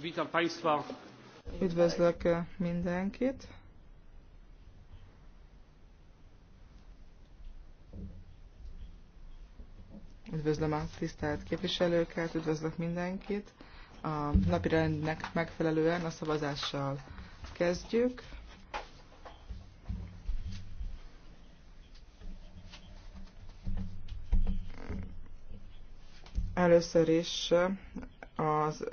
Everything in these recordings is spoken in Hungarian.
Vítam Państwa. Üdvözlök eh, mindenkit. Üdvözlöm a tisztelt képviselőket, üdvözlök mindenkit. A napirendnek megfelelően a szavazással kezdjük. Először is eh, az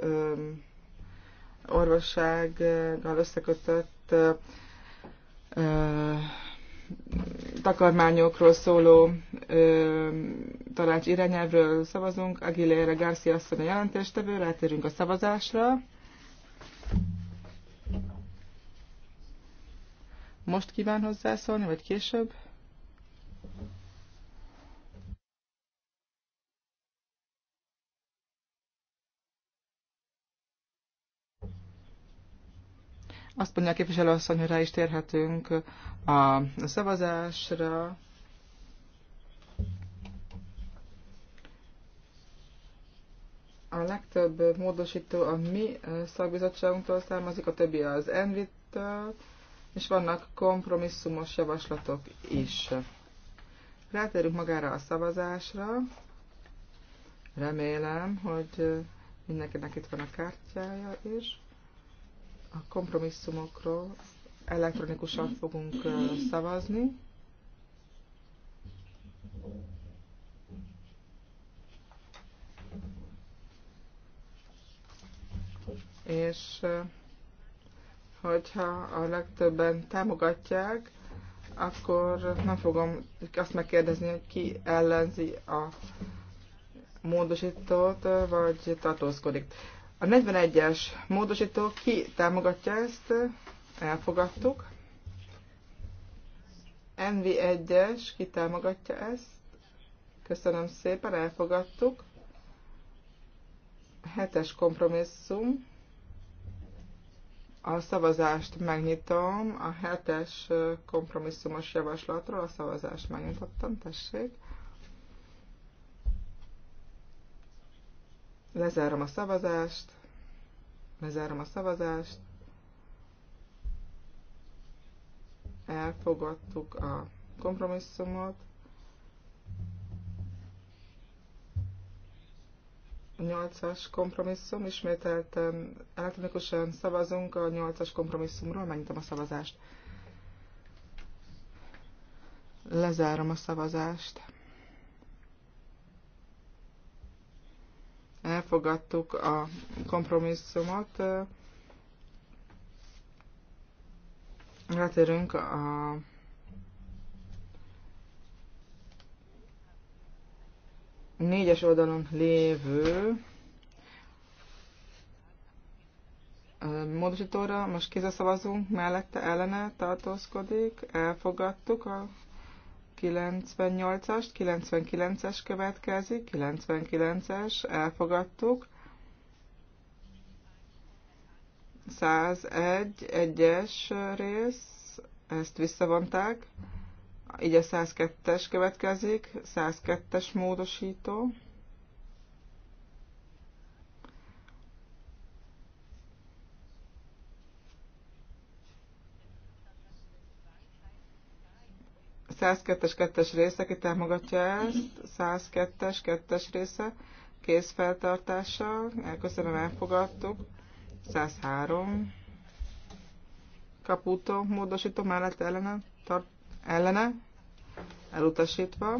orvossággal összekötött takarmányokról szóló ö, tanács irányelvről szavazunk. Aguilera Garcia asszony a jelentéstevő, rátérünk a szavazásra. Most kíván hozzászólni, vagy később? Azt mondja a képviselőasszony, hogy rá is térhetünk a szavazásra. A legtöbb módosító a mi szakbizottságunktól származik, a többi az Envit-től, és vannak kompromisszumos javaslatok is. Rátérünk magára a szavazásra. Remélem, hogy mindenkinek itt van a kártyája is a kompromisszumokról elektronikusan fogunk szavazni. És hogyha a legtöbben támogatják, akkor nem fogom azt megkérdezni, hogy ki ellenzi a módosítót, vagy tartózkodik. A 41-es módosító ki támogatja ezt? Elfogadtuk. NV1-es ki támogatja ezt? Köszönöm szépen, elfogadtuk. 7-es kompromisszum. A szavazást megnyitom. A 7-es kompromisszumos javaslatról a szavazást megnyitottam, tessék. Lezárom a szavazást. Lezárom a szavazást. Elfogadtuk a kompromisszumot. 8-as kompromisszum, ismételten elektronikusan szavazunk a 8-as kompromisszumról, megnyitom a szavazást. Lezárom a szavazást. elfogadtuk a kompromisszumot. Rátérünk a négyes oldalon lévő módosítóra most kézzel szavazunk, mellette ellene tartózkodik, elfogadtuk a 98-ast, 99-es következik, 99-es, elfogadtuk. 101, 1-es rész, ezt visszavonták. Így a 102-es következik, 102-es módosító. 102-es 2-es része, aki támogatja ezt, 102-es 2-es része, kézfeltartással, elköszönöm, elfogadtuk, 103, kaputó, módosító mellett ellene, tart, ellene, elutasítva,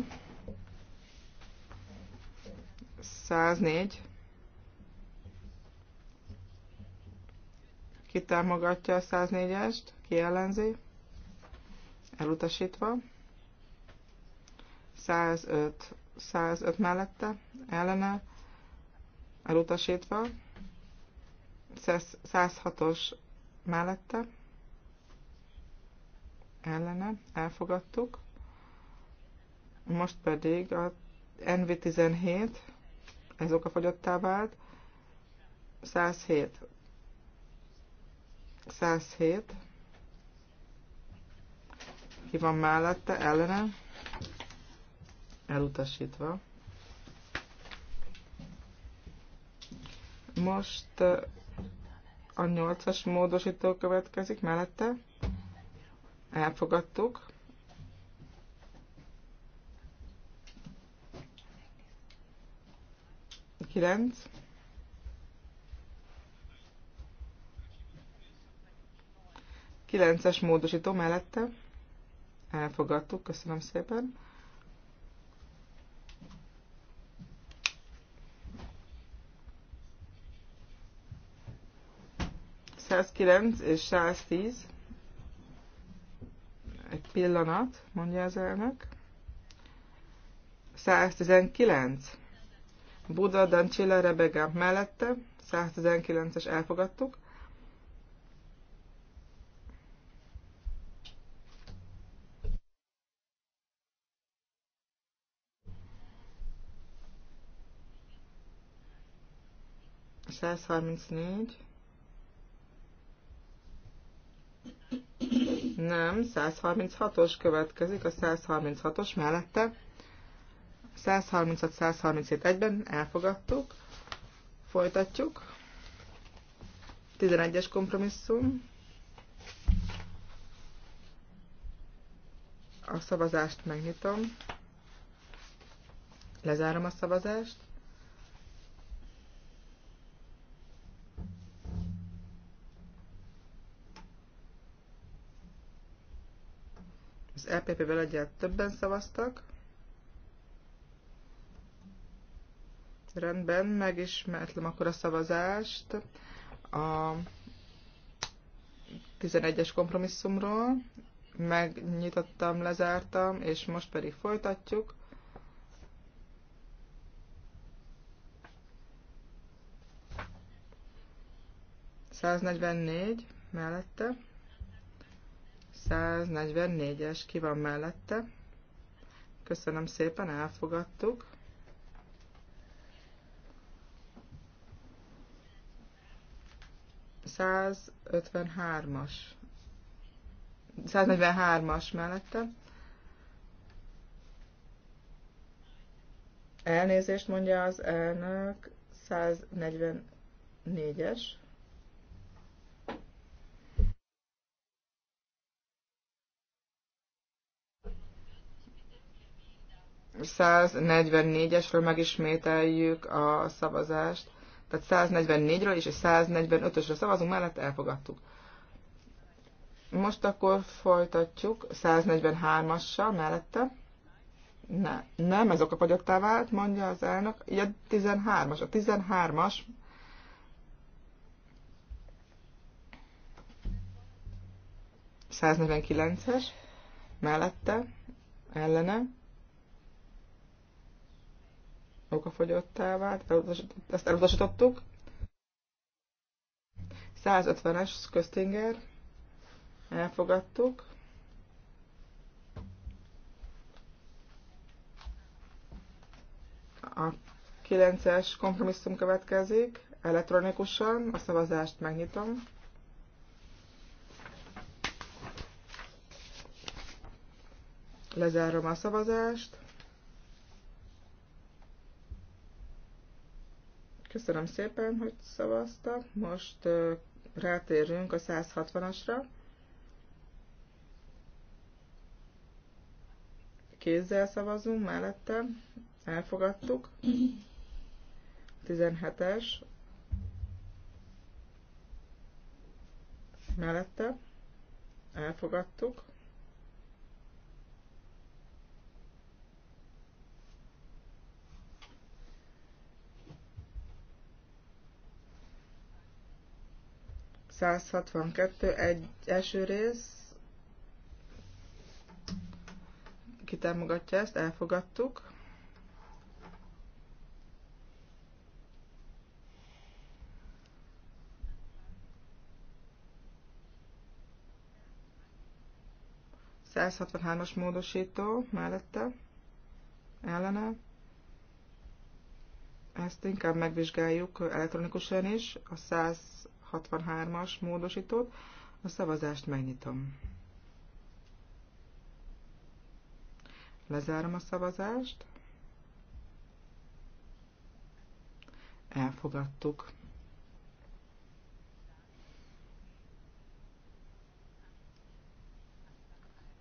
104, ki támogatja a 104-est, ki ellenzi, elutasítva. 105, 105 mellette, ellene, elutasítva, 106-os mellette, ellene, elfogadtuk, most pedig a NV17, ez fogyottá vált, 107, 107, ki van mellette, ellene, elutasítva. Most a nyolcas módosító következik mellette. Elfogadtuk. Kilenc. Kilences módosító mellette. Elfogadtuk, köszönöm szépen. 109 és 110. Egy pillanat, mondja az elnök. 119. Buda, Dancsilla, Rebega mellette. 119-es elfogadtuk. Száz harmincnégy. Nem, 136-os következik, a 136-os mellette. 136, 137 egyben elfogadtuk. Folytatjuk. 11-es kompromisszum. A szavazást megnyitom. Lezárom a szavazást. EPP-vel egyet többen szavaztak. Rendben, megismertlem akkor a szavazást a 11-es kompromisszumról. Megnyitottam, lezártam, és most pedig folytatjuk. Száznegyvennégy mellette. 144-es ki van mellette. Köszönöm szépen, elfogadtuk. Száz as 143-as mellette. Elnézést mondja az elnök, 144-es. 144-esről megismételjük a szavazást. Tehát 144-ről és 145-ösről szavazunk, mellett elfogadtuk. Most akkor folytatjuk 143-assal mellette. Ne, nem, ez fagyottá vált, mondja az elnök. Ja, 13-as. A 13-as ...149-es, mellette, ellene, okafogyottá vált, ezt elutasítottuk. 150-es Köztinger, elfogadtuk. A 9-es kompromisszum következik, elektronikusan, a szavazást megnyitom. Lezárom a szavazást. Köszönöm szépen, hogy szavaztak. Most rátérünk a 160-asra. Kézzel szavazunk, mellette elfogadtuk. 17-es mellette elfogadtuk. 162, egy első rész. Ki támogatja ezt? Elfogadtuk. as módosító mellette, ellene. Ezt inkább megvizsgáljuk elektronikusan is, a 100 63-as módosítót. A szavazást megnyitom. Lezárom a szavazást. Elfogadtuk.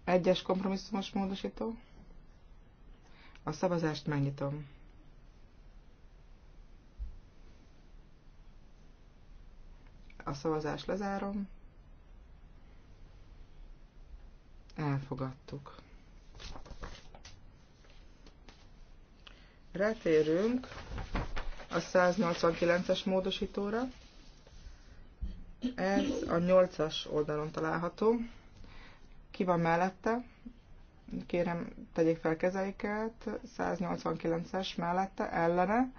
Egyes kompromisszumos módosító. A szavazást megnyitom. a szavazást lezárom. Elfogadtuk. Retérünk a 189-es módosítóra. Ez a 8-as oldalon található. Ki van mellette? Kérem, tegyék fel kezeiket. 189-es mellette, ellene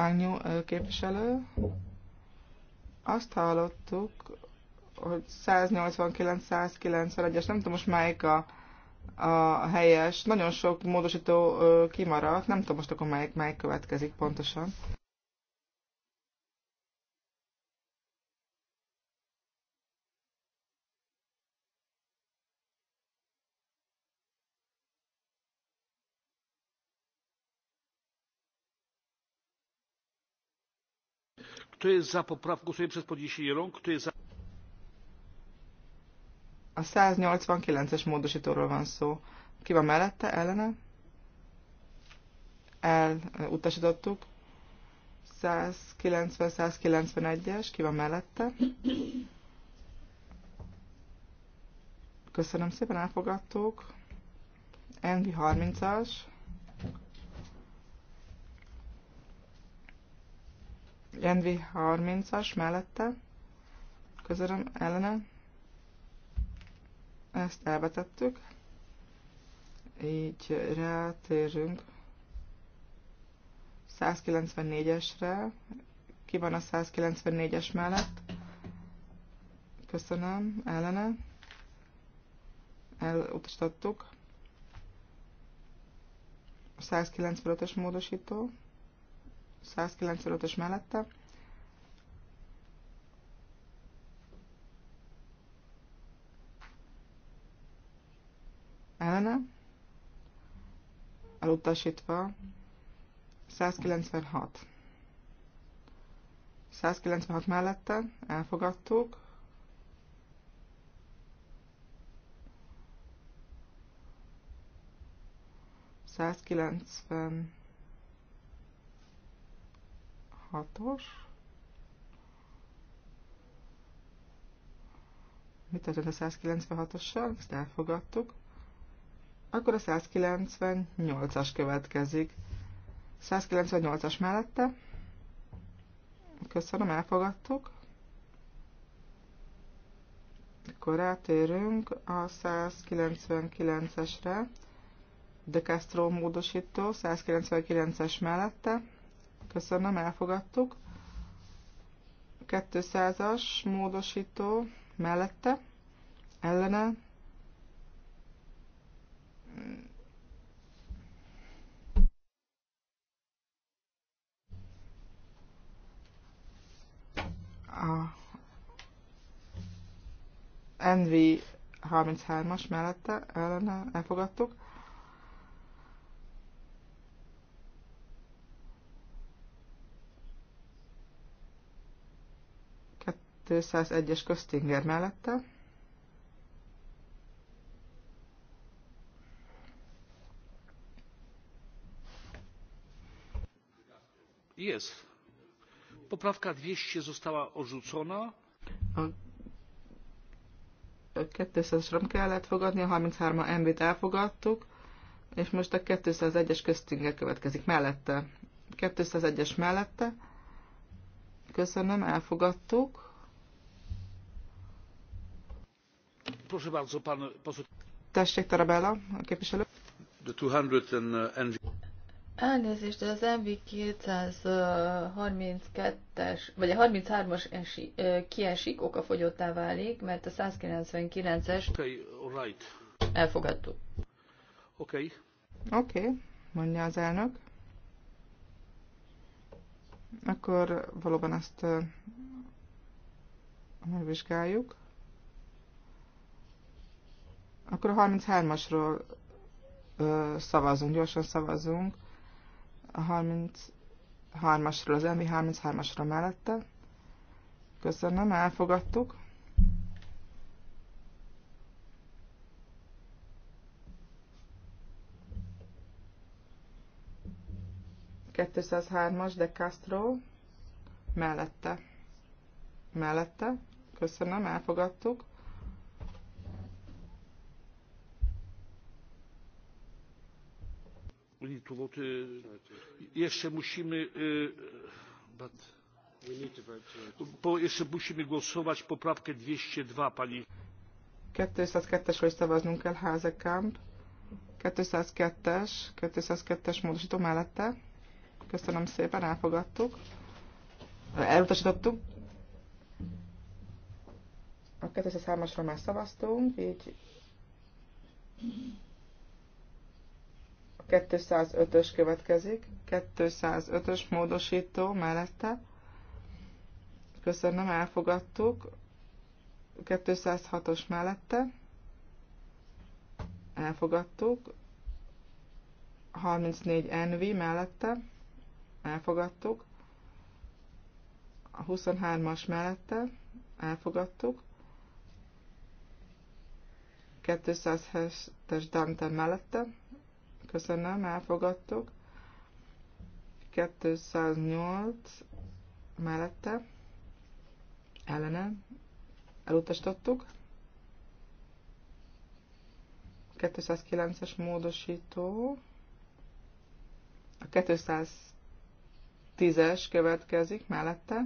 Agnyú képviselő. Azt hallottuk, hogy 189-191-es, nem tudom most melyik a, a helyes, nagyon sok módosító kimaradt, nem tudom most akkor melyik, melyik következik pontosan. Kto jest za poprawką? Głosuje przez podniesienie rąk. Kto jest za? A 189-es módosítóról van szó. Ki van mellette, ellene? El, utasítottuk. 190-191-es, ki van mellette? Köszönöm szépen, elfogadtuk. Envi 30-as. Envi 30-as mellette. Közölöm ellene. Ezt elvetettük. Így rátérünk 194-esre. Ki van a 194-es mellett? Köszönöm, ellene. Elutasítottuk. 195-ös módosító 195-ös mellette. Ellene. Elutasítva. 196. 196 mellette elfogadtuk. Százkilencven hatos. Mit történt a 196-ossal? Ezt elfogadtuk. Akkor a 198-as következik. 198-as mellette. Köszönöm, elfogadtuk. Akkor rátérünk a 199-esre. De Castro módosító, 199-es mellette. Köszönöm, elfogadtuk. 200-as módosító mellette, ellene. A NV 33-as mellette, ellene elfogadtuk. 201-es köztinger mellette. Jest. Poprawka 200 została odrzucona. A 200-es nem kellett fogadni, a 33-a MB-t elfogadtuk, és most a 201-es köztinger következik mellette. 201-es mellette. Köszönöm, elfogadtuk. Proszę bardzo, pan poseł. Tessék, Tarabella, a képviselő. The 200 and... Uh, Elnézést, az MV 232-es, vagy a 33-as esi, kiesik, fogyottá válik, mert a 199-es okay, right. elfogadtuk. Oké. Okay. Oké, okay, mondja az elnök. Akkor valóban ezt megvizsgáljuk. Akkor a 33-asról szavazunk, gyorsan szavazunk. A 33-asról, az elmi 33-asra mellette. Köszönöm, elfogadtuk. ...203-as de Castro mellette. Mellette. Köszönöm, elfogadtuk. jeszcze musimy bo jeszcze musimy głosować poprawkę 202 pani 202-es, hogy szavaznunk kell Házekamp. 202-es, 202-es módosító mellette. Köszönöm szépen, elfogadtuk. Elutasítottuk. A 203 asra már szavaztunk, így 205-ös következik, 205-ös módosító mellette. Köszönöm, elfogadtuk. 206-os mellette. Elfogadtuk. 34 NV mellette. Elfogadtuk. A 23-as mellette. Elfogadtuk. 207-es Dante mellette Köszönöm, elfogadtuk. 208 mellette ellene elutasítottuk. 209-es módosító. A 210-es következik mellette.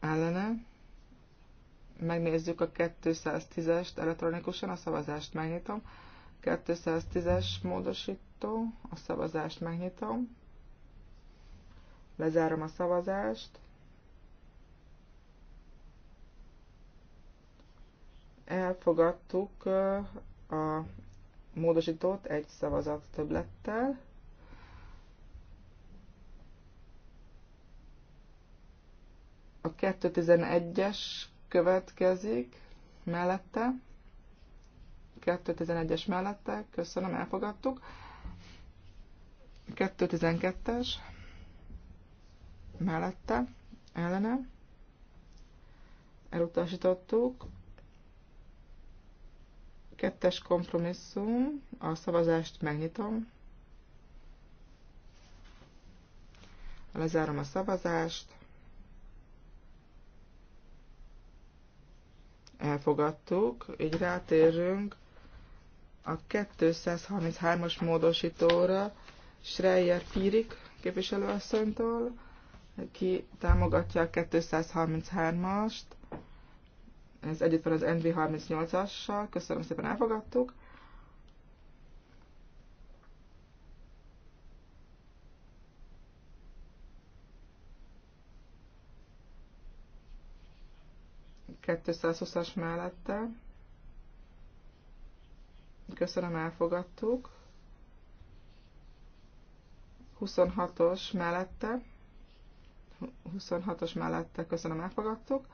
Ellene. Megnézzük a 210-est elektronikusan, a szavazást megnyitom. 210-es módosító, a szavazást megnyitom, lezárom a szavazást, elfogadtuk uh, a módosítót egy szavazat többlettel, a 211-es következik mellette, 2.11-es mellette, köszönöm, elfogadtuk. 2.12-es mellette, ellene, elutasítottuk. Kettes kompromisszum, a szavazást megnyitom. Lezárom a szavazást. Elfogadtuk, így rátérünk a 233-as módosítóra Schreier Pirik képviselőasszonytól, ki támogatja a 233-ast, ez együtt van az NV38-assal, köszönöm szépen, elfogadtuk. as mellette Köszönöm, elfogadtuk. 26-os mellette. 26-os mellette, köszönöm, elfogadtuk.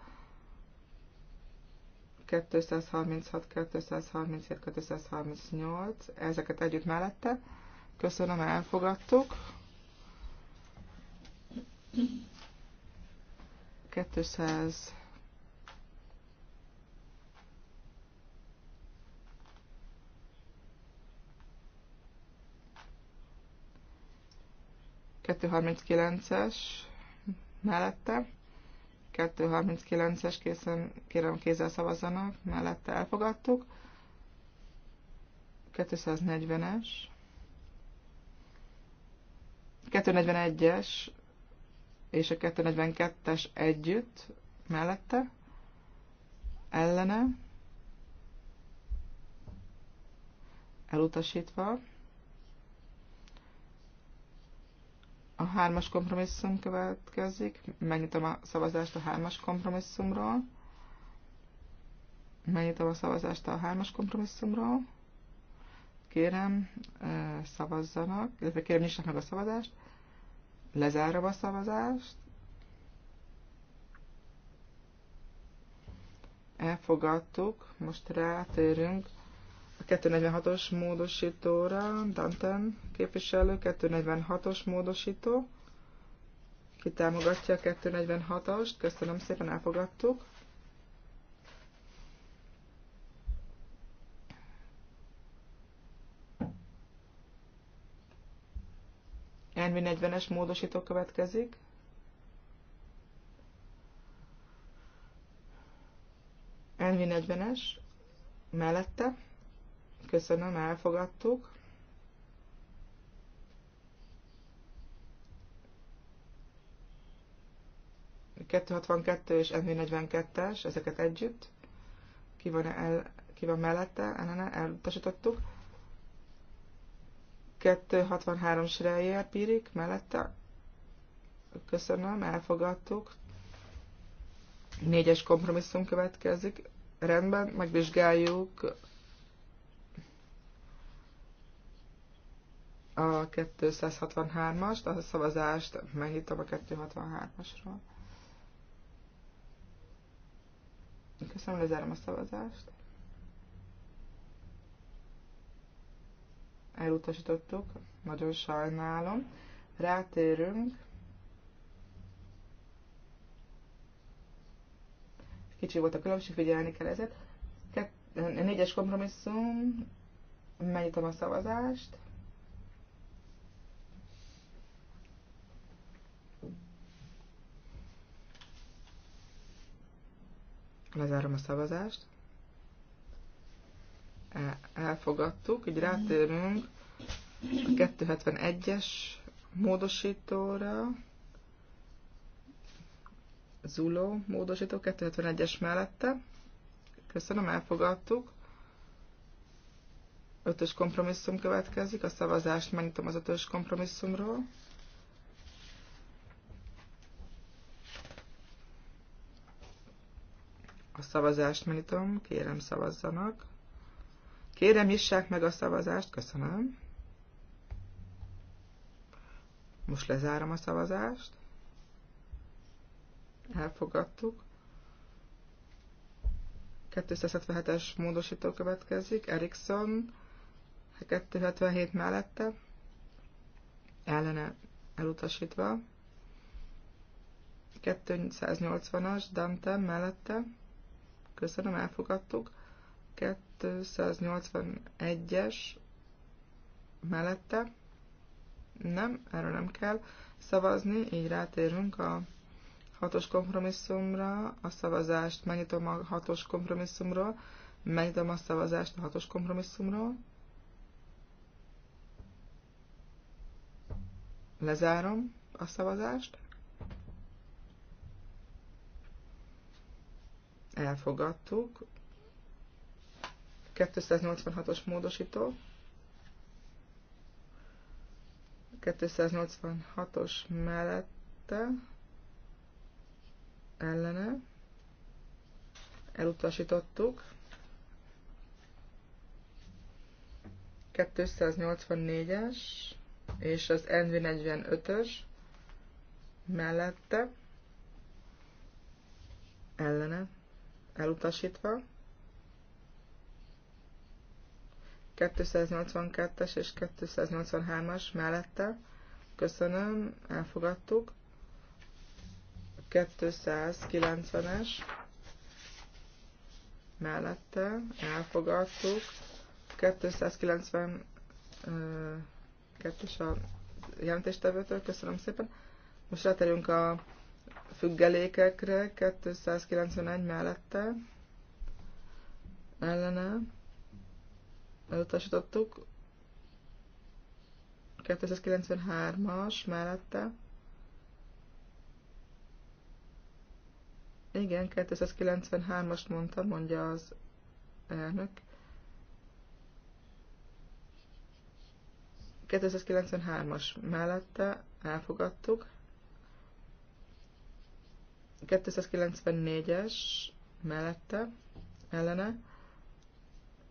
236, 237, 238, ezeket együtt mellette. Köszönöm, elfogadtuk. 200 239-es mellette, 239-es készen, kérem kézzel szavazzanak, mellette elfogadtuk, 240-es, 241-es és a 242-es együtt, mellette, ellene, elutasítva, A hármas kompromisszum következik. Megnyitom a szavazást a hármas kompromisszumról. Megnyitom a szavazást a hármas kompromisszumról. Kérem, szavazzanak, illetve kérem, nyissák meg a szavazást. Lezárom a szavazást. Elfogadtuk, most rátérünk 246-os módosítóra, Danten képviselő, 246-os módosító. Ki támogatja a 246-ast? Köszönöm szépen, elfogadtuk. Envi 40 es módosító következik. Envi 40 es mellette. Köszönöm, elfogadtuk. ...262 és NV42-es, ezeket együtt. Ki van, e el, ki van mellette, ellene, elutasítottuk. 263 Schreier Pirik mellette. Köszönöm, elfogadtuk. Négyes kompromisszum következik. Rendben, megvizsgáljuk a 263-ast, a szavazást megnyitom a 263-asról. Köszönöm, lezárom a szavazást. Elutasítottuk, nagyon sajnálom. Rátérünk. Kicsi volt a különbség, figyelni kell ezért. Négyes kompromisszum, megnyitom a szavazást. Lezárom a szavazást. E, elfogadtuk, így rátérünk a 271-es módosítóra. Zulo módosító 271-es mellette. Köszönöm, elfogadtuk. Ötös kompromisszum következik, a szavazást megnyitom az ötös kompromisszumról. A szavazást nyitom, kérem szavazzanak. Kérem, nyissák meg a szavazást, köszönöm. Most lezárom a szavazást. Elfogadtuk. 277-es módosító következik, Ericsson 277 mellette, ellene elutasítva, 280-as Dante mellette, Köszönöm, elfogadtuk. 281-es mellette. Nem, erről nem kell szavazni, így rátérünk a hatos kompromisszumra, a szavazást megnyitom a hatos kompromisszumról, megnyitom a szavazást a hatos kompromisszumról, lezárom a szavazást, elfogadtuk. 286-os módosító. 286-os mellette ellene elutasítottuk. 284-es és az NV45-ös mellette ellene elutasítva. 282-es és 283-as mellette. Köszönöm, elfogadtuk. 290-es mellette, elfogadtuk. 290 kettős a jelentéstevőtől, köszönöm szépen. Most ráterünk a függelékekre 291 mellette ellene elutasítottuk 293-as mellette igen, 293-ast mondta, mondja az elnök 293-as mellette elfogadtuk 294-es mellette, ellene,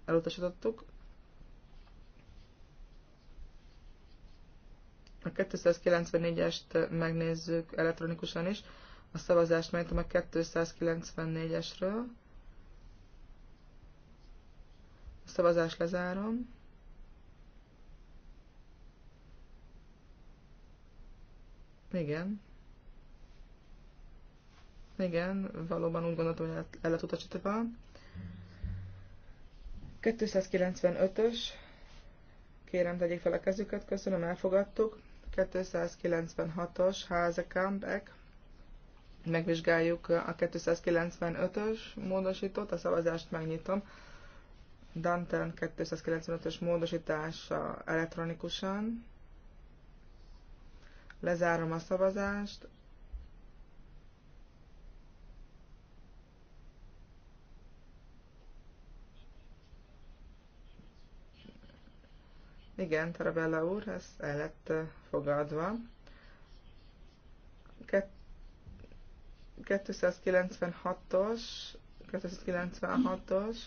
elutasítottuk. A 294-est megnézzük elektronikusan is. A szavazást megnyitom a 294-esről. A szavazást lezárom. Igen. Igen, valóban úgy gondoltam, hogy el lett utasítva. 295-ös. Kérem, tegyék fel a kezüket. Köszönöm, elfogadtuk. 296-os comeback. Megvizsgáljuk a 295-ös módosítót, a szavazást megnyitom. Danten 295-ös módosítása elektronikusan. Lezárom a szavazást, Igen, Tarabella úr, ez el lett fogadva. 296-os, 296-os,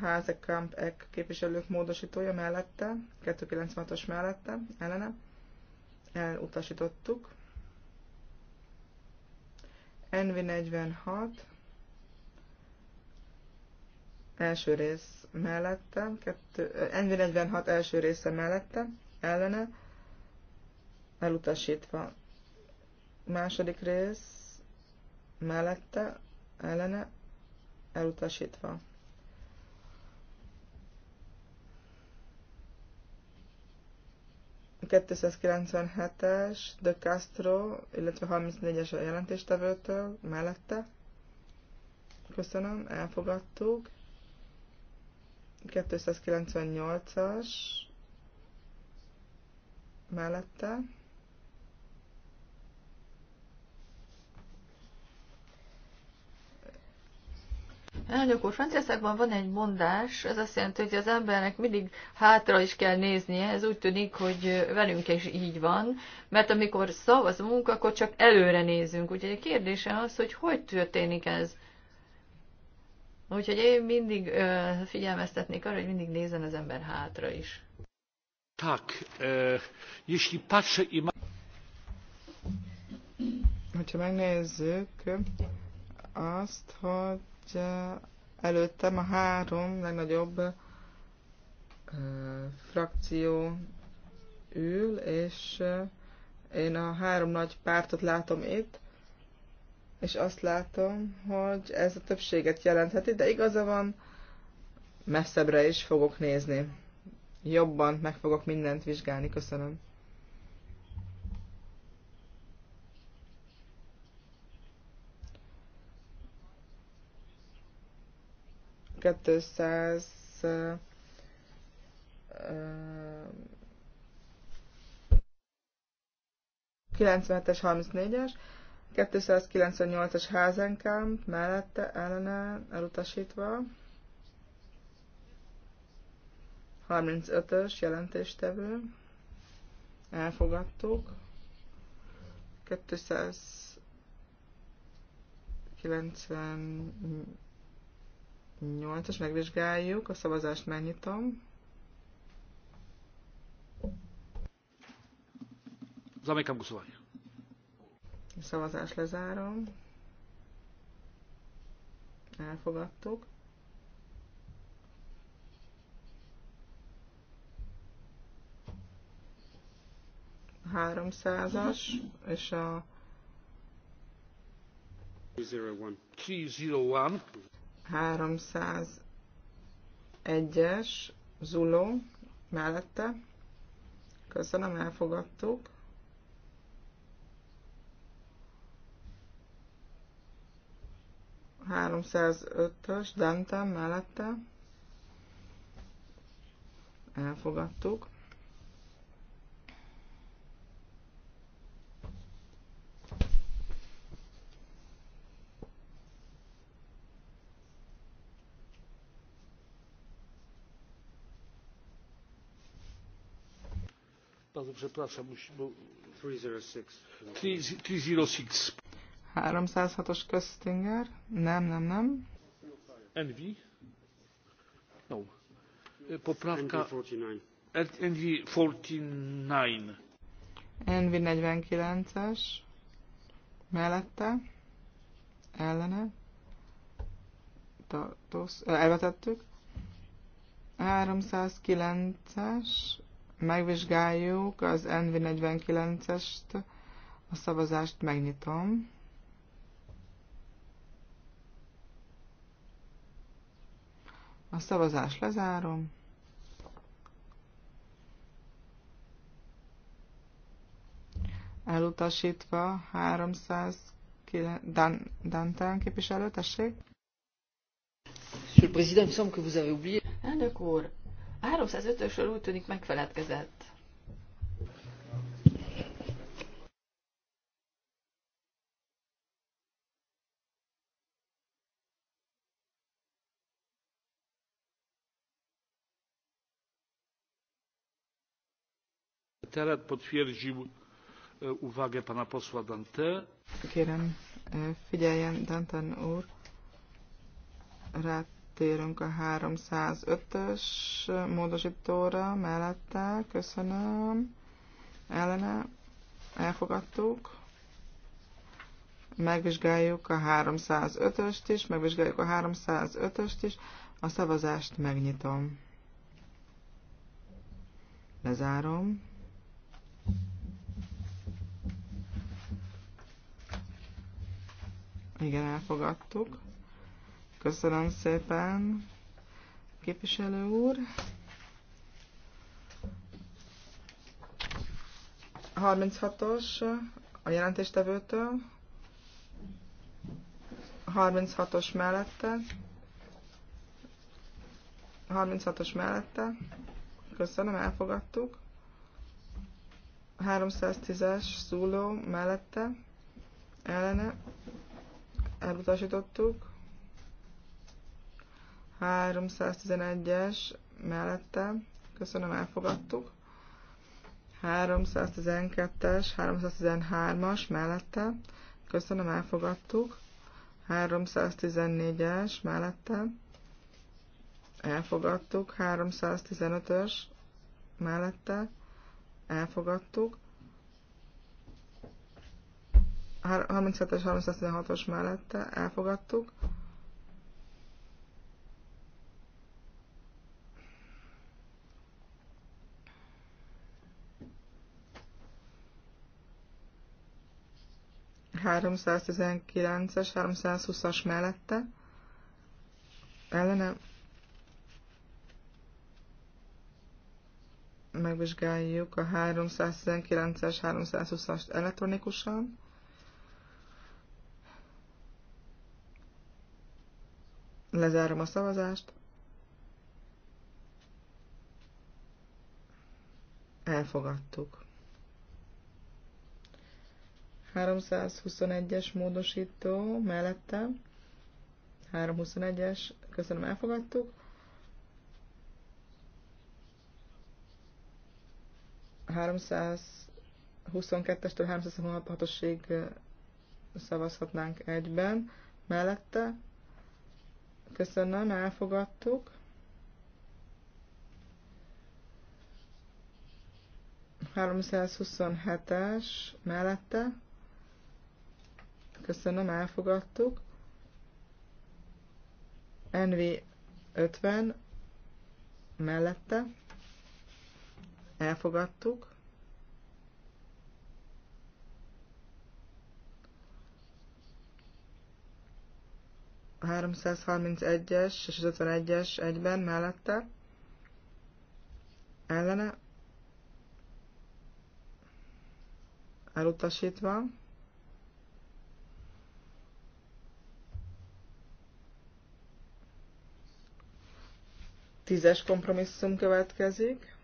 Házekamp ek képviselők módosítója mellette, 296-os mellette, ellene, elutasítottuk. NV46, első rész mellette, 46 első része mellette, ellene, elutasítva. Második rész mellette, ellene, elutasítva. A 297-es De Castro, illetve 34-es a jelentéstevőtől mellette. Köszönöm, elfogadtuk. 298-as mellette. Elnök úr, Franciaországban van egy mondás, ez azt jelenti, hogy az embernek mindig hátra is kell néznie, ez úgy tűnik, hogy velünk is így van, mert amikor szavazunk, akkor csak előre nézünk. Úgyhogy a kérdése az, hogy hogy történik ez? Úgyhogy én mindig ö, figyelmeztetnék arra, hogy mindig nézzen az ember hátra is. Tak, e, jeśli patrzę i ma... Hogyha megnézzük azt, hogy előttem a három legnagyobb ö, frakció ül, és ö, én a három nagy pártot látom itt, és azt látom, hogy ez a többséget jelentheti, de igaza van, messzebbre is fogok nézni. Jobban meg fogok mindent vizsgálni, köszönöm. Kettőszáz... 97-es, 34-es. 298-as házenkámp mellette ellene elutasítva. 35-ös jelentéstevő. Elfogadtuk. 298-as megvizsgáljuk. A szavazást megnyitom. Zamykam głosowanie. Szavazás lezárom. Elfogadtuk. A 300-as és a 301-es zulo mellette. Köszönöm, elfogadtuk. 305-ös Dentem mellette elfogadtuk. Bardzo przepraszam, bo 306. 306. 306-os Köztinger. Nem, nem, nem. NV? No. Poprawka NV 49. NV 49-es. Mellette. Ellene. Tartóz, elvetettük. 309-es. Megvizsgáljuk az NV 49-est. A szavazást megnyitom. A szavazás lezárom. Elutasítva 300 Dantán képviselő, tessék. Monsieur le Président, il me semble que vous avez oublié. Elnök úr, 305-ösről úgy tűnik megfeledkezett. internet potwierdził e, uwagę pana posła Dante. Kérem, e, figyeljen Dantan úr. Rátérünk a 305-ös módosítóra mellette. Köszönöm. Ellene elfogadtuk. Megvizsgáljuk a 305-öst is, megvizsgáljuk a 305-öst is. A szavazást megnyitom. Lezárom. Igen, elfogadtuk. Köszönöm szépen, képviselő úr. 36-os a jelentéstevőtől. 36-os mellette. 36-os mellette. Köszönöm, elfogadtuk. 310-es szúló mellette. Ellene elutasítottuk. 311-es mellette, köszönöm, elfogadtuk. 312-es, 313-as mellette, köszönöm, elfogadtuk. 314-es mellette, elfogadtuk. 315-ös mellette, elfogadtuk. 37-es, 36 os mellette elfogadtuk. ...319-es, 320-as mellette ellene megvizsgáljuk a 319-es, 320-ast elektronikusan. Lezárom a szavazást. Elfogadtuk. 321-es módosító mellette. 321-es, köszönöm, elfogadtuk. 322-estől 326-osig szavazhatnánk egyben, mellette Köszönöm, elfogadtuk. es mellette. Köszönöm, elfogadtuk. NV 50 mellette. Elfogadtuk. 331-es és az 51-es egyben mellette ellene elutasítva. Tízes kompromisszum következik.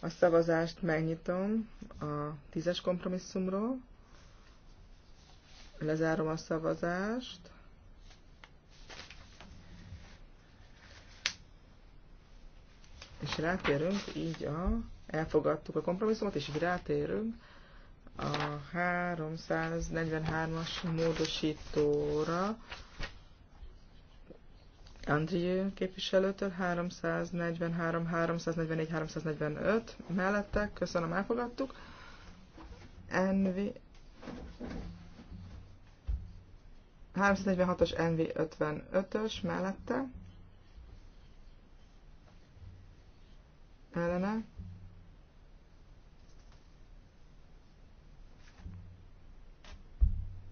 A szavazást megnyitom a tízes kompromisszumról. Lezárom a szavazást. és rátérünk, így a, elfogadtuk a kompromisszumot, és így rátérünk a 343-as módosítóra, Andrieu képviselőtől 343, 344, 345 mellette, köszönöm, elfogadtuk. NV 346-os NV 55-ös mellette, ellene.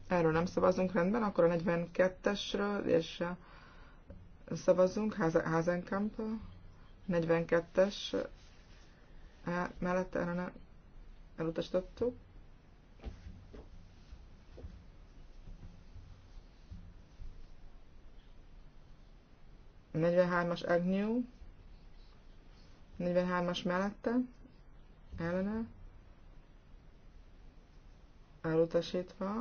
Erről nem szavazunk rendben, akkor a 42-esről és szavazunk, Házenkamp 42-es e, mellett ellene elutasítottuk. A 43-as Agnew 43-as mellette, ellene, elutasítva,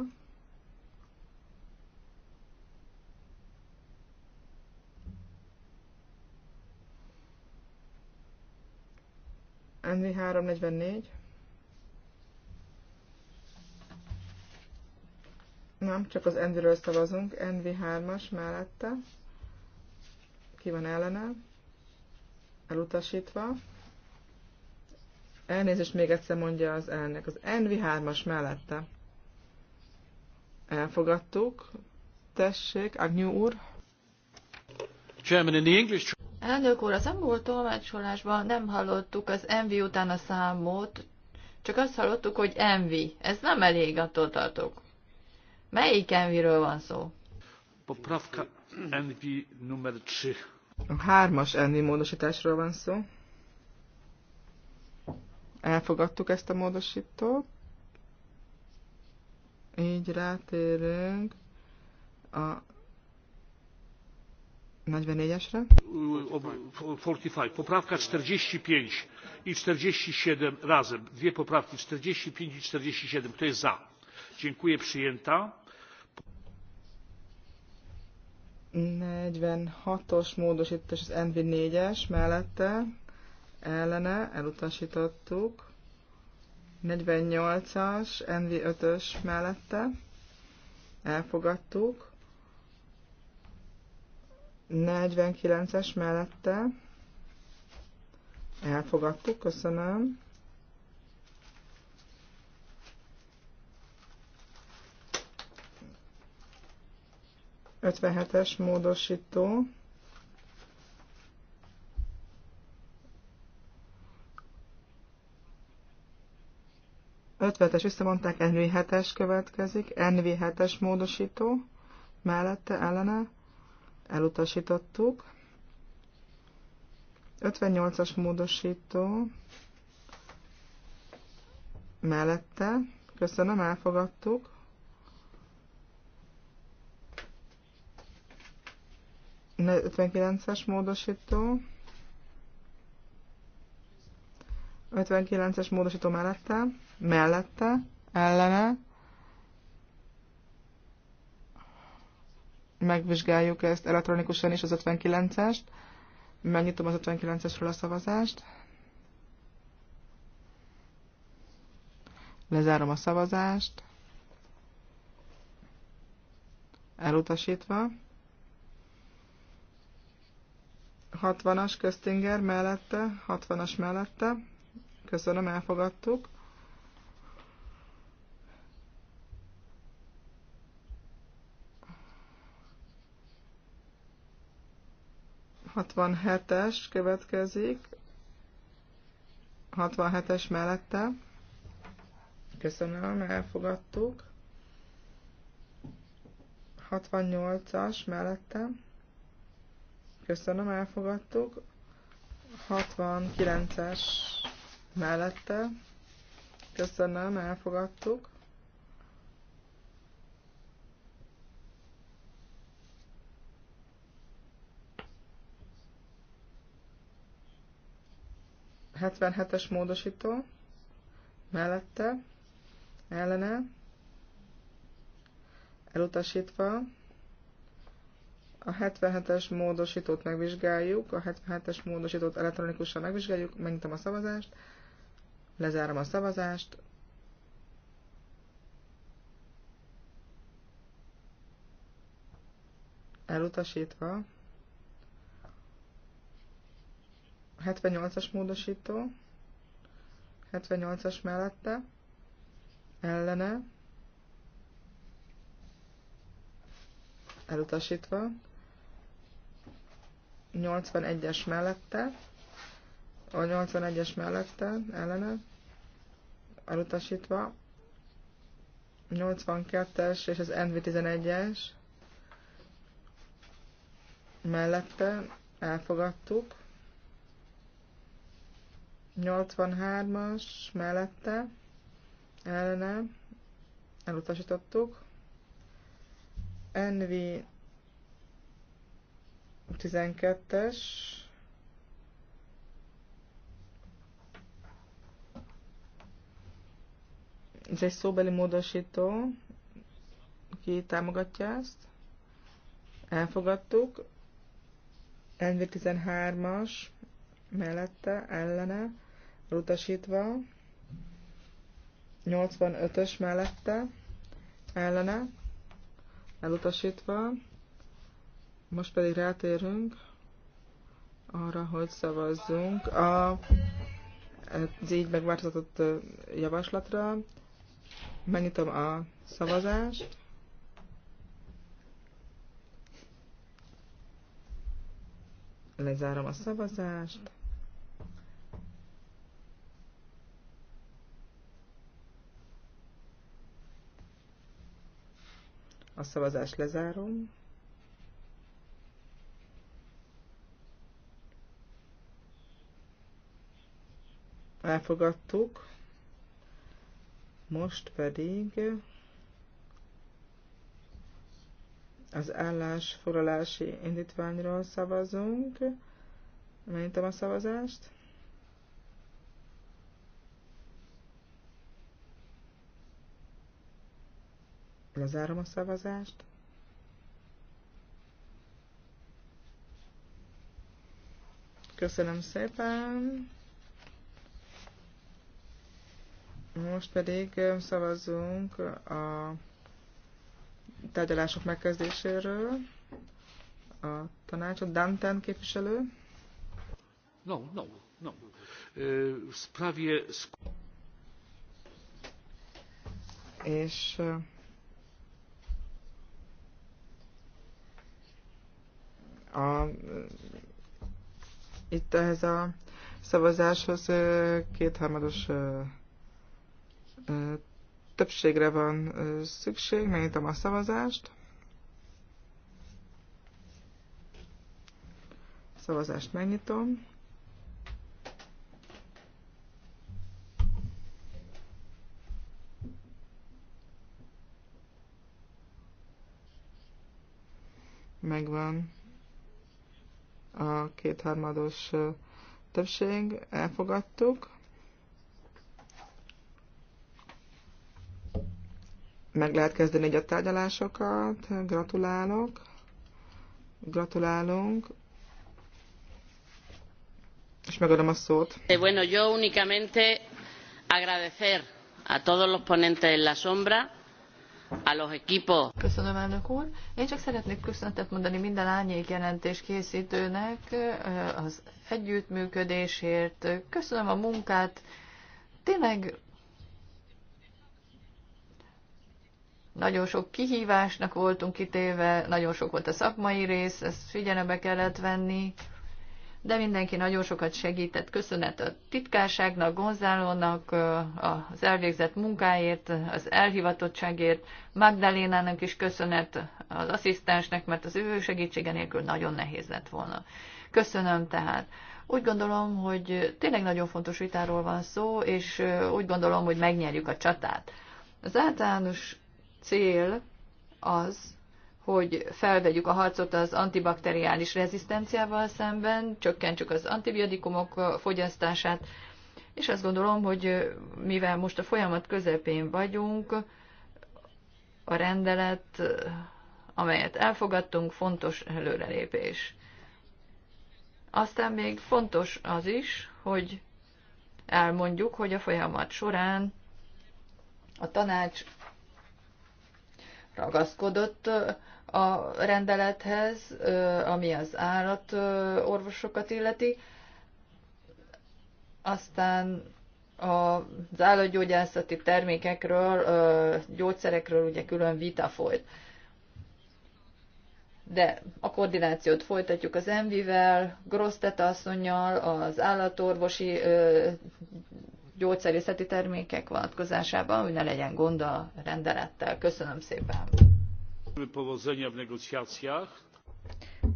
NV 344, nem, csak az NV-ről szavazunk, NV 3-as mellette, ki van ellene, elutasítva. Elnézést még egyszer mondja az elnök. Az NV3-as mellette elfogadtuk. Tessék, Agnew úr. Chairman, in the English... Elnök úr, az angol tolmácsolásban nem hallottuk az NV után a számot, csak azt hallottuk, hogy NV. Ez nem elég, attól tartok. Melyik NV-ről van szó? Poprawka NV numer 3. A hármas enni módosításról van szó. Elfogadtuk ezt a módosítót. Így rátérünk a 44-esre. 45. Poprawka 45 i 47 razem. Dwie poprawki 45 i 47. Kto jest za? Dziękuję. Przyjęta. 46-os módosítás az NV4-es mellette ellene elutasítottuk. 48-as NV5-ös mellette elfogadtuk. 49-es mellette elfogadtuk, köszönöm. 57-es módosító. Ötvetes visszamondták, NV7-es következik, NV7-es módosító, mellette, ellene, elutasítottuk. 58-as módosító, mellette, köszönöm, elfogadtuk. 59-es módosító. 59-es módosító mellette, mellette, ellene. Megvizsgáljuk ezt elektronikusan is az 59-est. Megnyitom az 59-esről a szavazást. Lezárom a szavazást. Elutasítva. 60-as köztinger mellette, 60-as mellette. Köszönöm, elfogadtuk. es következik. 67-es mellette. Köszönöm, elfogadtuk. 68-as mellette Köszönöm, elfogadtuk. 69-es mellette. Köszönöm, elfogadtuk. es módosító mellette, ellene, elutasítva, a 77-es módosítót megvizsgáljuk, a 77-es módosítót elektronikusan megvizsgáljuk, megnyitom a szavazást, lezárom a szavazást, elutasítva, 78-as módosító, 78-as mellette, ellene, elutasítva, 81-es mellette, a 81-es mellette, ellene, elutasítva, 82-es és az NV11-es mellette elfogadtuk, 83-as mellette, ellene, elutasítottuk, NV 12-es. Ez egy szóbeli módosító. Ki támogatja ezt? Elfogadtuk. NV13-as mellette, ellene, elutasítva. 85-ös mellette, ellene, elutasítva. Most pedig rátérünk arra, hogy szavazzunk a, az így megváltozott javaslatra. Megnyitom a szavazást. Lezárom a szavazást. A szavazást lezárom. elfogadtuk. Most pedig az állásfoglalási indítványról szavazunk. Megnyitom a szavazást. Lezárom a szavazást. Köszönöm szépen. Most pedig szavazzunk a tárgyalások megkezdéséről. A tanácsot Danten képviselő. No, no, no. W sprawie... És a, itt ehhez a szavazáshoz kétharmados többségre van szükség. Megnyitom a szavazást. Szavazást megnyitom. Megvan a kétharmados többség, elfogadtuk. meg lehet kezdeni egy a tárgyalásokat. Gratulálok. Gratulálunk. És megadom a szót. Eh, bueno, yo únicamente agradecer a todos los ponentes en la sombra, a los equipos. Köszönöm, elnök úr. Én csak szeretnék köszönetet mondani minden árnyék jelentés készítőnek eh, az együttműködésért. Köszönöm a munkát. Tényleg Nagyon sok kihívásnak voltunk kitéve, nagyon sok volt a szakmai rész, ezt figyelembe kellett venni, de mindenki nagyon sokat segített. Köszönet a titkárságnak, Gonzálónak, az elvégzett munkáért, az elhivatottságért, Magdalénának is köszönet az asszisztensnek, mert az ő segítsége nélkül nagyon nehéz lett volna. Köszönöm tehát úgy gondolom, hogy tényleg nagyon fontos vitáról van szó, és úgy gondolom, hogy megnyerjük a csatát. Az általános cél az, hogy felvegyük a harcot az antibakteriális rezisztenciával szemben, csökkentsük az antibiotikumok fogyasztását, és azt gondolom, hogy mivel most a folyamat közepén vagyunk, a rendelet, amelyet elfogadtunk, fontos előrelépés. Aztán még fontos az is, hogy elmondjuk, hogy a folyamat során a tanács ragaszkodott a rendelethez, ami az orvosokat illeti. Aztán az állatgyógyászati termékekről, gyógyszerekről ugye külön vita folyt. De a koordinációt folytatjuk az Envivel, Grosztet asszonynal, az állatorvosi gyógyszerészeti termékek vonatkozásában, hogy ne legyen gond a rendelettel. Köszönöm szépen.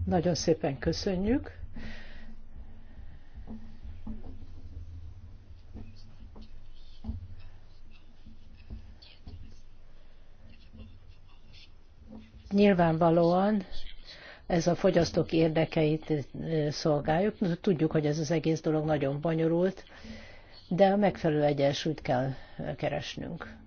Nagyon szépen köszönjük. Nyilvánvalóan ez a fogyasztók érdekeit eh, szolgáljuk. Tudjuk, hogy ez az egész dolog nagyon bonyolult de a megfelelő egyensúlyt kell keresnünk.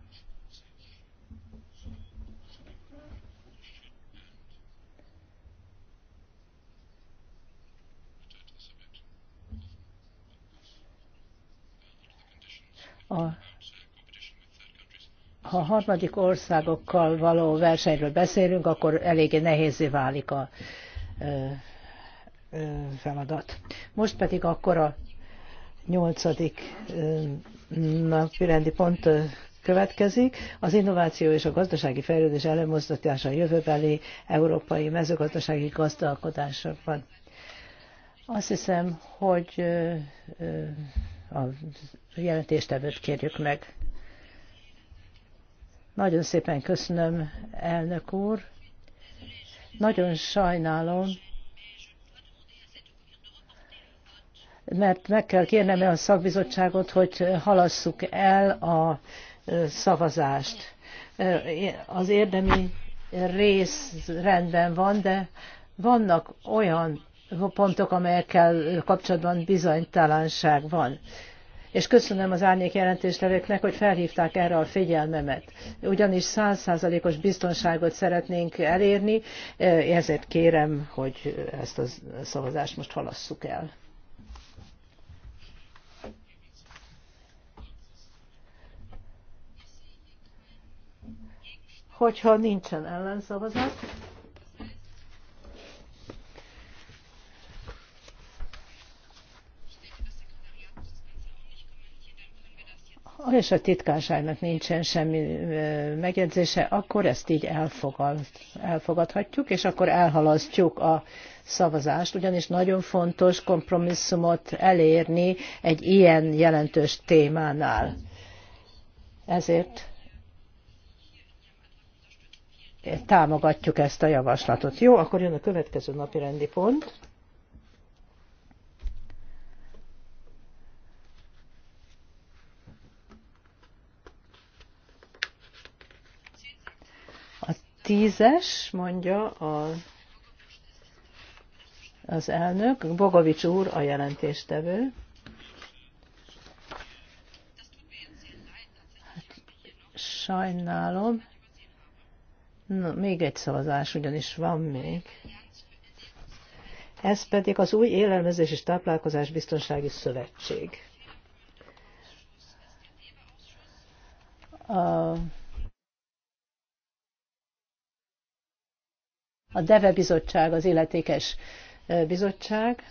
a, ha a harmadik országokkal való versenyről beszélünk, akkor eléggé nehézé válik a ö, ö, feladat. Most pedig akkor a nyolcadik napirendi pont következik. Az innováció és a gazdasági fejlődés előmozdítása a jövőbeli európai mezőgazdasági gazdálkodásokban. Azt hiszem, hogy a jelentéstevőt kérjük meg. Nagyon szépen köszönöm, elnök úr. Nagyon sajnálom, mert meg kell kérnem a szakbizottságot, hogy halasszuk el a szavazást. Az érdemi rész rendben van, de vannak olyan pontok, amelyekkel kapcsolatban bizonytalanság van. És köszönöm az árnyék jelentéstevőknek, hogy felhívták erre a figyelmemet. Ugyanis százszázalékos biztonságot szeretnénk elérni, ezért kérem, hogy ezt a szavazást most halasszuk el. hogyha nincsen ellenszavazat. és a titkárságnak nincsen semmi megjegyzése, akkor ezt így elfogad, elfogadhatjuk, és akkor elhalasztjuk a szavazást, ugyanis nagyon fontos kompromisszumot elérni egy ilyen jelentős témánál. Ezért támogatjuk ezt a javaslatot. Jó, akkor jön a következő napi rendi pont. A tízes, mondja a, az elnök, Bogovics úr a jelentéstevő. Hát, sajnálom, Na, még egy szavazás ugyanis van még. Ez pedig az új élelmezés és táplálkozás biztonsági szövetség. A a DEVE bizottság, az életékes bizottság,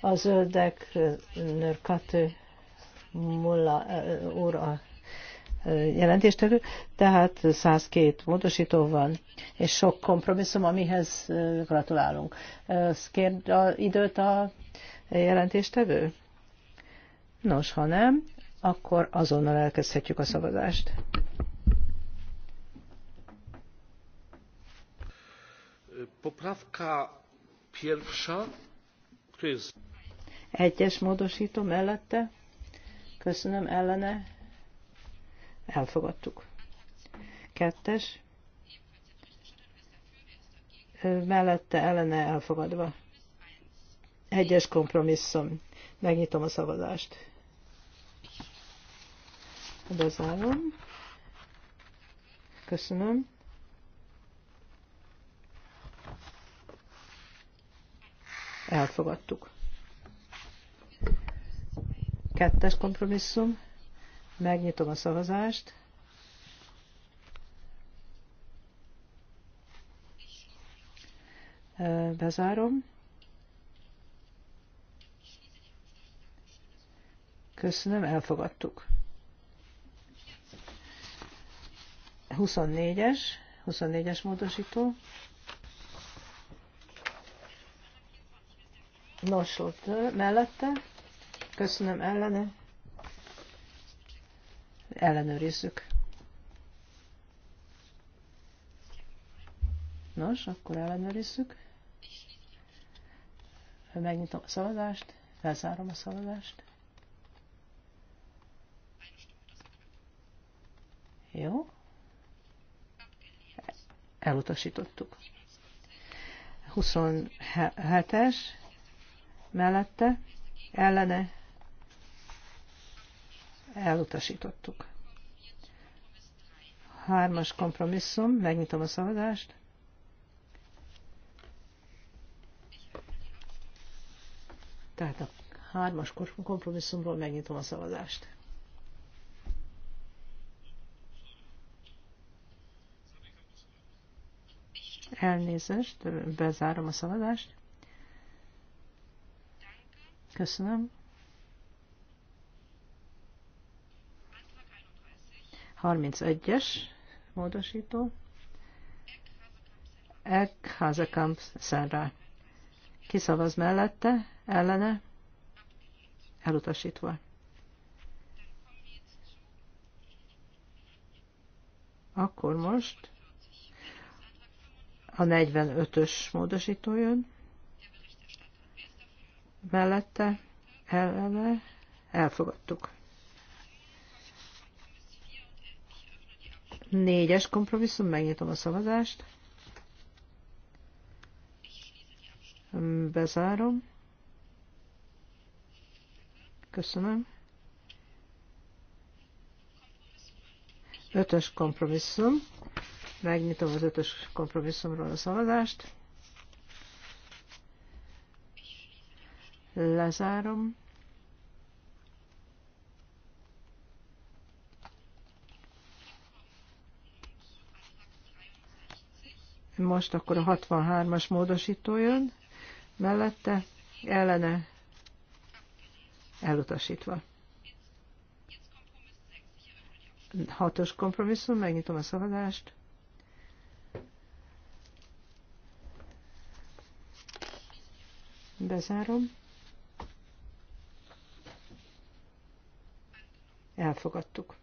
a zöldek Nörkatő Mulla úr a jelentéstevő, tehát 102 módosító van, és sok kompromisszum, amihez gratulálunk. Kér a időt a jelentéstevő? Nos, ha nem, akkor azonnal elkezdhetjük a szavazást. Poprawka pierwsza, Egyes módosító mellette. Köszönöm ellene Elfogadtuk. Kettes. Mellette ellene elfogadva. Egyes kompromisszum. Megnyitom a szavazást. Bezárom. Köszönöm. Elfogadtuk. Kettes kompromisszum. Megnyitom a szavazást. Bezárom. Köszönöm, elfogadtuk. 24-es, 24-es módosító. Nos, ott mellette. Köszönöm ellene ellenőrizzük. Nos, akkor ellenőrizzük. Megnyitom a szavazást, felzárom a szavazást. Jó. Elutasítottuk. 27-es mellette, ellene elutasítottuk. Hármas kompromisszum, megnyitom a szavazást. Tehát a hármas kompromisszumról megnyitom a szavazást. Elnézést, bezárom a szavazást. Köszönöm. 31-es módosító. Eckhazekamp Szenrá. Kiszavaz mellette, ellene, elutasítva. Akkor most a 45-ös módosító jön. Mellette, ellene, elfogadtuk. Négyes kompromisszum, megnyitom a szavazást. Bezárom. Köszönöm. Ötös kompromisszum. Megnyitom az ötös kompromisszumról a szavazást. Lezárom. Most akkor a 63-as módosító jön, mellette ellene elutasítva. Hatos kompromisszum, megnyitom a szavazást. Bezárom. Elfogadtuk.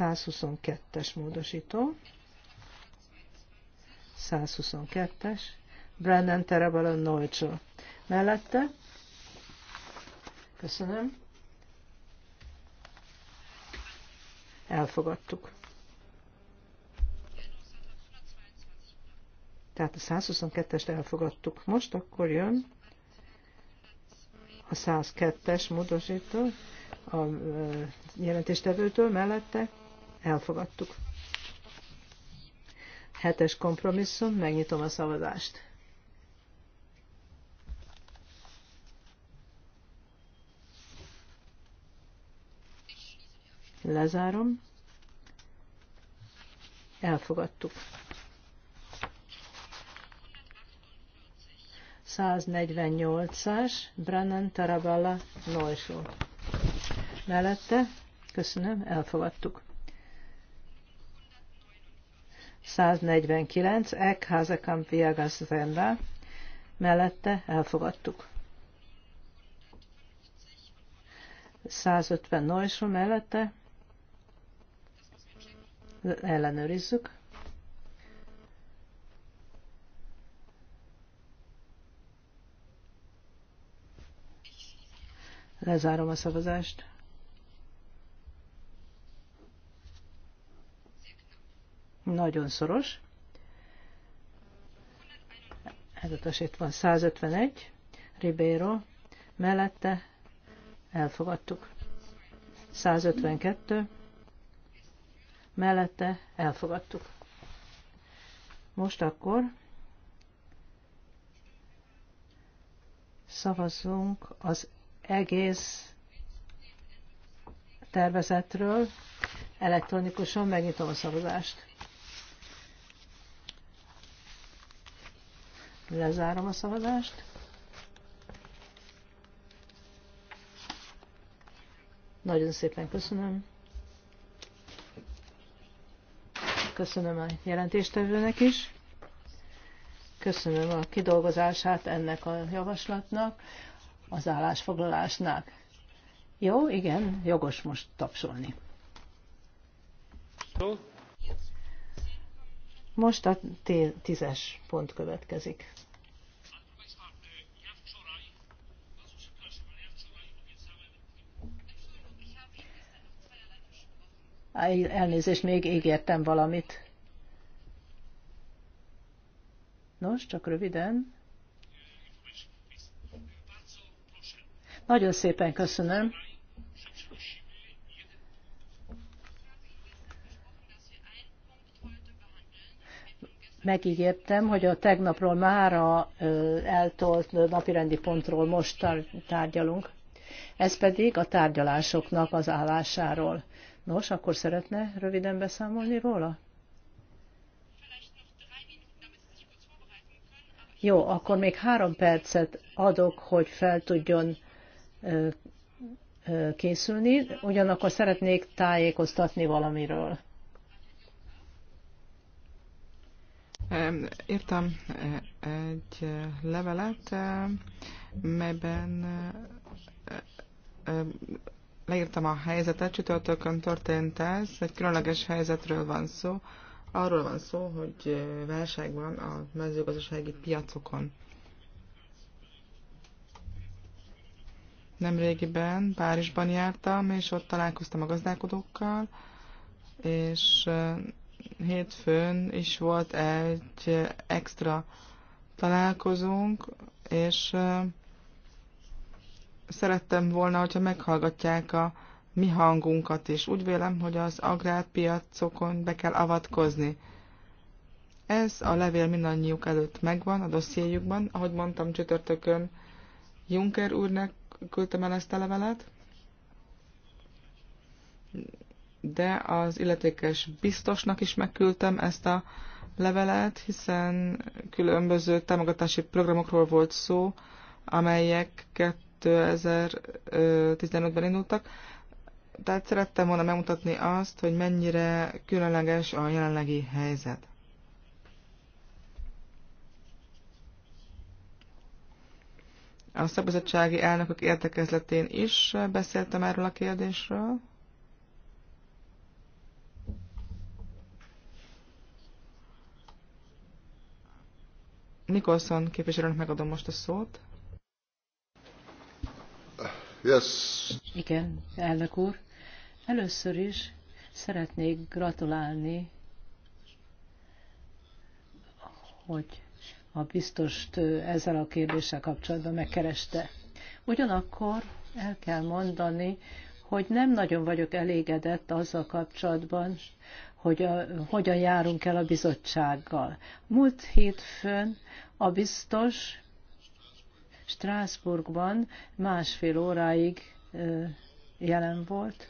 122-es módosító. 122-es. Brennan Terebala Nolcsó. Mellette. Köszönöm. Elfogadtuk. Tehát a 122-est elfogadtuk. Most akkor jön a 102-es módosító a jelentéstevőtől mellette. Elfogadtuk. Hetes kompromisszum, megnyitom a szavazást. Lezárom. Elfogadtuk. 148-as Brennan Tarabella Neuschul. Mellette, köszönöm, elfogadtuk. 149 Ek Hazekamp Viagas Venda mellette elfogadtuk. 150 Noisru mellette ellenőrizzük. Lezárom a szavazást. nagyon szoros. van 151, Ribeiro, mellette elfogadtuk. 152, mellette elfogadtuk. Most akkor szavazzunk az egész tervezetről elektronikusan, megnyitom a szavazást. Lezárom a szavazást. Nagyon szépen köszönöm. Köszönöm a jelentéstevőnek is. Köszönöm a kidolgozását ennek a javaslatnak, az állásfoglalásnak. Jó, igen, jogos most tapsolni. Jó. Most a tízes pont következik. Elnézést, még ígértem valamit. Nos, csak röviden. Nagyon szépen köszönöm. megígértem, hogy a tegnapról már a eltolt napirendi pontról most tárgyalunk. Ez pedig a tárgyalásoknak az állásáról. Nos, akkor szeretne röviden beszámolni róla? Jó, akkor még három percet adok, hogy fel tudjon készülni, ugyanakkor szeretnék tájékoztatni valamiről. Írtam eh, egy eh, levelet, eh, melyben leírtam a helyzetet, csütörtökön történt ez, egy különleges helyzetről van szó. Arról van szó, hogy válság van a mezőgazdasági piacokon. Nemrégiben Párizsban jártam, és ott találkoztam a gazdálkodókkal, és hétfőn is volt egy extra találkozónk, és szerettem volna, hogyha meghallgatják a mi hangunkat is. Úgy vélem, hogy az agrárpiacokon be kell avatkozni. Ez a levél mindannyiuk előtt megvan, a dossziéjukban. Ahogy mondtam, csütörtökön Juncker úrnak küldtem el ezt a levelet de az illetékes biztosnak is megküldtem ezt a levelet, hiszen különböző támogatási programokról volt szó, amelyek 2015-ben indultak. Tehát szerettem volna megmutatni azt, hogy mennyire különleges a jelenlegi helyzet. A szabadsági elnökök értekezletén is beszéltem erről a kérdésről. Nicholson képviselőnek megadom most a szót. Yes. Igen, elnök úr. Először is szeretnék gratulálni, hogy a biztost ezzel a kérdéssel kapcsolatban megkereste. Ugyanakkor el kell mondani, hogy nem nagyon vagyok elégedett azzal kapcsolatban, hogy a, hogyan járunk el a bizottsággal. Múlt hétfőn a biztos Strasbourgban másfél óráig jelen volt,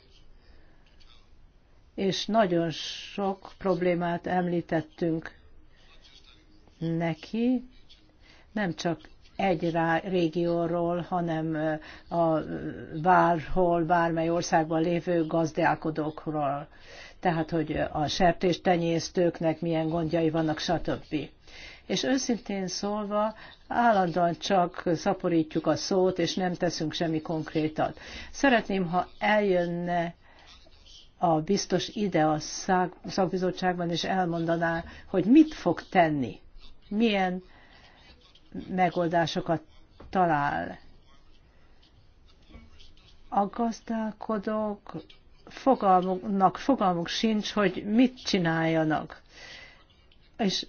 és nagyon sok problémát említettünk neki, nem csak egy régióról, hanem a bárhol, bármely országban lévő gazdálkodókról tehát hogy a sertéstenyésztőknek milyen gondjai vannak, stb. És őszintén szólva, állandóan csak szaporítjuk a szót, és nem teszünk semmi konkrétat. Szeretném, ha eljönne a biztos ide a szak, szakbizottságban, és elmondaná, hogy mit fog tenni, milyen megoldásokat talál. A gazdálkodók fogalmuknak fogalmuk sincs, hogy mit csináljanak. És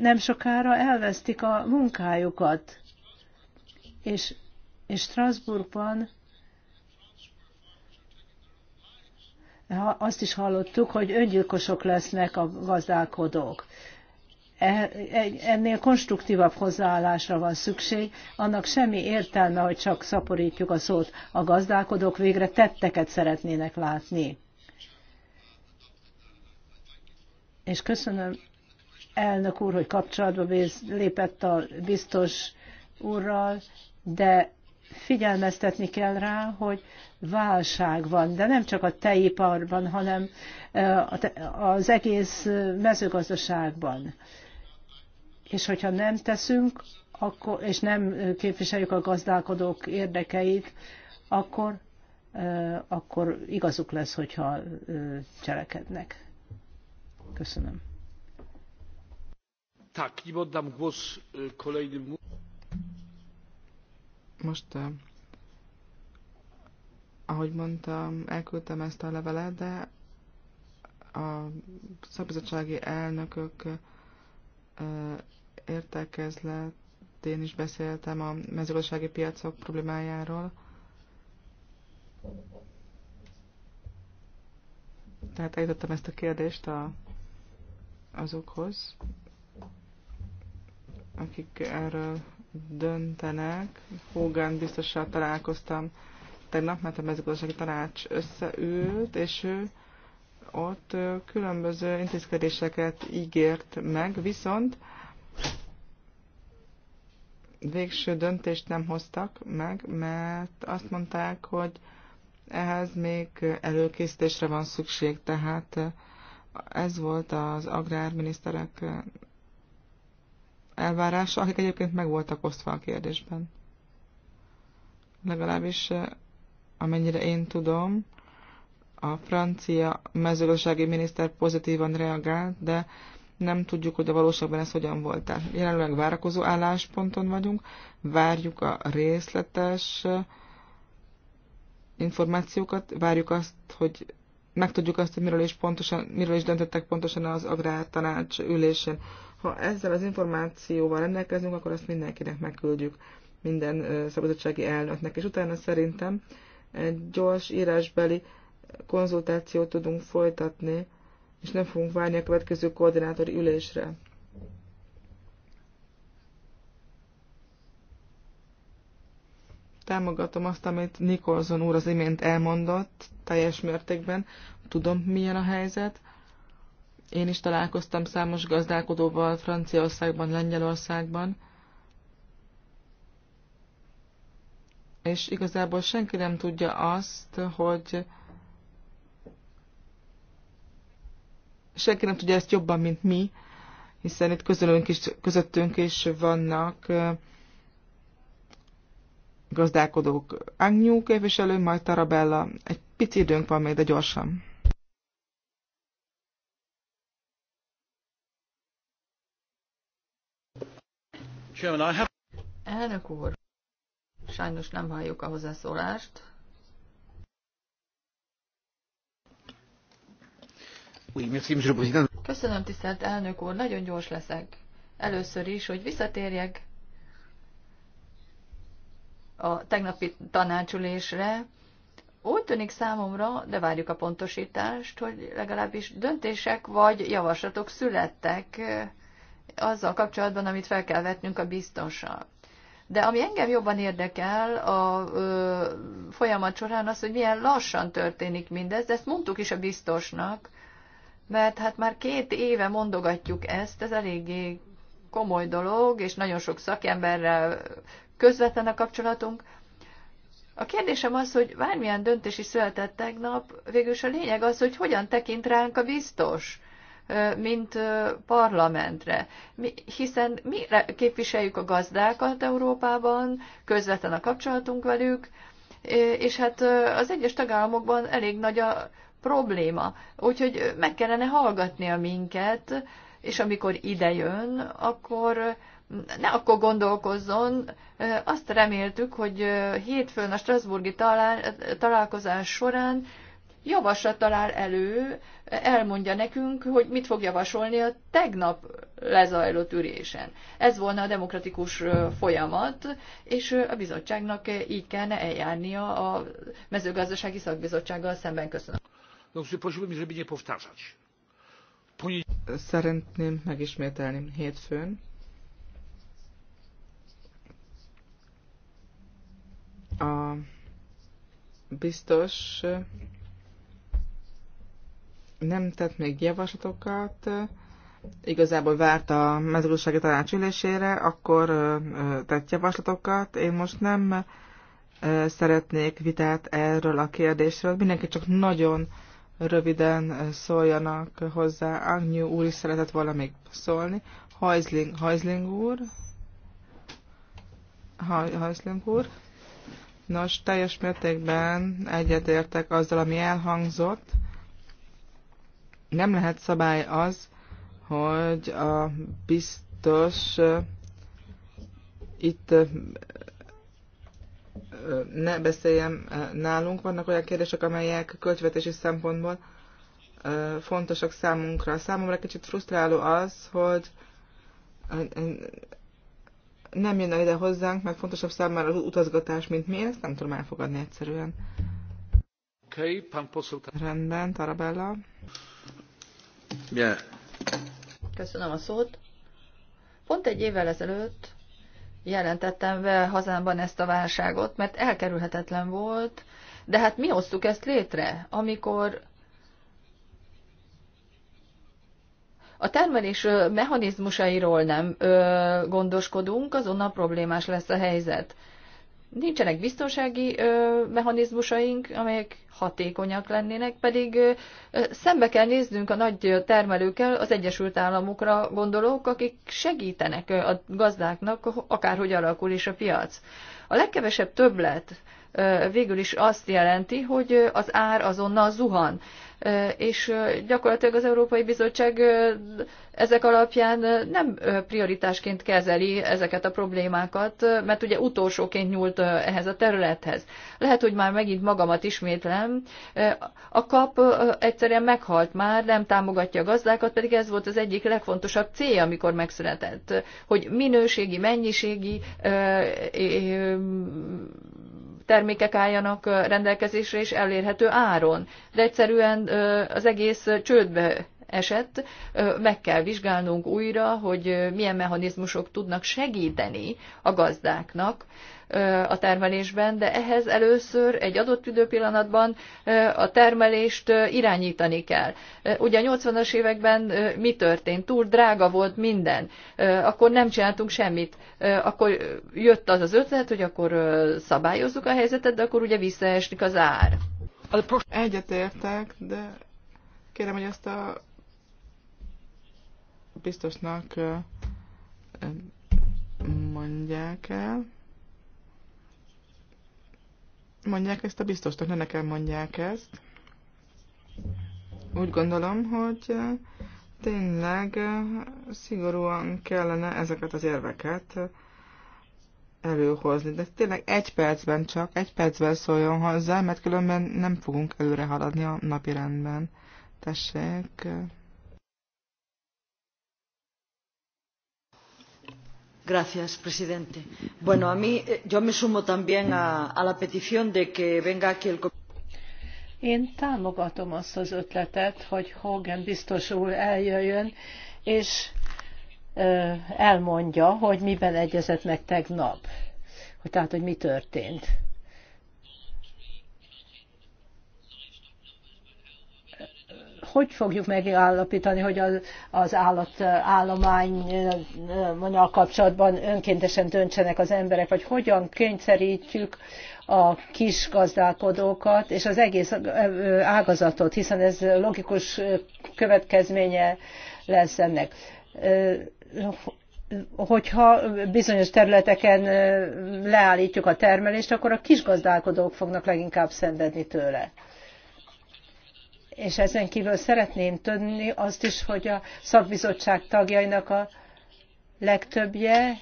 nem sokára elvesztik a munkájukat. És, és Strasbourgban azt is hallottuk, hogy öngyilkosok lesznek a gazdálkodók. E, ennél konstruktívabb hozzáállásra van szükség, annak semmi értelme, hogy csak szaporítjuk a szót. A gazdálkodók végre tetteket szeretnének látni. És köszönöm elnök úr, hogy kapcsolatba lépett a biztos úrral, de figyelmeztetni kell rá, hogy válság van, de nem csak a tejiparban, hanem e, az egész mezőgazdaságban és hogyha nem teszünk, akkor, és nem képviseljük a gazdálkodók érdekeit, akkor, akkor igazuk lesz, hogyha cselekednek. Köszönöm. Tak, i oddam głos kolejnym. Most, e, ahogy mondtam, elküldtem ezt a levelet, de a szabizottsági elnökök e, értekezletén is beszéltem a mezőgazdasági piacok problémájáról. Tehát eljutottam ezt a kérdést a, azokhoz, akik erről döntenek. Hogan biztossal találkoztam tegnap, mert a mezőgazdasági tanács összeült, és ő ott különböző intézkedéseket ígért meg, viszont végső döntést nem hoztak meg, mert azt mondták, hogy ehhez még előkészítésre van szükség, tehát ez volt az agrárminiszterek elvárása, akik egyébként meg voltak osztva a kérdésben. Legalábbis amennyire én tudom, a francia mezőgazdasági miniszter pozitívan reagált, de nem tudjuk, hogy a valóságban ez hogyan volt. Tehát jelenleg várakozó állásponton vagyunk, várjuk a részletes eh, információkat, várjuk azt, hogy megtudjuk azt, hogy miről is, pontosan, miről is döntöttek pontosan az agrártanács ülésén. Ha ezzel az információval rendelkezünk, akkor azt mindenkinek megküldjük, minden eh, szabadsági elnöknek, és utána szerintem egy gyors írásbeli konzultációt tudunk folytatni és nem fogunk várni a következő koordinátori ülésre. Támogatom azt, amit Nikolson úr az imént elmondott, teljes mértékben. Tudom, milyen a helyzet. Én is találkoztam számos gazdálkodóval Franciaországban, Lengyelországban, és igazából senki nem tudja azt, hogy senki nem tudja ezt jobban, mint mi, hiszen itt közülünk is, közöttünk is vannak gazdálkodók. Agnyú képviselő, majd Tarabella. Egy pici időnk van még, de gyorsan. Elnök úr, sajnos nem halljuk a hozzászólást. Köszönöm, tisztelt elnök úr, nagyon gyors leszek. Először is, hogy visszatérjek a tegnapi tanácsülésre. Úgy tűnik számomra, de várjuk a pontosítást, hogy legalábbis döntések vagy javaslatok születtek eh, azzal kapcsolatban, amit fel kell vetnünk a biztonság. De ami engem jobban érdekel a ö, folyamat során az, hogy milyen lassan történik mindez, de ezt mondtuk is a biztosnak, mert hát már két éve mondogatjuk ezt, ez eléggé komoly dolog, és nagyon sok szakemberrel közvetlen a kapcsolatunk. A kérdésem az, hogy bármilyen döntés is született tegnap, végülis a lényeg az, hogy hogyan tekint ránk a biztos, mint parlamentre. Mi, hiszen mi képviseljük a gazdákat Európában, közvetlen a kapcsolatunk velük, és hát az egyes tagállamokban elég nagy a probléma. Úgyhogy meg kellene hallgatnia minket, és amikor ide jön, akkor ne akkor gondolkozzon. Azt reméltük, hogy hétfőn a Strasburgi találkozás során javaslat talál elő, elmondja nekünk, hogy mit fog javasolni a tegnap lezajlott ürésen. Ez volna a demokratikus folyamat, és a bizottságnak így kellene eljárnia a mezőgazdasági szakbizottsággal szemben. Köszönöm no prosiłbym, żeby nie powtarzać. Szeretném megismételni hétfőn. A biztos nem tett még javaslatokat, igazából várt a mezőgazdasági tanács ülésére, akkor tett javaslatokat. Én most nem szeretnék vitát erről a kérdésről. Mindenki csak nagyon röviden szóljanak hozzá. Agnyú úr is szeretett volna még szólni. Heisling, Heisling úr. Heisling úr. Nos, teljes mértékben egyetértek azzal, ami elhangzott. Nem lehet szabály az, hogy a biztos itt ne beszéljem nálunk. Vannak olyan kérdések, amelyek költvetési szempontból fontosak számunkra. Számomra kicsit frusztráló az, hogy nem jönne ide hozzánk, mert fontosabb számára az utazgatás, mint mi. Ezt nem tudom elfogadni egyszerűen. Okay, Rendben, Tarabella. Yeah. Köszönöm a szót. Pont egy évvel ezelőtt jelentettem be hazámban ezt a válságot, mert elkerülhetetlen volt, de hát mi hoztuk ezt létre, amikor a termelés mechanizmusairól nem gondoskodunk, azonnal problémás lesz a helyzet. Nincsenek biztonsági ö, mechanizmusaink, amelyek hatékonyak lennének, pedig ö, szembe kell néznünk a nagy termelőkkel, az Egyesült Államokra gondolók, akik segítenek a gazdáknak, akárhogy alakul is a piac. A legkevesebb többlet végül is azt jelenti, hogy az ár azonnal zuhan és gyakorlatilag az Európai Bizottság ezek alapján nem prioritásként kezeli ezeket a problémákat, mert ugye utolsóként nyúlt ehhez a területhez. Lehet, hogy már megint magamat ismétlem. A kap egyszerűen meghalt már, nem támogatja a gazdákat, pedig ez volt az egyik legfontosabb cél, amikor megszületett, hogy minőségi, mennyiségi termékek álljanak rendelkezésre és elérhető áron. De egyszerűen az egész csődbe esett, meg kell vizsgálnunk újra, hogy milyen mechanizmusok tudnak segíteni a gazdáknak, a termelésben, de ehhez először egy adott időpillanatban a termelést irányítani kell. Ugye a 80-as években mi történt? Túl drága volt minden, akkor nem csináltunk semmit. Akkor jött az az ötlet, hogy akkor szabályozzuk a helyzetet, de akkor ugye visszaesnik az ár. Egyetértek, de kérem, hogy ezt a biztosnak mondják el mondják ezt a biztosnak, ne nekem mondják ezt. Úgy gondolom, hogy tényleg szigorúan kellene ezeket az érveket előhozni. De tényleg egy percben csak, egy percben szóljon hozzá, mert különben nem fogunk előre haladni a napi rendben. Tessék, señor presidente bueno, eh, yo me sumo también a, la petición de que venga aquí el Én támogatom azt az ötletet, hogy Hogan biztos úr eljöjjön, és elmondja, hogy miben egyezett meg tegnap, hogy tehát, hogy mi történt. hogy fogjuk megállapítani, hogy az, az állatállományal kapcsolatban önkéntesen döntsenek az emberek, vagy hogyan kényszerítjük a kis gazdálkodókat és az egész ágazatot, hiszen ez logikus következménye lesz ennek hogyha bizonyos területeken leállítjuk a termelést, akkor a kis gazdálkodók fognak leginkább szenvedni tőle. És ezen kívül szeretném tudni azt is, hogy a szakbizottság tagjainak a legtöbbje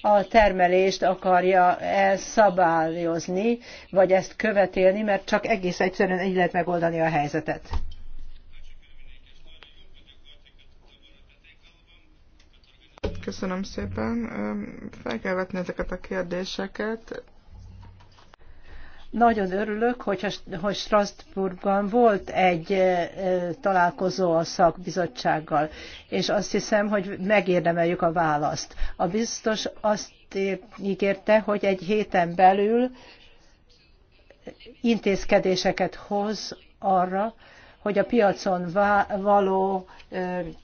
a termelést akarja elszabályozni, vagy ezt követélni, mert csak egész egyszerűen így lehet megoldani a helyzetet. Köszönöm szépen. Fel kell vetni ezeket a kérdéseket. Nagyon örülök, hogy, hogy Strasbourgban volt egy találkozó a szakbizottsággal, és azt hiszem, hogy megérdemeljük a választ. A biztos azt ígérte, hogy egy héten belül intézkedéseket hoz arra, hogy a piacon való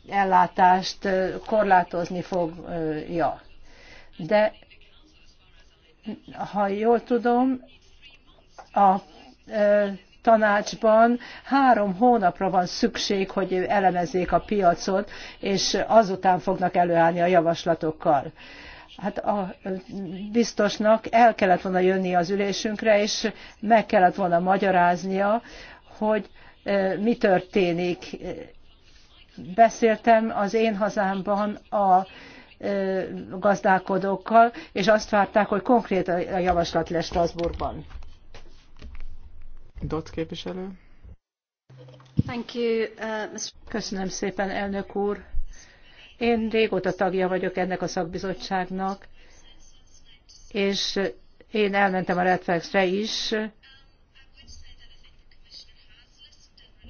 ellátást korlátozni fogja. De ha jól tudom, a tanácsban három hónapra van szükség, hogy elemezzék a piacot, és azután fognak előállni a javaslatokkal. Hát a biztosnak el kellett volna jönni az ülésünkre, és meg kellett volna magyaráznia, hogy mi történik. Beszéltem az én hazámban a gazdálkodókkal, és azt várták, hogy konkrét a javaslat lesz Strasbourgban. Dott képviselő. Thank you, uh, Köszönöm szépen, elnök úr. Én régóta tagja vagyok ennek a szakbizottságnak, és én elmentem a Red Flags-re is,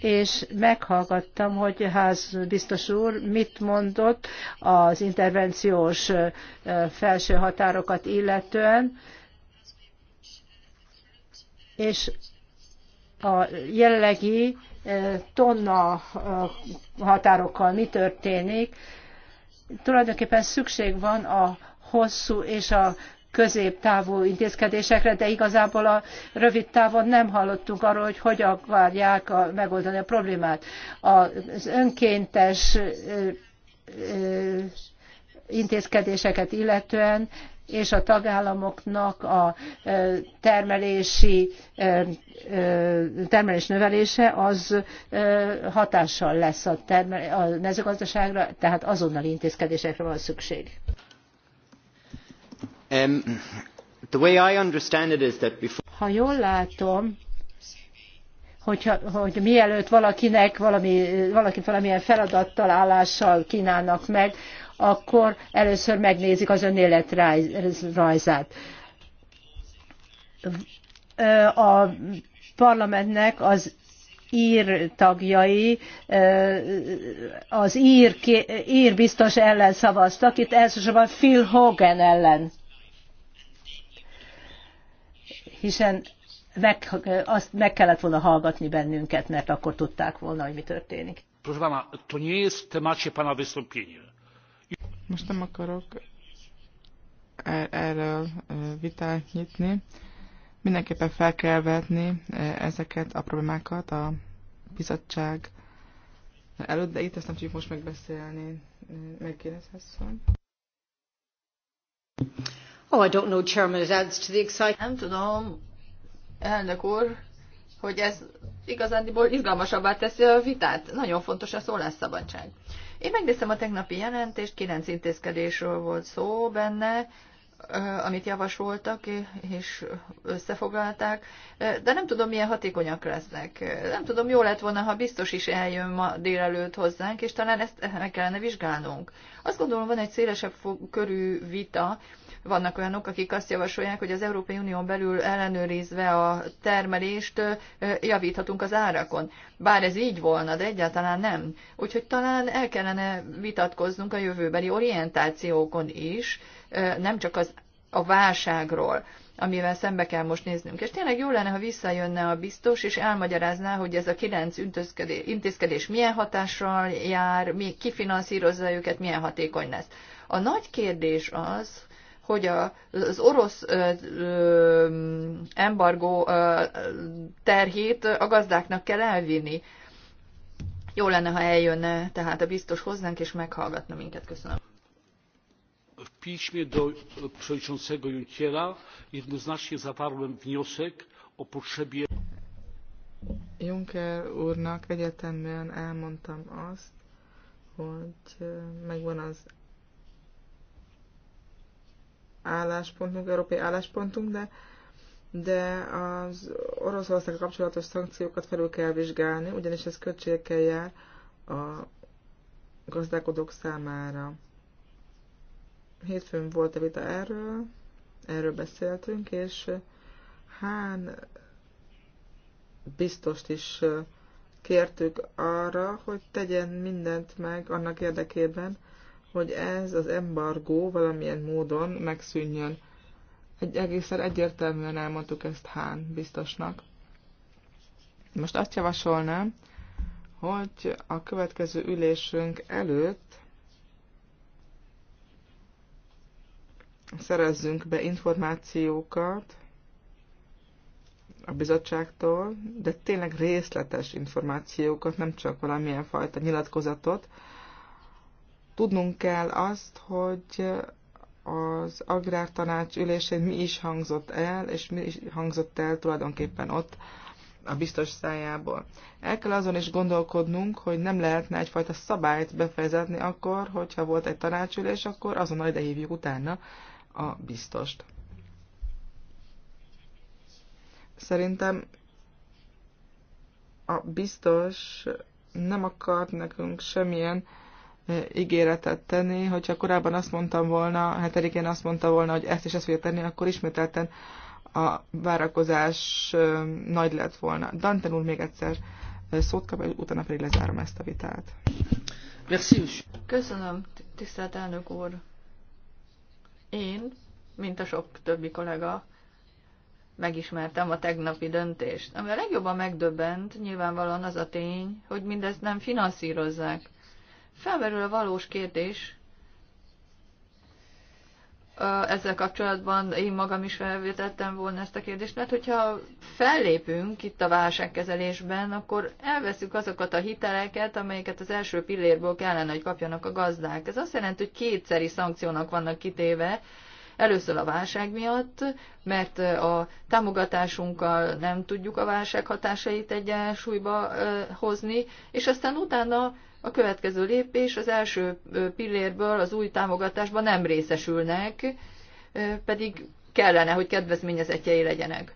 és meghallgattam, hogy ház biztos úr mit mondott az intervenciós felső határokat illetően, és a jelenlegi eh, tonna eh, határokkal mi történik. Tulajdonképpen szükség van a hosszú és a középtávú intézkedésekre, de igazából a rövid távon nem hallottunk arról, hogy hogy akarják a, megoldani a problémát. Az önkéntes eh, intézkedéseket illetően és a tagállamoknak a e, termelési e, e, termelés növelése az hatással lesz a, termel, a mezőgazdaságra, tehát azonnali intézkedésekre van szükség. Um, the way I understand it is that before... Ha jól látom, hogyha, hogy mielőtt valakinek valami, valakit valamilyen feladattal, állással kínálnak meg, akkor először megnézik az önéletrajzát. A parlamentnek az ír tagjai az ír, ír biztos ellen szavaztak, itt elsősorban Phil Hogan ellen. Hiszen meg, azt meg kellett volna hallgatni bennünket, mert akkor tudták volna, hogy mi történik. Proszę pana, to nie jest temacie pana wystąpienia most nem akarok er- erről vitát nyitni. Mindenképpen fel kell vetni ezeket a problémákat a bizottság előtt, de itt ezt nem tudjuk most megbeszélni. Megkérdezhetszön. Oh, I don't know, Chairman, it adds to the excitement. Nem tudom, elnök úr, hogy ez igazándiból izgalmasabbá teszi a vitát. Nagyon fontos a szólásszabadság. Én megnéztem a tegnapi jelentést, kilenc intézkedésről volt szó benne, amit javasoltak és összefoglalták, de nem tudom, milyen hatékonyak lesznek. Nem tudom, jó lett volna, ha biztos is eljön ma délelőtt hozzánk, és talán ezt meg kellene vizsgálnunk. Azt gondolom, van egy szélesebb körű vita vannak olyanok, akik azt javasolják, hogy az Európai Unión belül ellenőrizve a termelést javíthatunk az árakon. Bár ez így volna, de egyáltalán nem. Úgyhogy talán el kellene vitatkoznunk a jövőbeli orientációkon is, nem csak az, a válságról amivel szembe kell most néznünk. És tényleg jó lenne, ha visszajönne a biztos, és elmagyarázná, hogy ez a kilenc intézkedés milyen hatással jár, mi kifinanszírozza őket, milyen hatékony lesz. A nagy kérdés az, hogy az orosz embargó terhét a gazdáknak kell elvinni. Jó lenne, ha eljönne tehát a biztos hozzánk, és meghallgatna minket. Köszönöm. W piśmie do przewodniczącego Junckera jednoznacznie zawarłem wniosek o potrzebie. Juncker urnak egyetemben elmondtam azt, hogy megvan az álláspontunk, európai álláspontunk, de, de az Oroszország kapcsolatos szankciókat felül kell vizsgálni, ugyanis ez költségekkel jár a gazdálkodók számára. Hétfőn volt a vita erről, erről beszéltünk, és Hán biztost is kértük arra, hogy tegyen mindent meg annak érdekében, hogy ez az embargó valamilyen módon megszűnjön. Egy egészen egyértelműen elmondtuk ezt Hán biztosnak. Most azt javasolnám, hogy a következő ülésünk előtt szerezzünk be információkat a bizottságtól, de tényleg részletes információkat, nem csak valamilyen fajta nyilatkozatot, tudnunk kell azt, hogy az agrártanács ülésén mi is hangzott el, és mi is hangzott el tulajdonképpen ott a biztos szájából. El kell azon is gondolkodnunk, hogy nem lehetne egyfajta szabályt befejezetni akkor, hogyha volt egy tanácsülés, akkor azonnal ide hívjuk utána a biztost. Szerintem a biztos nem akart nekünk semmilyen uh, ígéretet tenni, hogyha korábban azt mondtam volna, hetedikén azt mondta volna, hogy ezt és ezt fogja tenni, akkor ismételten a várakozás nagy lett volna. dante úr még egyszer szót kap, utána pedig lezárom ezt a vitát. Köszönöm, tisztelt elnök úr. Én, mint a sok többi kollega, megismertem a tegnapi döntést. Ami a legjobban megdöbbent, nyilvánvalóan az a tény, hogy mindezt nem finanszírozzák. Felmerül a valós kérdés, ezzel kapcsolatban én magam is felvetettem volna ezt a kérdést, mert hogyha fellépünk itt a válságkezelésben, akkor elveszük azokat a hiteleket, amelyeket az első pillérből kellene, hogy kapjanak a gazdák. Ez azt jelenti, hogy kétszeri szankciónak vannak kitéve, Először a válság miatt, mert a támogatásunkkal nem tudjuk a válság hatásait egyensúlyba hozni, és aztán utána a következő lépés az első pillérből az új támogatásban nem részesülnek, pedig kellene, hogy kedvezményezetjei legyenek.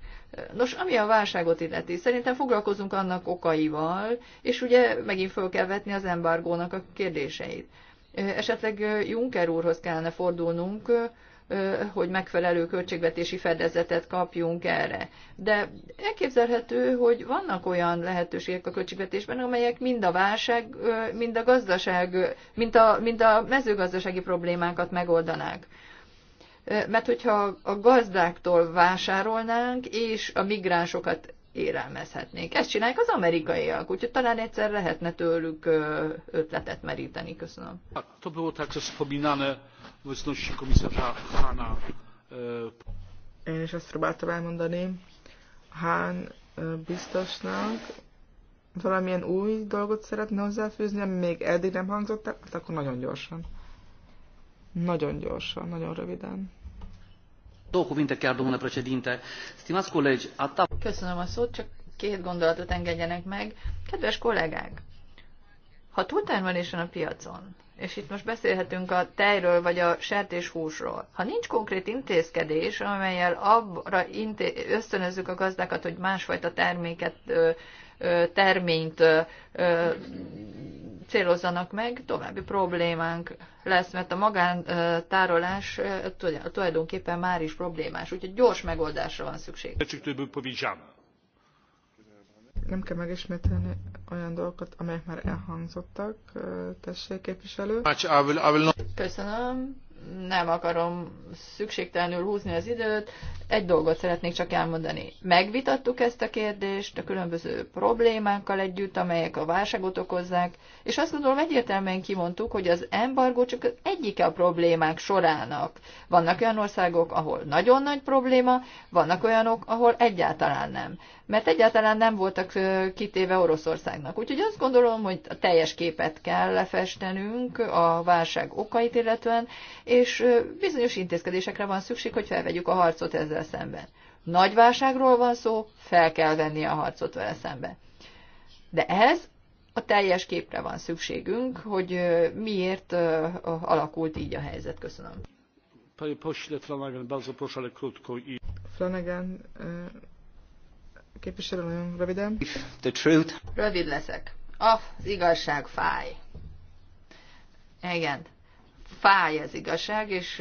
Nos, ami a válságot illeti, szerintem foglalkozunk annak okaival, és ugye megint föl kell vetni az embargónak a kérdéseit. Esetleg Juncker úrhoz kellene fordulnunk, hogy megfelelő költségvetési fedezetet kapjunk erre. De elképzelhető, hogy vannak olyan lehetőségek a költségvetésben, amelyek mind a válság, mind a gazdaság, mind a, mind a mezőgazdasági problémákat megoldanák. Mert hogyha a gazdáktól vásárolnánk, és a migránsokat élelmezhetnénk. Ezt csinálják az amerikaiak, úgyhogy talán egyszer lehetne tőlük ötletet meríteni. Köszönöm. To było także wspominane obecności komisarza Hana. E, Én is ezt próbáltam elmondani. Hán e, biztosnak valamilyen új dolgot szeretne hozzáfűzni, ami még eddig nem hangzott el, hát akkor nagyon gyorsan. Nagyon gyorsan, nagyon röviden. Köszönöm a szót, csak két gondolatot engedjenek meg. Kedves kollégák, ha túltermelés van a piacon, és itt most beszélhetünk a tejről vagy a sertéshúsról. Ha nincs konkrét intézkedés, amelyel abra inté- ösztönözzük a gazdákat, hogy másfajta terméket, terményt célozzanak meg, további problémánk lesz, mert a magántárolás tulajdonképpen már is problémás, úgyhogy gyors megoldásra van szükség nem kell megismételni olyan dolgokat, amelyek már elhangzottak. Tessék, képviselő. Köszönöm nem akarom szükségtelenül húzni az időt, egy dolgot szeretnék csak elmondani. Megvitattuk ezt a kérdést a különböző problémákkal együtt, amelyek a válságot okozzák, és azt gondolom egyértelműen kimondtuk, hogy az embargó csak az egyike a problémák sorának. Vannak olyan országok, ahol nagyon nagy probléma, vannak olyanok, ahol egyáltalán nem. Mert egyáltalán nem voltak kitéve Oroszországnak. Úgyhogy azt gondolom, hogy a teljes képet kell lefestenünk a válság okait illetően, és bizonyos intézkedésekre van szükség, hogy felvegyük a harcot ezzel szemben. Nagy válságról van szó, fel kell venni a harcot vele szemben. De ehhez a teljes képre van szükségünk, hogy miért alakult így a helyzet. Köszönöm. Panie pośle Flanagan, bardzo proszę, ale krótko i... Flanagan, e, képviselő, nagyon röviden. The truth. Rövid leszek. Az igazság fáj. Igen fáj az igazság, és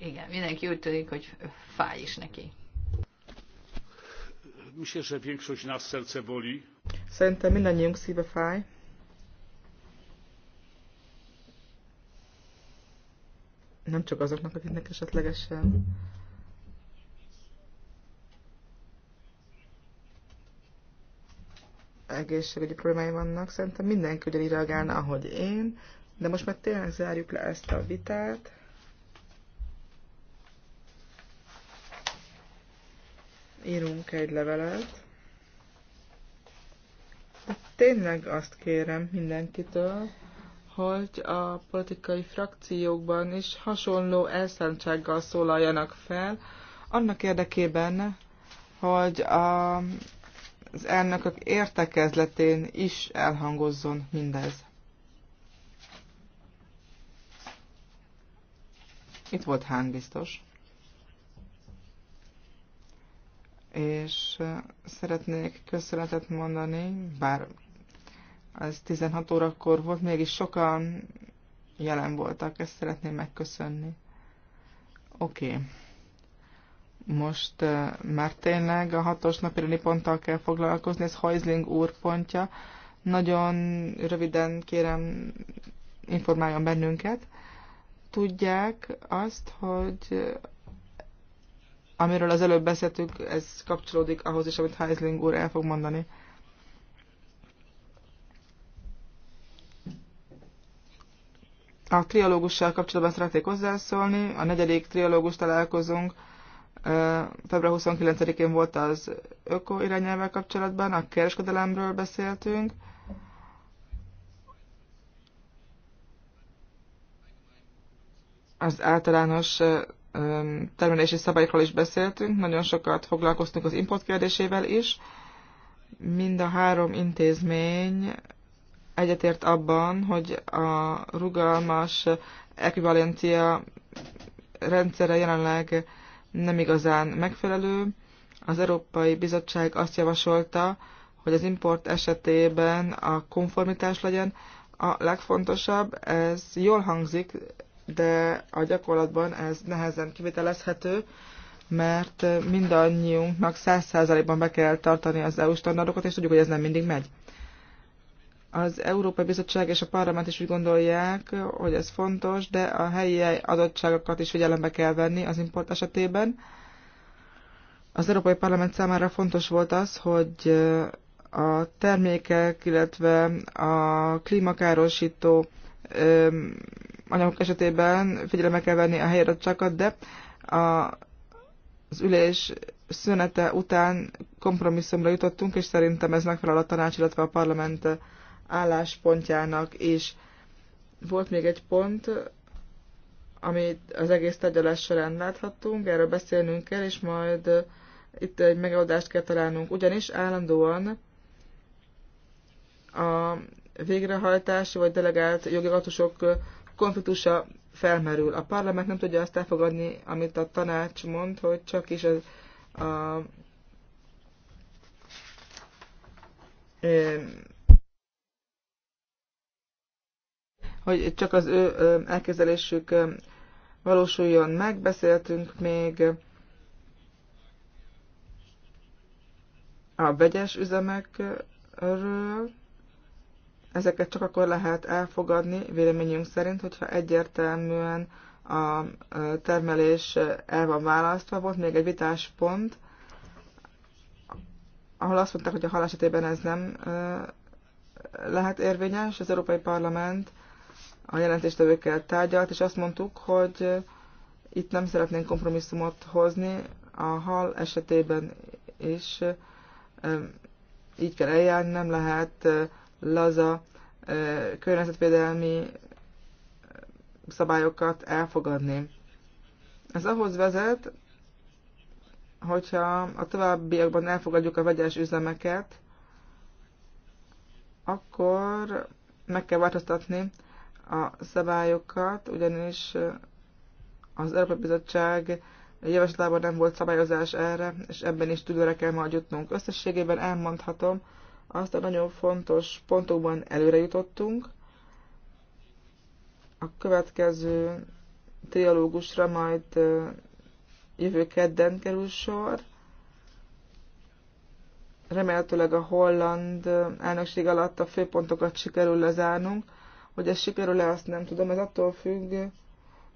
igen, mindenki úgy tűnik, hogy fáj is neki. Szerintem mindannyiunk szíve fáj. Nem csak azoknak, akiknek esetlegesen. egészségügyi problémái vannak, szerintem mindenki ugyanígy reagálna, ahogy én. De most már tényleg zárjuk le ezt a vitát. Írunk egy levelet. De tényleg azt kérem mindenkitől, hogy a politikai frakciókban is hasonló elszántsággal szólaljanak fel, annak érdekében, hogy a, az elnökök értekezletén is elhangozzon mindez. Itt volt Hán biztos. És szeretnék köszönetet mondani, bár az 16 órakor volt, mégis sokan jelen voltak, ezt szeretném megköszönni. Oké. Okay. Most uh, már tényleg a hatos napi ponttal kell foglalkozni, ez Heusling úr pontja. Nagyon röviden kérem, informáljon bennünket tudják azt, hogy amiről az előbb beszéltük, ez kapcsolódik ahhoz is, amit Heisling úr el fog mondani. A triológussal kapcsolatban szeretnék hozzászólni. A negyedik triológus találkozunk február 29-én volt az öko irányelvvel kapcsolatban, a kereskedelemről beszéltünk, az általános termelési szabályokról is beszéltünk, nagyon sokat foglalkoztunk az import kérdésével is. Mind a három intézmény egyetért abban, hogy a rugalmas ekvivalencia rendszere jelenleg nem igazán megfelelő. Az Európai Bizottság azt javasolta, hogy az import esetében a konformitás legyen a legfontosabb. Ez jól hangzik, de a gyakorlatban ez nehezen kivitelezhető, mert mindannyiunknak száz százalékban be kell tartani az EU standardokat, és tudjuk, hogy ez nem mindig megy. Az Európai Bizottság és a Parlament is úgy gondolják, hogy ez fontos, de a helyi adottságokat is figyelembe kell venni az import esetében. Az Európai Parlament számára fontos volt az, hogy a termékek, illetve a klímakárosító anyagok esetében figyelembe kell venni a helyradcsakat, de a, az ülés szünete után kompromisszumra jutottunk, és szerintem ez megfelel a tanács, illetve a parlament álláspontjának is. Volt még egy pont, amit az egész tárgyalás során láthattunk, erről beszélnünk kell, és majd itt egy megoldást kell találnunk, ugyanis állandóan a végrehajtási vagy delegált jogi konfliktusa felmerül. A parlament nem tudja azt elfogadni, amit a tanács mond, hogy csak is az, a hogy csak az ő elkezelésük valósuljon meg. Beszéltünk még a vegyes üzemekről, Ezeket csak akkor lehet elfogadni, véleményünk szerint, hogyha egyértelműen a termelés el van választva. Volt még egy vitás pont, ahol azt mondták, hogy a hal esetében ez nem lehet érvényes. Az Európai Parlament a jelentéstevőkkel tárgyalt, és azt mondtuk, hogy itt nem szeretnénk kompromisszumot hozni, a hal esetében is így kell eljárni, nem lehet laza környezetvédelmi szabályokat elfogadni. Ez ahhoz vezet, hogyha a továbbiakban elfogadjuk a vegyes üzemeket, akkor meg kell változtatni a szabályokat, ugyanis az Európai Bizottság javaslatában nem volt szabályozás erre, és ebben is tudóra kell majd jutnunk. Összességében elmondhatom, azt a nagyon fontos pontokban előre jutottunk. A következő trialógusra majd jövő kedden kerül sor. Remélhetőleg a holland elnökség alatt a főpontokat sikerül lezárnunk. Hogy ez sikerül-e, azt nem tudom, ez attól függ,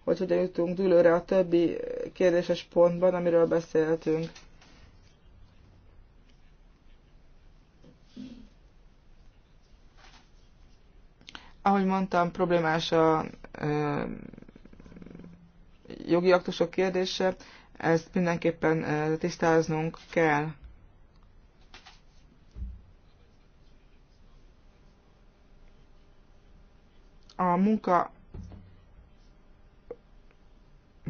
hogy hogyan jutunk dűlőre a többi kérdéses pontban, amiről beszéltünk. Ahogy mondtam, problémás a jogi aktusok kérdése, ezt mindenképpen tisztáznunk kell. A munka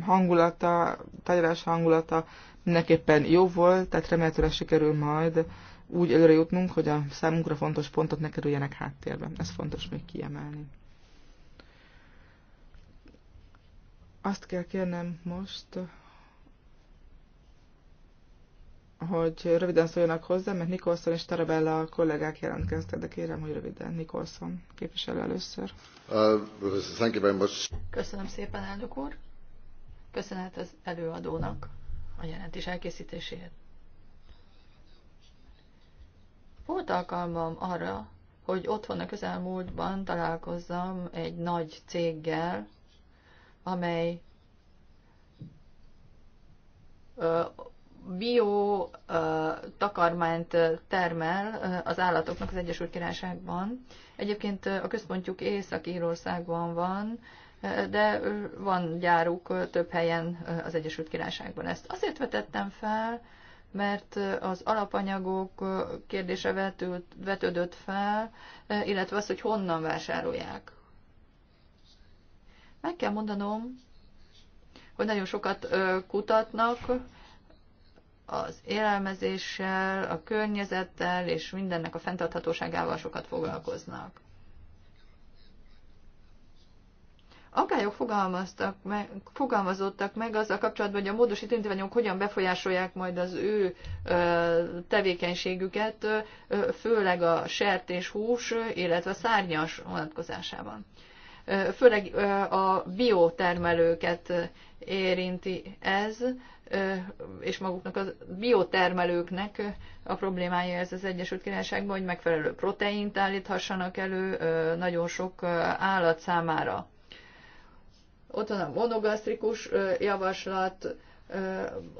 hangulata, tárgyalás hangulata mindenképpen jó volt, tehát remélhetőleg sikerül majd úgy előre jutnunk, hogy a számunkra fontos pontok ne kerüljenek háttérbe. Ez fontos még kiemelni. Azt kell kérnem most, hogy röviden szóljanak hozzá, mert Nikolson és Tarabella a kollégák jelentkeztek, de kérem, hogy röviden. Nikolson képviselő először. Uh, Köszönöm szépen, elnök úr. Köszönhet az előadónak a jelentés elkészítéséért. Volt alkalmam arra, hogy otthon a közelmúltban találkozzam egy nagy céggel, amely bio takarmányt termel az állatoknak az Egyesült Királyságban. Egyébként a központjuk Észak-Írországban van, de van gyáruk több helyen az Egyesült Királyságban. Ezt azért vetettem fel, mert az alapanyagok kérdése vetült, vetődött fel, illetve az, hogy honnan vásárolják. Meg kell mondanom, hogy nagyon sokat kutatnak az élelmezéssel, a környezettel és mindennek a fenntarthatóságával sokat foglalkoznak. Agályok fogalmaztak meg, fogalmazottak meg azzal kapcsolatban, hogy a módosító intézmények hogyan befolyásolják majd az ő tevékenységüket, főleg a hús, illetve a szárnyas vonatkozásában. Főleg a biotermelőket érinti ez, és maguknak a biotermelőknek a problémája ez az Egyesült Királyságban, hogy megfelelő proteint állíthassanak elő nagyon sok állat számára ott van a monogasztrikus javaslat,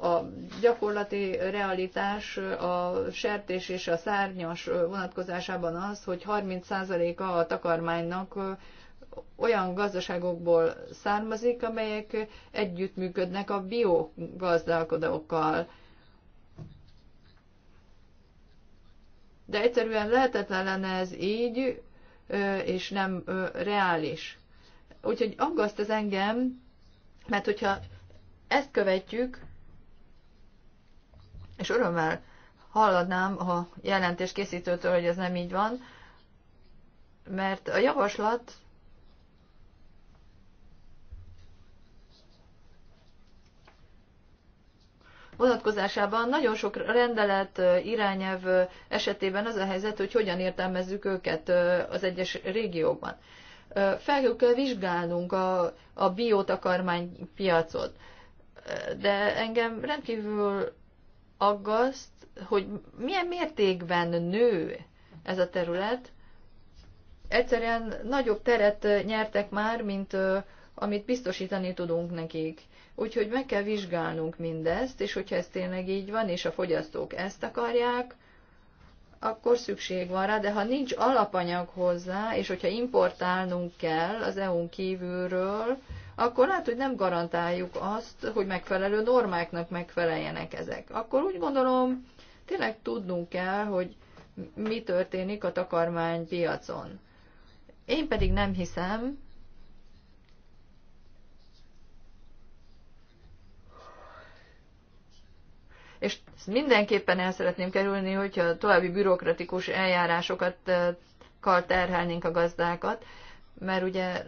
a gyakorlati realitás a sertés és a szárnyas vonatkozásában az, hogy 30%-a a takarmánynak olyan gazdaságokból származik, amelyek együttműködnek a biogazdálkodókkal. De egyszerűen lehetetlen lenne ez így, és nem reális. Úgyhogy aggaszt ez engem, mert hogyha ezt követjük, és örömmel halladnám, a jelentés készítőtől, hogy ez nem így van, mert a javaslat vonatkozásában nagyon sok rendelet, irányelv esetében az a helyzet, hogy hogyan értelmezzük őket az egyes régiókban. Fel kell vizsgálnunk a, a biótakarmány piacot. De engem rendkívül aggaszt, hogy milyen mértékben nő ez a terület. Egyszerűen nagyobb teret nyertek már, mint amit biztosítani tudunk nekik. Úgyhogy meg kell vizsgálnunk mindezt, és hogyha ez tényleg így van, és a fogyasztók ezt akarják, akkor szükség van rá, de ha nincs alapanyag hozzá, és hogyha importálnunk kell az EU-n kívülről, akkor lehet, hogy nem garantáljuk azt, hogy megfelelő normáknak megfeleljenek ezek. Akkor úgy gondolom, tényleg tudnunk kell, hogy mi történik a takarmánypiacon. Én pedig nem hiszem, és ezt mindenképpen el szeretném kerülni, hogyha további bürokratikus eljárásokat terhelnénk a gazdákat, mert ugye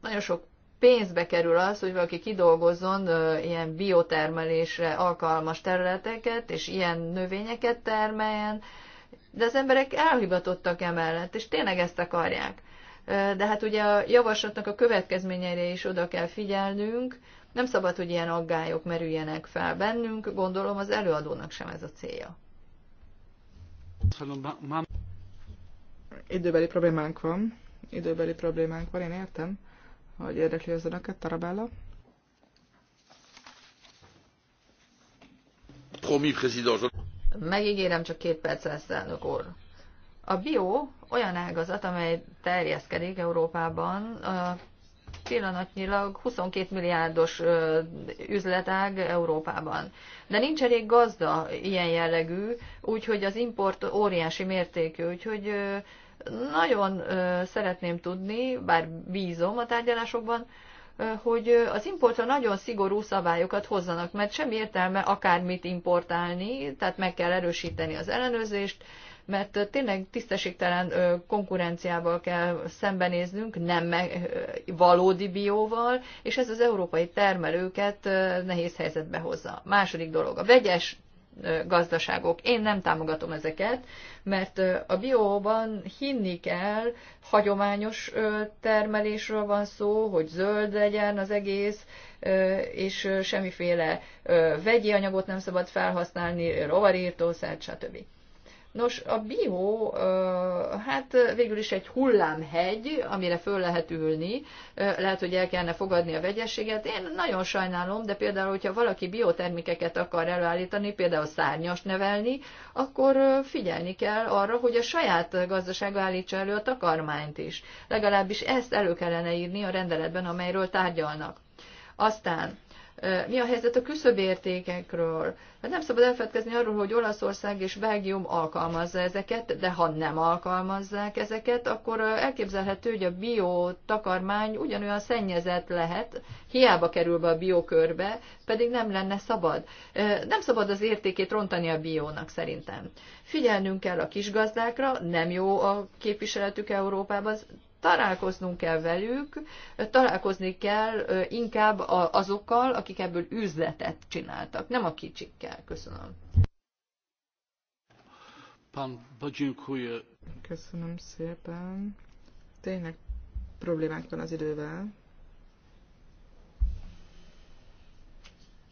nagyon sok pénzbe kerül az, hogy valaki kidolgozzon ilyen biotermelésre alkalmas területeket, és ilyen növényeket termeljen, de az emberek elhivatottak emellett, és tényleg ezt akarják. De hát ugye a javaslatnak a következményeire is oda kell figyelnünk, nem szabad, hogy ilyen aggályok merüljenek fel bennünk, gondolom az előadónak sem ez a célja. Időbeli problémánk van. Időbeli problémánk van, én értem, hogy érdekli az önöket, Tarabella. Megígérem, csak két perc lesz, elnök úr. A bio olyan ágazat, amely terjeszkedik Európában, pillanatnyilag 22 milliárdos üzletág Európában. De nincs elég gazda ilyen jellegű, úgyhogy az import óriási mértékű, úgyhogy nagyon szeretném tudni, bár bízom a tárgyalásokban, hogy az importra nagyon szigorú szabályokat hozzanak, mert sem értelme akármit importálni, tehát meg kell erősíteni az ellenőrzést, mert tényleg tisztességtelen konkurenciával kell szembenéznünk, nem valódi bióval, és ez az európai termelőket nehéz helyzetbe hozza. Második dolog, a vegyes gazdaságok. Én nem támogatom ezeket, mert a bióban hinni kell, hagyományos termelésről van szó, hogy zöld legyen az egész, és semmiféle vegyi anyagot nem szabad felhasználni, rovarírtószert, stb. Nos, a bio, hát végül is egy hullámhegy, amire föl lehet ülni, lehet, hogy el kellene fogadni a vegyességet. Én nagyon sajnálom, de például, hogyha valaki biotermikeket akar előállítani, például szárnyas nevelni, akkor figyelni kell arra, hogy a saját gazdasága állítsa elő a takarmányt is. Legalábbis ezt elő kellene írni a rendeletben, amelyről tárgyalnak. Aztán mi a helyzet a küszöbértékekről. Hát nem szabad elfedkezni arról, hogy Olaszország és Belgium alkalmazza ezeket, de ha nem alkalmazzák ezeket, akkor elképzelhető, hogy a bio takarmány ugyanolyan szennyezett lehet, hiába kerül be a biokörbe, pedig nem lenne szabad. Nem szabad az értékét rontani a biónak szerintem. Figyelnünk kell a kisgazdákra, nem jó a képviseletük Európában, találkoznunk kell velük, találkozni kell inkább azokkal, akik ebből üzletet csináltak, nem a kicsikkel. Köszönöm. Köszönöm szépen. Tényleg problémánk van az idővel.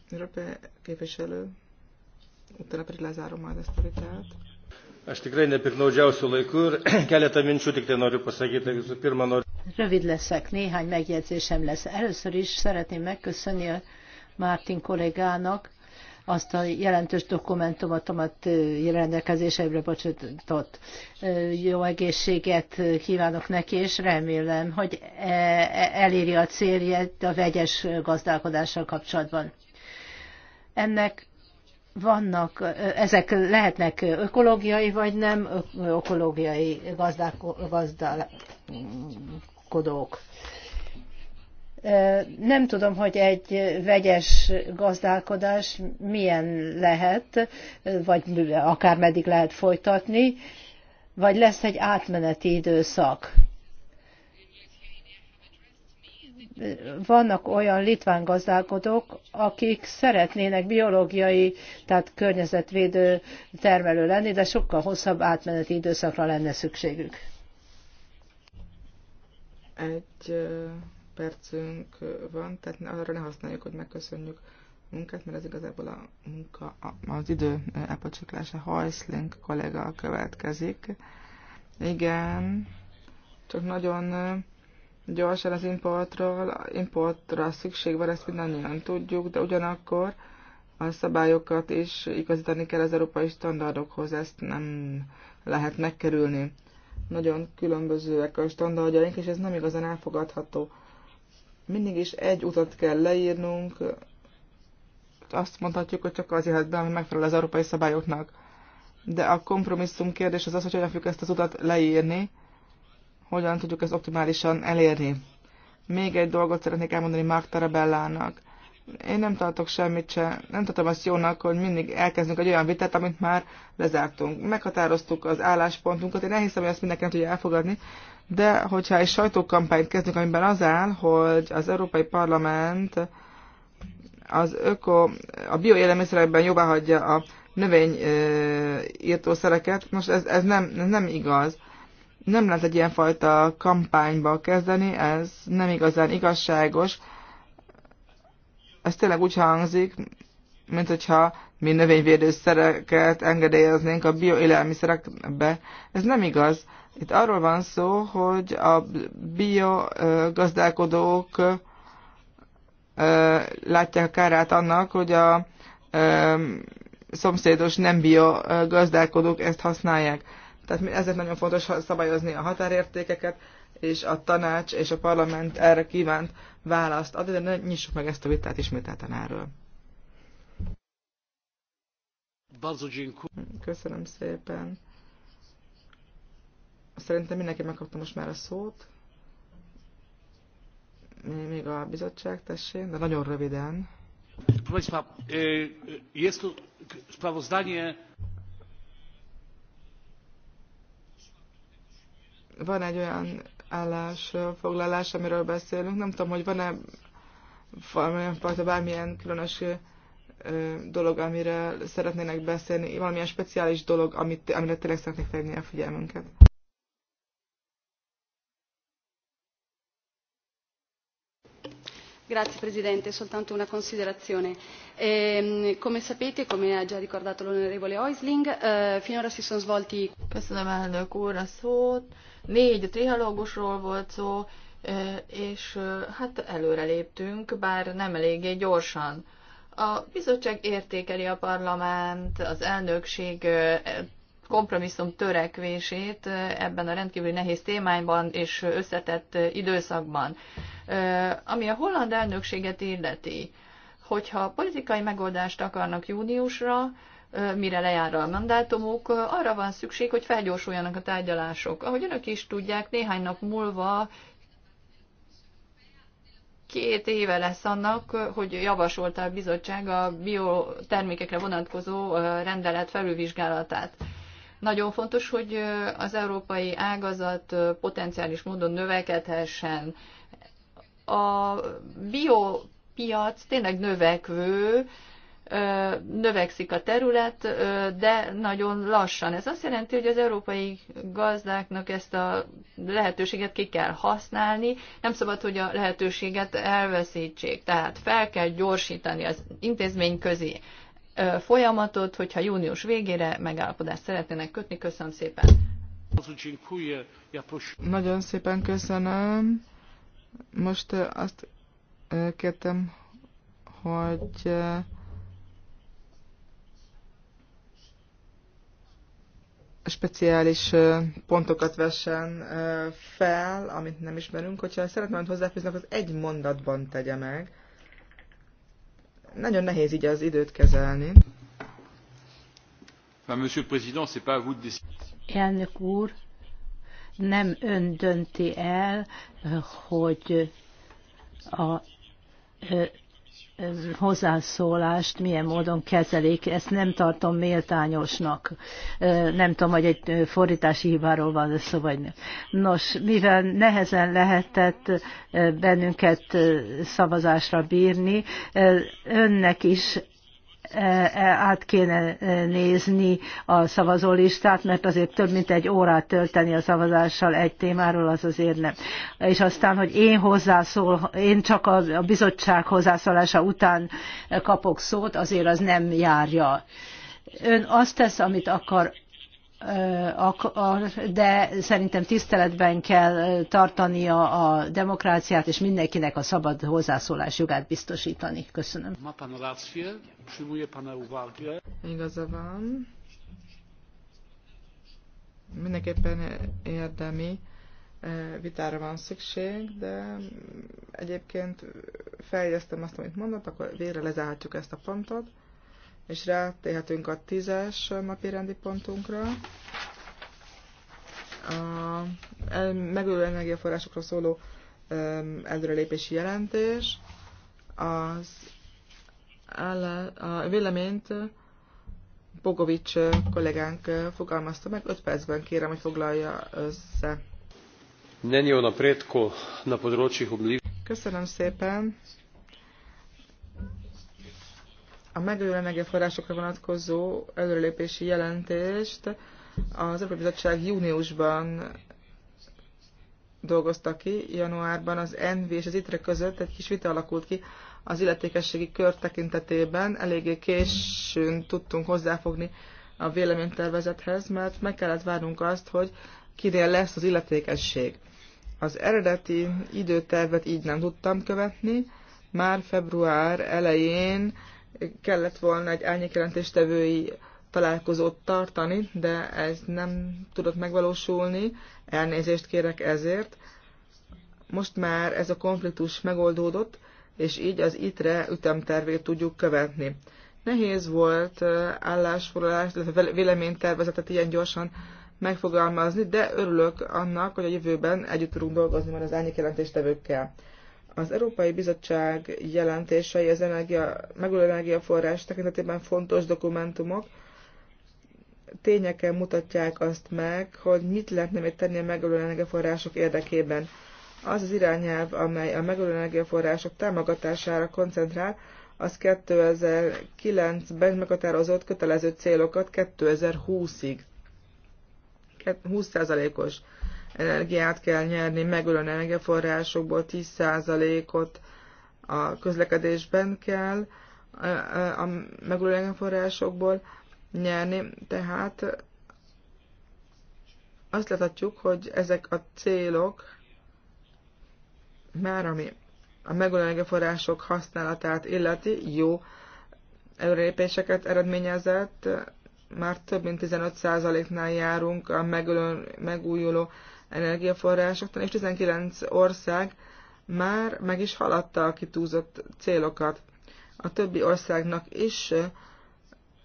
Rope képviselő, utána pedig lezárom majd ezt a vitát. Aš tikrai nepiknaudžiausiu laiku ir keletą minčių tik tai noriu pasakyti. Visų pirma, noriu. Rövid leszek, néhány megjegyzésem lesz. Először is szeretném megköszönni a Mártin kollégának azt a jelentős dokumentumot, amit rendelkezésemre bocsátott. Jó egészséget kívánok neki, és remélem, hogy e, e, eléri a célját a vegyes gazdálkodással kapcsolatban. Ennek vannak, ezek lehetnek ökológiai vagy nem ökológiai gazdálkodók. Nem tudom, hogy egy vegyes gazdálkodás milyen lehet, vagy akár meddig lehet folytatni, vagy lesz egy átmeneti időszak vannak olyan litván gazdálkodók, akik szeretnének biológiai, tehát környezetvédő termelő lenni, de sokkal hosszabb átmeneti időszakra lenne szükségük. Egy percünk van, tehát arra ne használjuk, hogy megköszönjük a munkát, mert ez igazából a munka, az idő elpocsiklása. Hajszlink kollega következik. Igen, csak nagyon gyorsan az importról, importra szükség van, ezt mindannyian tudjuk, de ugyanakkor a szabályokat is igazítani kell az európai standardokhoz, ezt nem lehet megkerülni. Nagyon különbözőek a standardjaink, és ez nem igazán elfogadható. Mindig is egy utat kell leírnunk, azt mondhatjuk, hogy csak az jöhet be, ami megfelel az európai szabályoknak. De a kompromisszum kérdés az az, hogy hogyan fogjuk ezt az utat leírni, hogyan tudjuk ezt optimálisan elérni. Még egy dolgot szeretnék elmondani Mark Tarabellának. Én nem tartok semmit se, nem tartom azt jónak, hogy mindig elkezdünk egy olyan vitát, amit már lezártunk. Meghatároztuk az álláspontunkat, én elhiszem, hogy ezt mindenki nem tudja elfogadni, de hogyha egy sajtókampányt kezdünk, amiben az áll, hogy az Európai Parlament az öko, a bioélelmiszerekben jóvá hagyja a növény írtószereket, most ez, ez, nem, ez nem igaz nem lehet egy ilyenfajta kampányba kezdeni, ez nem igazán igazságos. Ez tényleg úgy hangzik, mint hogyha mi növényvédőszereket engedélyeznénk a bioélelmiszerekbe. Ez nem igaz. Itt arról van szó, hogy a biogazdálkodók látják a kárát annak, hogy a szomszédos nem biogazdálkodók ezt használják tehát ezért nagyon fontos szabályozni a határértékeket, és a tanács és a parlament erre kívánt választ adni, de ne nyissuk meg ezt a vitát ismételten erről. Köszönöm szépen. Szerintem mindenki megkapta most már a szót. Még a bizottság, tessék, de nagyon röviden. van egy olyan állásfoglalás, amiről beszélünk. Nem tudom, hogy van-e valamilyen fajta bármilyen különös dolog, amire szeretnének beszélni, valamilyen speciális dolog, amit, amire tényleg szeretnék felhívni a figyelmünket. Grazie Presidente, soltanto una considerazione. E, come sapete, come ha già ricordato l'onorevole Oisling, eh, finora si sono svolti... Köszönöm elnök úr a szót négy trihalógusról volt szó, és hát előreléptünk, bár nem eléggé gyorsan. A bizottság értékeli a parlament, az elnökség kompromisszum törekvését ebben a rendkívül nehéz témányban és összetett időszakban. Ami a holland elnökséget illeti, hogyha politikai megoldást akarnak júniusra, mire lejár a mandátumuk, arra van szükség, hogy felgyorsuljanak a tárgyalások. Ahogy önök is tudják, néhány nap múlva két éve lesz annak, hogy javasolta a bizottság a biotermékekre vonatkozó rendelet felülvizsgálatát. Nagyon fontos, hogy az európai ágazat potenciális módon növekedhessen. A biopiac tényleg növekvő, növekszik a terület, de nagyon lassan. Ez azt jelenti, hogy az európai gazdáknak ezt a lehetőséget ki kell használni, nem szabad, hogy a lehetőséget elveszítsék. Tehát fel kell gyorsítani az intézmény közé folyamatot, hogyha június végére megállapodást szeretnének kötni. Köszönöm szépen! Nagyon szépen köszönöm. Most azt kértem, hogy speciális pontokat vessen fel, amit nem ismerünk. Hogyha szeretném hogy hozzáfűzni, az egy mondatban tegye meg. Nagyon nehéz így az időt kezelni. Président, c'est pas à vous de décider. Elnök úr, nem ön dönti el, hogy a hozzászólást milyen módon kezelik, ezt nem tartom méltányosnak. Nem tudom, hogy egy fordítási hibáról van szó, vagy nem. Nos, mivel nehezen lehetett bennünket szavazásra bírni, önnek is át kéne e, nézni a szavazólistát, mert azért több mint egy órát tölteni a szavazással egy témáról, az azért nem. És aztán, hogy én hozzászól, én csak a bizottság hozzászólása után kapok szót, azért az nem járja. Ön azt tesz, amit akar, de szerintem tiszteletben kell tartania a demokráciát, és mindenkinek a szabad hozzászólás jogát biztosítani. Köszönöm. Ma pan rację, przyjmuję pana uwagę. Igaza van. Mindenképpen érdemi e, vitára van szükség, de egyébként feljeztem azt, amit mondott, akkor végre lezárhatjuk ezt a pontot és rátérhetünk a tízes napi rendi pontunkra. A megújuló energiaforrásokról szóló előrelépési jelentés. Az áll, a véleményt Bogovics kollégánk fogalmazta meg. 5 percben kérem, hogy foglalja össze. Köszönöm szépen a megújuló energiaforrásokra vonatkozó előrelépési jelentést az Európai Bizottság júniusban dolgozta ki, januárban az NV és az ITRE között egy kis vita alakult ki az illetékességi kör tekintetében. Eléggé későn tudtunk hozzáfogni a véleménytervezethez, mert meg kellett várnunk azt, hogy kinél lesz az illetékesség. Az eredeti időtervet így nem tudtam követni, már február elején kellett volna egy árnyékjelentéstevői találkozót tartani, de ez nem tudott megvalósulni. Elnézést kérek ezért. Most már ez a konfliktus megoldódott, és így az ITRE ütemtervét tudjuk követni. Nehéz volt állásfoglalást, illetve véleménytervezetet ilyen gyorsan megfogalmazni, de örülök annak, hogy a jövőben együtt tudunk dolgozni majd az árnyék az Európai Bizottság jelentései az energia, megújuló energiaforrás tekintetében fontos dokumentumok, tényeken mutatják azt meg, hogy mit lehetne még tenni a megújuló energiaforrások érdekében. Az az irányelv, amely a megújuló energiaforrások támogatására koncentrál, az 2009-ben meghatározott kötelező célokat 2020-ig. 20%-os energiát kell nyerni, megülön energiaforrásokból 10%-ot a közlekedésben kell a megújuló energiaforrásokból nyerni. Tehát azt láthatjuk, hogy ezek a célok már ami a megújuló energiaforrások használatát illeti, jó előrépéseket eredményezett, már több mint 15%-nál járunk a megújuló energiaforrásoknál, és 19 ország már meg is haladta a kitúzott célokat. A többi országnak is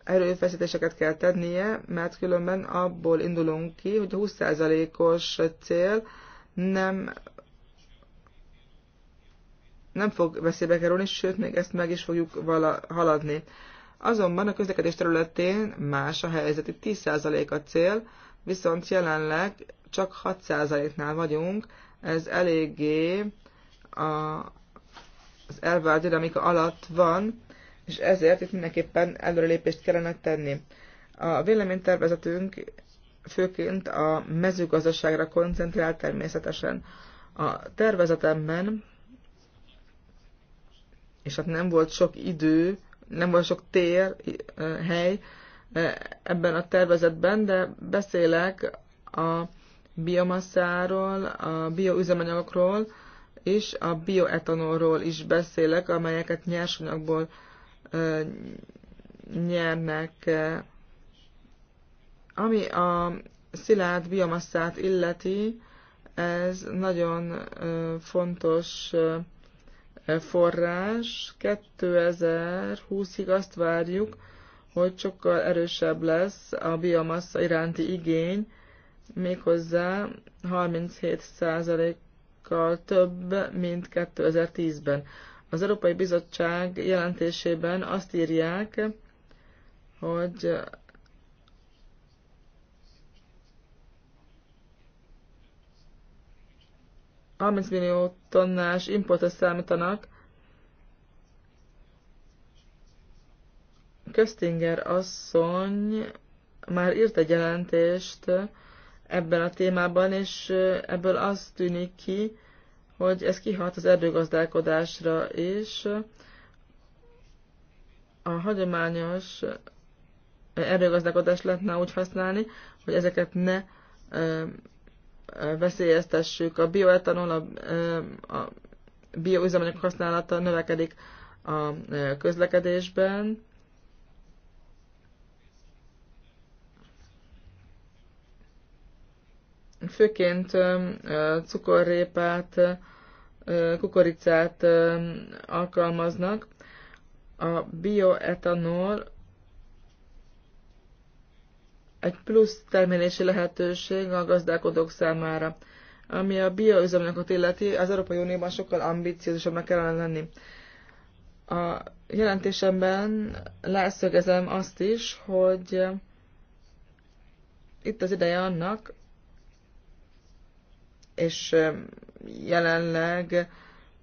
erőfeszítéseket kell tennie, mert különben abból indulunk ki, hogy a 20%-os cél nem, nem fog veszélybe kerülni, sőt, még ezt meg is fogjuk vala, haladni. Azonban a közlekedés területén más a helyzet, itt 10% a cél, viszont jelenleg csak 6%-nál vagyunk, ez eléggé a, az elvárt dinamika alatt van, és ezért itt mindenképpen előrelépést kellene tenni. A véleménytervezetünk főként a mezőgazdaságra koncentrál természetesen. A tervezetemben, és hát nem volt sok idő, nem volt sok tér, eh, hely eh, ebben a tervezetben, de beszélek a biomasszáról, a bioüzemanyagokról és a bioetanolról is beszélek, amelyeket nyersanyagból ö, nyernek. Ami a szilárd biomasszát illeti, ez nagyon fontos forrás. 2020-ig azt várjuk, hogy sokkal erősebb lesz a biomassa iránti igény, méghozzá 37%-kal több, mint 2010-ben. Az Európai Bizottság jelentésében azt írják, hogy ...30 millió tonnás importra számítanak. Köztinger asszony már írt egy jelentést ebben a témában, és ebből az tűnik ki, hogy ez kihat az erdőgazdálkodásra és A hagyományos erdőgazdálkodást lehetne úgy használni, hogy ezeket ne veszélyeztessük. A bioetanol, a, a bioüzemanyag használata növekedik a közlekedésben, főként cukorrépát, kukoricát alkalmaznak. A bioetanol egy plusz termelési lehetőség a gazdálkodók számára. Ami a bioüzemanyagot illeti, az Európai Unióban sokkal ambiciózusabbnak kellene lenni. A jelentésemben leszögezem azt is, hogy itt az ideje annak, és jelenleg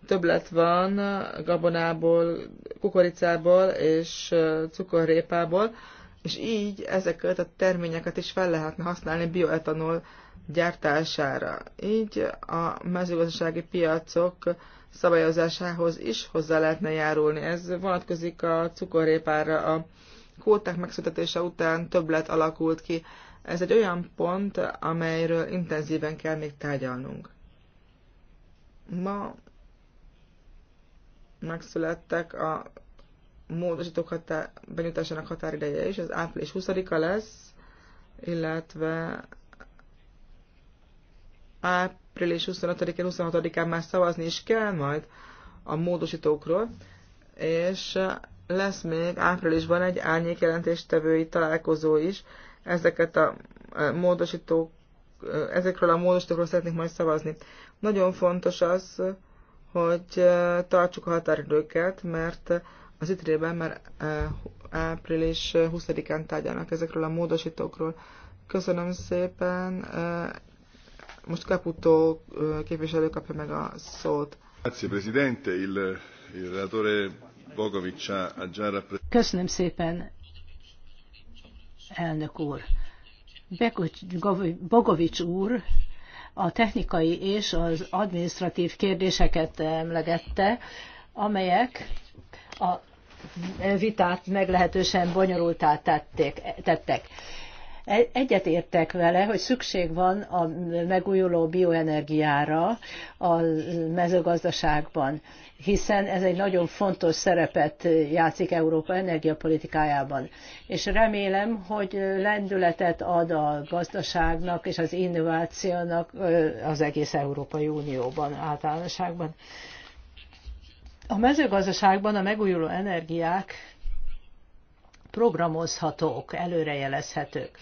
többlet van gabonából, kukoricából és cukorrépából, és így ezeket a terményeket is fel lehetne használni bioetanol gyártására. Így a mezőgazdasági piacok szabályozásához is hozzá lehetne járulni. Ez vonatkozik a cukorrépára. A kóták megszületése után többlet alakult ki ez egy olyan pont, amelyről intenzíven kell még tárgyalnunk. Ma megszülettek a módosítók hatá- benyújtásának határideje is, az április 20-a lesz, illetve április 25-én, 26-án már szavazni is kell majd a módosítókról, és lesz még áprilisban egy árnyékjelentéstevői találkozó is, ezeket a módosítók, ezekről a módosítókról szeretnék majd szavazni. Nagyon fontos az, hogy tartsuk a határidőket, mert az ütrében már április 20-án tárgyalnak ezekről a módosítókról. Köszönöm szépen. Most Caputo képviselő kapja meg a szót. Köszönöm szépen, elnök úr. Bogovics úr a technikai és az administratív kérdéseket emlegette, amelyek a vitát meglehetősen bonyolultá tették, E- egyetértek vele, hogy szükség van a megújuló bioenergiára a mezőgazdaságban, hiszen ez egy nagyon fontos szerepet játszik Európa energiapolitikájában. És remélem, hogy lendületet ad a gazdaságnak és az innovációnak az egész Európai Unióban általánosságban. A mezőgazdaságban a megújuló energiák programozhatók, előrejelezhetők.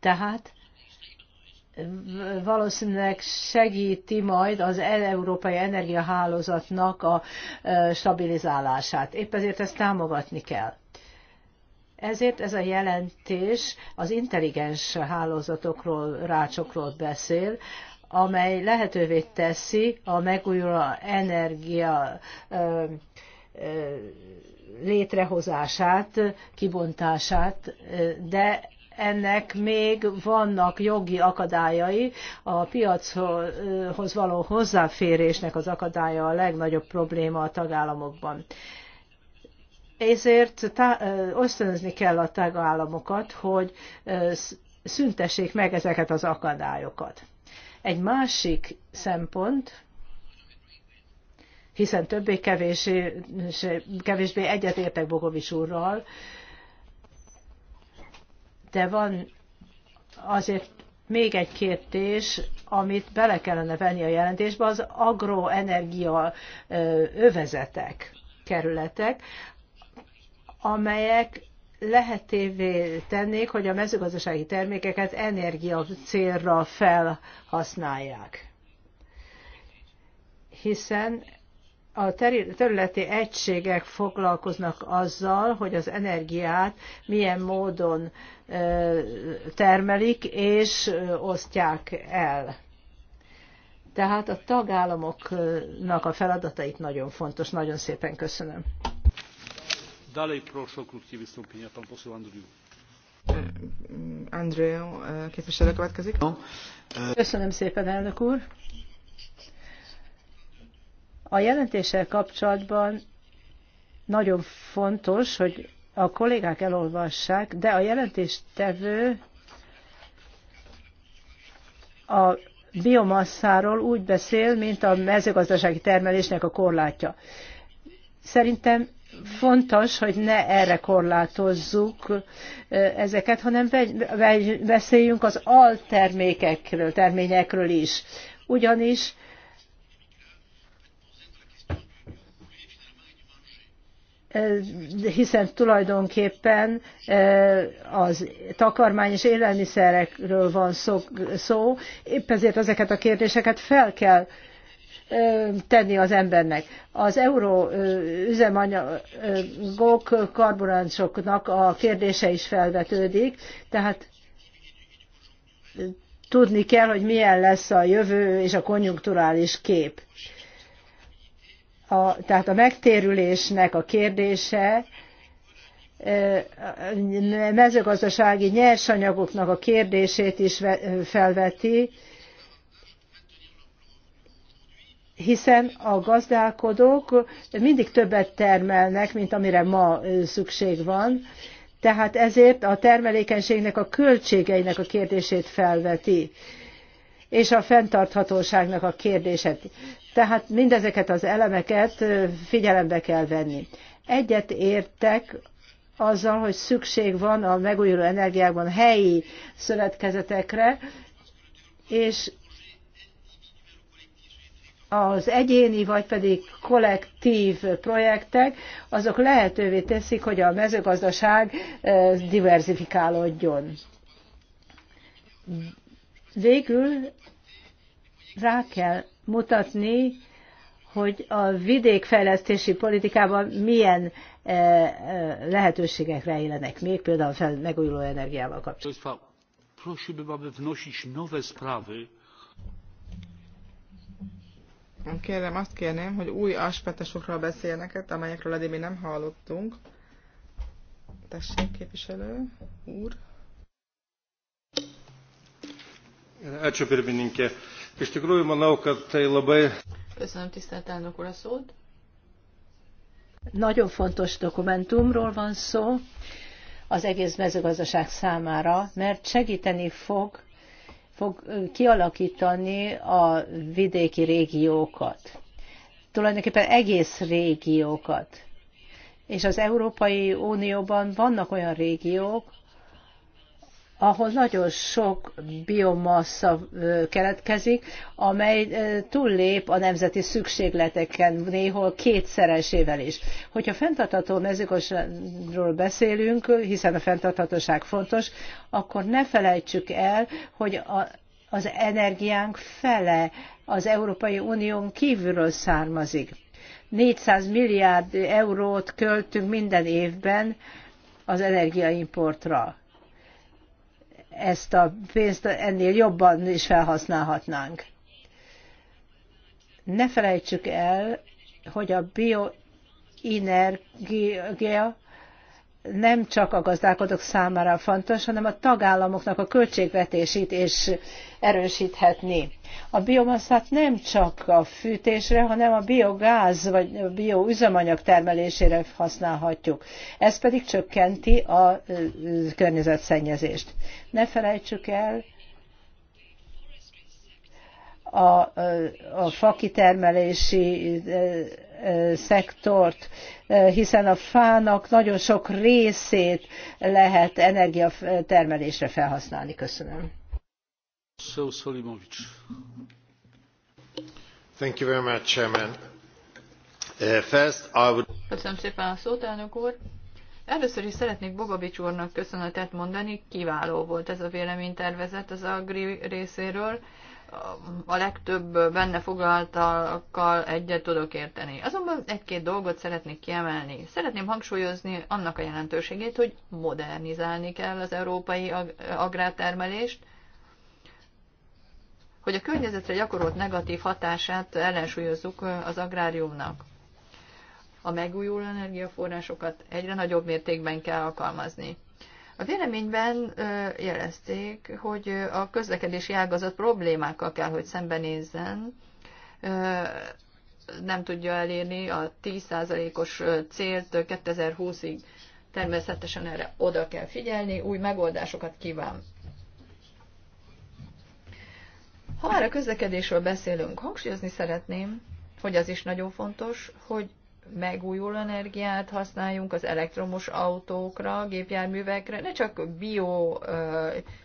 Tehát valószínűleg segíti majd az e- európai energiahálózatnak a e, stabilizálását. Épp ezért ezt támogatni kell. Ezért ez a jelentés az intelligens hálózatokról, rácsokról beszél, amely lehetővé teszi a megújuló energia ö, e, ö, létrehozását, kibontását, de ennek még vannak jogi akadályai, a piachoz való hozzáférésnek az akadálya a legnagyobb probléma a tagállamokban. Ezért ösztönözni kell a tagállamokat, hogy szüntessék meg ezeket az akadályokat. Egy másik szempont, hiszen többé kevésé, kevésbé egyetértek Bogovics úrral, de van azért még egy kérdés, amit bele kellene venni a jelentésbe, az agroenergia övezetek, kerületek, amelyek lehetévé tennék, hogy a mezőgazdasági termékeket energia célra felhasználják. Hiszen a területi egységek foglalkoznak azzal, hogy az energiát milyen módon termelik és osztják el. Tehát a tagállamoknak a feladatait nagyon fontos. Nagyon szépen köszönöm. Dalej proszę o krótkie wystąpienia pan poseł Andriu. képviselő következik. Köszönöm szépen, elnök úr. A jelentéssel kapcsolatban nagyon fontos, hogy a kollégák elolvassák, de a jelentéstevő a biomasszáról úgy beszél, mint a mezőgazdasági termelésnek a korlátja. Szerintem fontos, hogy ne erre korlátozzuk eh, ezeket, hanem beszéljünk az altermékekről, terményekről is. Ugyanis Eh, hiszen tulajdonképpen eh, az takarmány és élelmiszerekről van szó, épp ezért ezeket a kérdéseket fel kell eh, tenni az embernek. Az euró üzemanyagok, karburánsoknak a kérdése is felvetődik, tehát tudni kell, hogy milyen lesz a jövő és a konjunkturális kép. A, tehát a megtérülésnek a kérdése, mezőgazdasági nyersanyagoknak a kérdését is felveti, hiszen a gazdálkodók mindig többet termelnek, mint amire ma szükség van, tehát ezért a termelékenységnek a költségeinek a kérdését felveti és a fenntarthatóságnak a kérdését. Tehát mindezeket az elemeket figyelembe kell venni. Egyet értek azzal, hogy szükség van a megújuló energiákban helyi szövetkezetekre, és az egyéni vagy pedig kollektív projektek, azok lehetővé teszik, hogy a mezőgazdaság diversifikálódjon. Végül rá kell mutatni, hogy a vidékfejlesztési politikában milyen eh, eh, lehetőségekre élenek még, például a megújuló energiával kapcsolatban. Kérem, azt kérném, hogy új aspektusokról beszélnek, amelyekről eddig mi nem hallottunk. Tessék, képviselő úr. Elcsöpörvényinként Iš tikrųjų, manau, kad tai labai... Köszönöm, tisztelt elnök úr, a szót. Nagyon fontos dokumentumról van szó az egész mezőgazdaság számára, mert segíteni fog, fog kialakítani a vidéki régiókat. Tulajdonképpen egész régiókat. És az Európai Unióban vannak olyan régiók, ahol nagyon sok biomassa keletkezik, amely túllép a nemzeti szükségleteken, néhol kétszeresével is. Hogyha fenntartható mezőgazdaságról beszélünk, hiszen a fenntarthatóság fontos, akkor ne felejtsük el, hogy a, az energiánk fele az Európai Unión kívülről származik. 400 milliárd eurót költünk minden évben az energiaimportra ezt a pénzt ennél jobban is felhasználhatnánk. Ne felejtsük el, hogy a bioenergia nem csak a gazdálkodók számára fontos, hanem a tagállamoknak a költségvetését is erősíthetni. A biomasszát nem csak a fűtésre, hanem a biogáz vagy a bioüzemanyag termelésére használhatjuk. Ez pedig csökkenti a környezetszennyezést. Ne felejtsük el, a, a fakitermelési szektort, hiszen a fának nagyon sok részét lehet energiatermelésre felhasználni. Köszönöm. Thank you very much, Chairman. Uh, first, I would... Köszönöm szépen a szót, elnök úr. Először is szeretnék Bogovics úrnak köszönetet mondani, kiváló volt ez a véleménytervezet az Agri részéről a legtöbb benne foglaltakkal egyet tudok érteni. Azonban egy-két dolgot szeretnék kiemelni. Szeretném hangsúlyozni annak a jelentőségét, hogy modernizálni kell az európai agrártermelést, hogy a környezetre gyakorolt negatív hatását ellensúlyozzuk az agráriumnak. A megújuló energiaforrásokat egyre nagyobb mértékben kell alkalmazni. A véleményben jelezték, hogy a közlekedési ágazat problémákkal kell, hogy szembenézzen, nem tudja elérni a 10%-os célt 2020-ig. Természetesen erre oda kell figyelni, új megoldásokat kíván. Ha már a közlekedésről beszélünk, hangsúlyozni szeretném, hogy az is nagyon fontos, hogy megújuló energiát használjunk az elektromos autókra, gépjárművekre, ne csak bio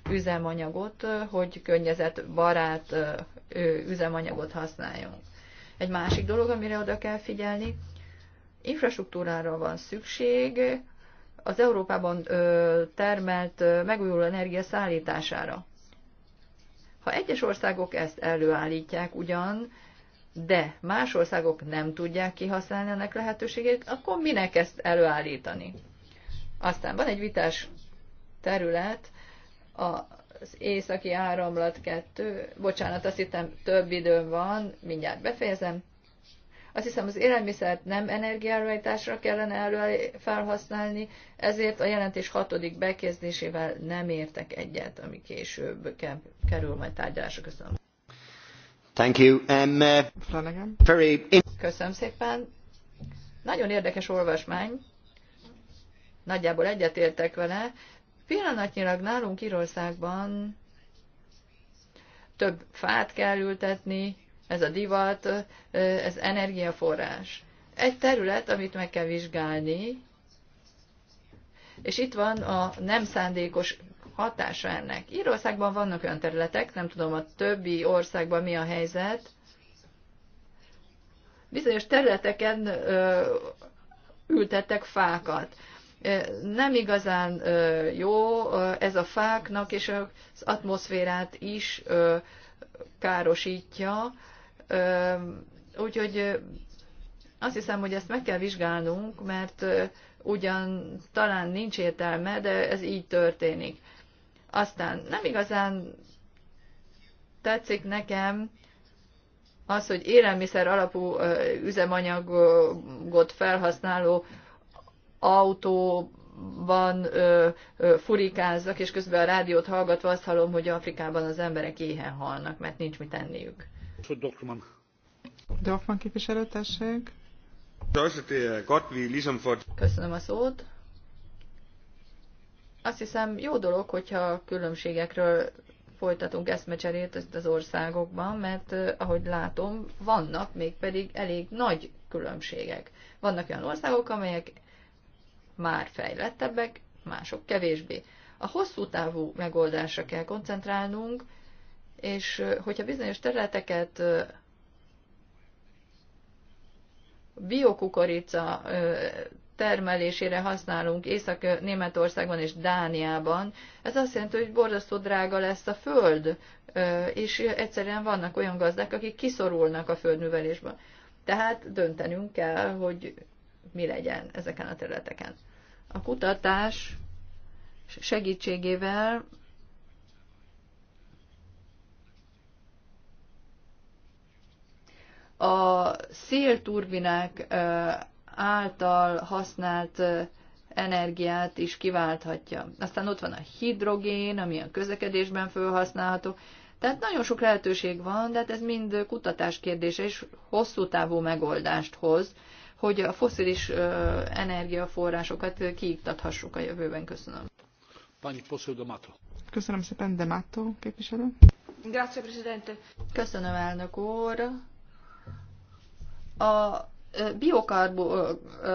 üzemanyagot, hogy környezetbarát üzemanyagot használjunk. Egy másik dolog, amire oda kell figyelni, infrastruktúrára van szükség, az Európában termelt megújuló energia szállítására. Ha egyes országok ezt előállítják ugyan, de más országok nem tudják kihasználni ennek lehetőségét, akkor minek ezt előállítani? Aztán van egy vitás terület, az északi áramlat kettő. bocsánat, azt hittem több időm van, mindjárt befejezem. Azt hiszem az élelmiszert nem energiállításra kellene elő felhasználni, ezért a jelentés hatodik bekezdésével nem értek egyet, ami később kerül majd tárgyalásra. Köszönöm. Um, uh, Köszönöm szépen. Nagyon érdekes olvasmány. Nagyjából egyetértek vele. Pillanatnyilag nálunk Írországban több fát kell ültetni, ez a divat, eh, ez energiaforrás. Egy terület, amit meg kell vizsgálni, és itt van a nem szándékos hatása ennek. Írországban vannak olyan területek, nem tudom a többi országban mi a helyzet. Bizonyos területeken ö, ültettek fákat. Nem igazán ö, jó ez a fáknak, és az atmoszférát is ö, károsítja. Ö, úgyhogy azt hiszem, hogy ezt meg kell vizsgálnunk, mert ugyan talán nincs értelme, de ez így történik. Aztán nem igazán tetszik nekem az, hogy élelmiszer alapú üzemanyagot felhasználó autóban furikáznak, és közben a rádiót hallgatva azt hallom, hogy Afrikában az emberek éhen halnak, mert nincs mit enniük. Dorfman. Dorfman Köszönöm a szót. Azt hiszem jó dolog, hogyha a különbségekről folytatunk eszmecserét az országokban, mert ahogy látom, vannak még pedig elég nagy különbségek. Vannak olyan országok, amelyek már fejlettebbek, mások kevésbé. A hosszú távú megoldásra kell koncentrálnunk, és hogyha bizonyos területeket biokukorica termelésére használunk Észak-Németországban és Dániában, ez azt jelenti, hogy borzasztó drága lesz a föld, és egyszerűen vannak olyan gazdák, akik kiszorulnak a földművelésből. Tehát döntenünk kell, hogy mi legyen ezeken a területeken. A kutatás segítségével a szélturbinák által használt energiát is kiválthatja. Aztán ott van a hidrogén, ami a közlekedésben felhasználható. Tehát nagyon sok lehetőség van, de hát ez mind kutatás kérdése, és hosszú távú megoldást hoz, hogy a foszilis energiaforrásokat kiiktathassuk a jövőben. Köszönöm. Pani poseł Köszönöm szépen, D'Amato képviselő. Grazie, Presidente. Köszönöm, elnök úr. A biokarbó,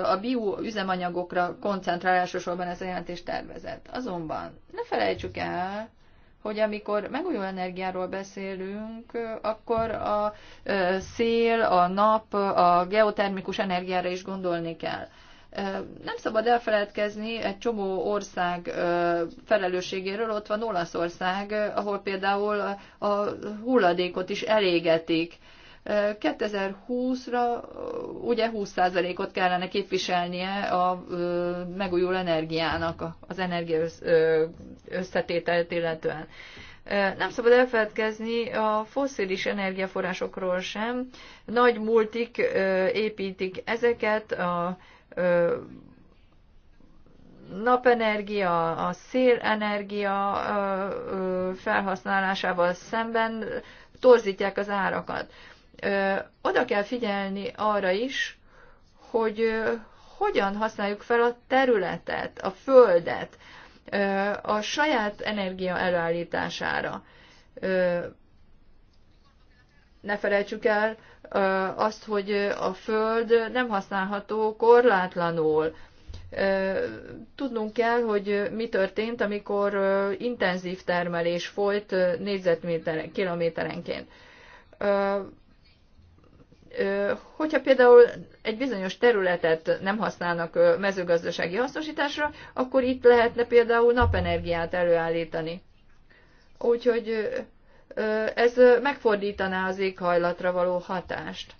a bioüzemanyagokra koncentrál elsősorban ez a jelentés tervezett. Azonban ne felejtsük el, hogy amikor megújuló energiáról beszélünk, akkor a szél, a nap, a geotermikus energiára is gondolni kell. Nem szabad elfeledkezni egy csomó ország felelősségéről, ott van Olaszország, ahol például a hulladékot is elégetik 2020-ra ugye 20%-ot kellene képviselnie a megújuló energiának, az energia összetételt illetően. Nem szabad elfeledkezni a fosszilis energiaforrásokról sem. Nagy multik építik ezeket, a napenergia, a szélenergia felhasználásával szemben torzítják az árakat oda kell figyelni arra is, hogy hogyan használjuk fel a területet, a földet, a saját energia előállítására. Ne felejtsük el azt, hogy a föld nem használható korlátlanul. Tudnunk kell, hogy mi történt, amikor intenzív termelés folyt négyzetméteren, kilométerenként hogyha például egy bizonyos területet nem használnak mezőgazdasági hasznosításra, akkor itt lehetne például napenergiát előállítani. Úgyhogy ez megfordítaná az éghajlatra való hatást.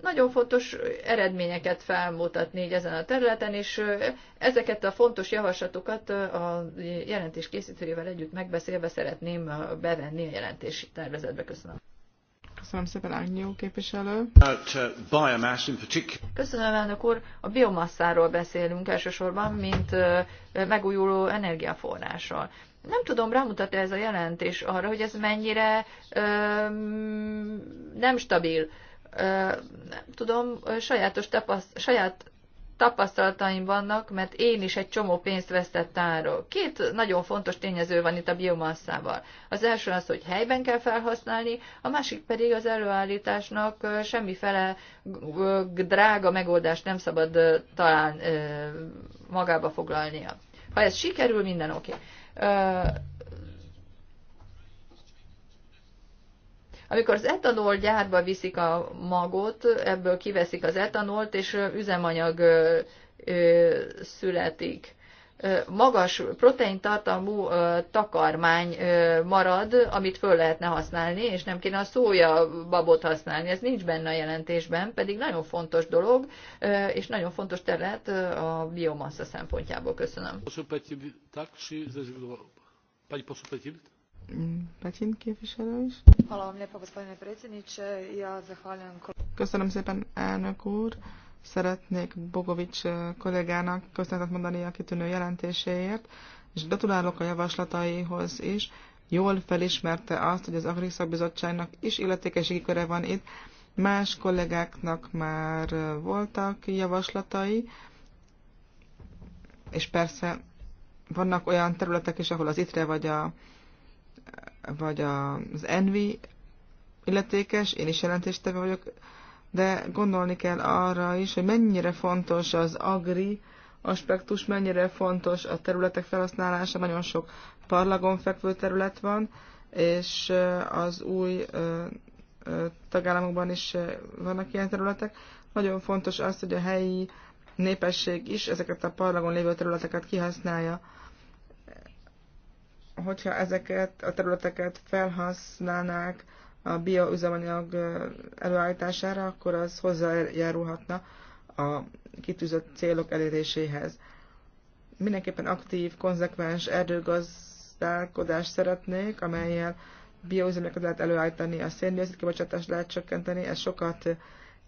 Nagyon fontos eredményeket felmutatni így ezen a területen, és ezeket a fontos javaslatokat a jelentés készítőjével együtt megbeszélve szeretném bevenni a jelentési tervezetbe. Köszönöm. Köszönöm szépen, Agnyú képviselő. Uh, Köszönöm, elnök úr. A biomasszáról beszélünk elsősorban, mint megújuló energiaforrásról. Nem tudom, rámutatja ez a jelentés arra, hogy ez mennyire nem stabil. nem tudom, sajátos tapasztalat. saját tapasztalataim vannak, mert én is egy csomó pénzt vesztettem arról. Két nagyon fontos tényező van itt a biomasszával. Az első az, hogy helyben kell felhasználni, a másik pedig az előállításnak semmifele drága megoldást nem szabad talán magába foglalnia. Ha ez sikerül, minden oké. Okay Amikor az etanol gyárba viszik a magot, ebből kiveszik az etanolt, és üzemanyag születik. Magas proteintartalmú takarmány marad, amit föl lehetne használni, és nem kéne a szója babot használni. Ez nincs benne a jelentésben, pedig nagyon fontos dolog, és nagyon fontos terület a biomassa szempontjából. Köszönöm. Pani Petin képviselő is. Köszönöm szépen, elnök úr. Szeretnék Bogovics eh, kollégának köszönetet mondani a kitűnő jelentéséért, és gratulálok a javaslataihoz is. Jól felismerte azt, hogy az Agriszak Bizottságnak is illetékesi köre van itt. Más kollégáknak már eh, voltak javaslatai, és persze vannak olyan területek is, ahol az ITRE vagy a vagy az Envi illetékes, én is jelentéstevő vagyok, de gondolni kell arra is, hogy mennyire fontos az agri aspektus, mennyire fontos a területek felhasználása, nagyon sok parlagon fekvő terület van, és az új tagállamokban is vannak ilyen területek. Nagyon fontos az, hogy a helyi népesség is ezeket a parlagon lévő területeket kihasználja hogyha ezeket a területeket felhasználnák a bioüzemanyag előállítására, akkor az hozzájárulhatna a kitűzött célok eléréséhez. Mindenképpen aktív, konzekvens erdőgazdálkodást szeretnék, amelyel bioüzemeket lehet előállítani, a széndiokszid kibocsátást lehet csökkenteni, ez sokat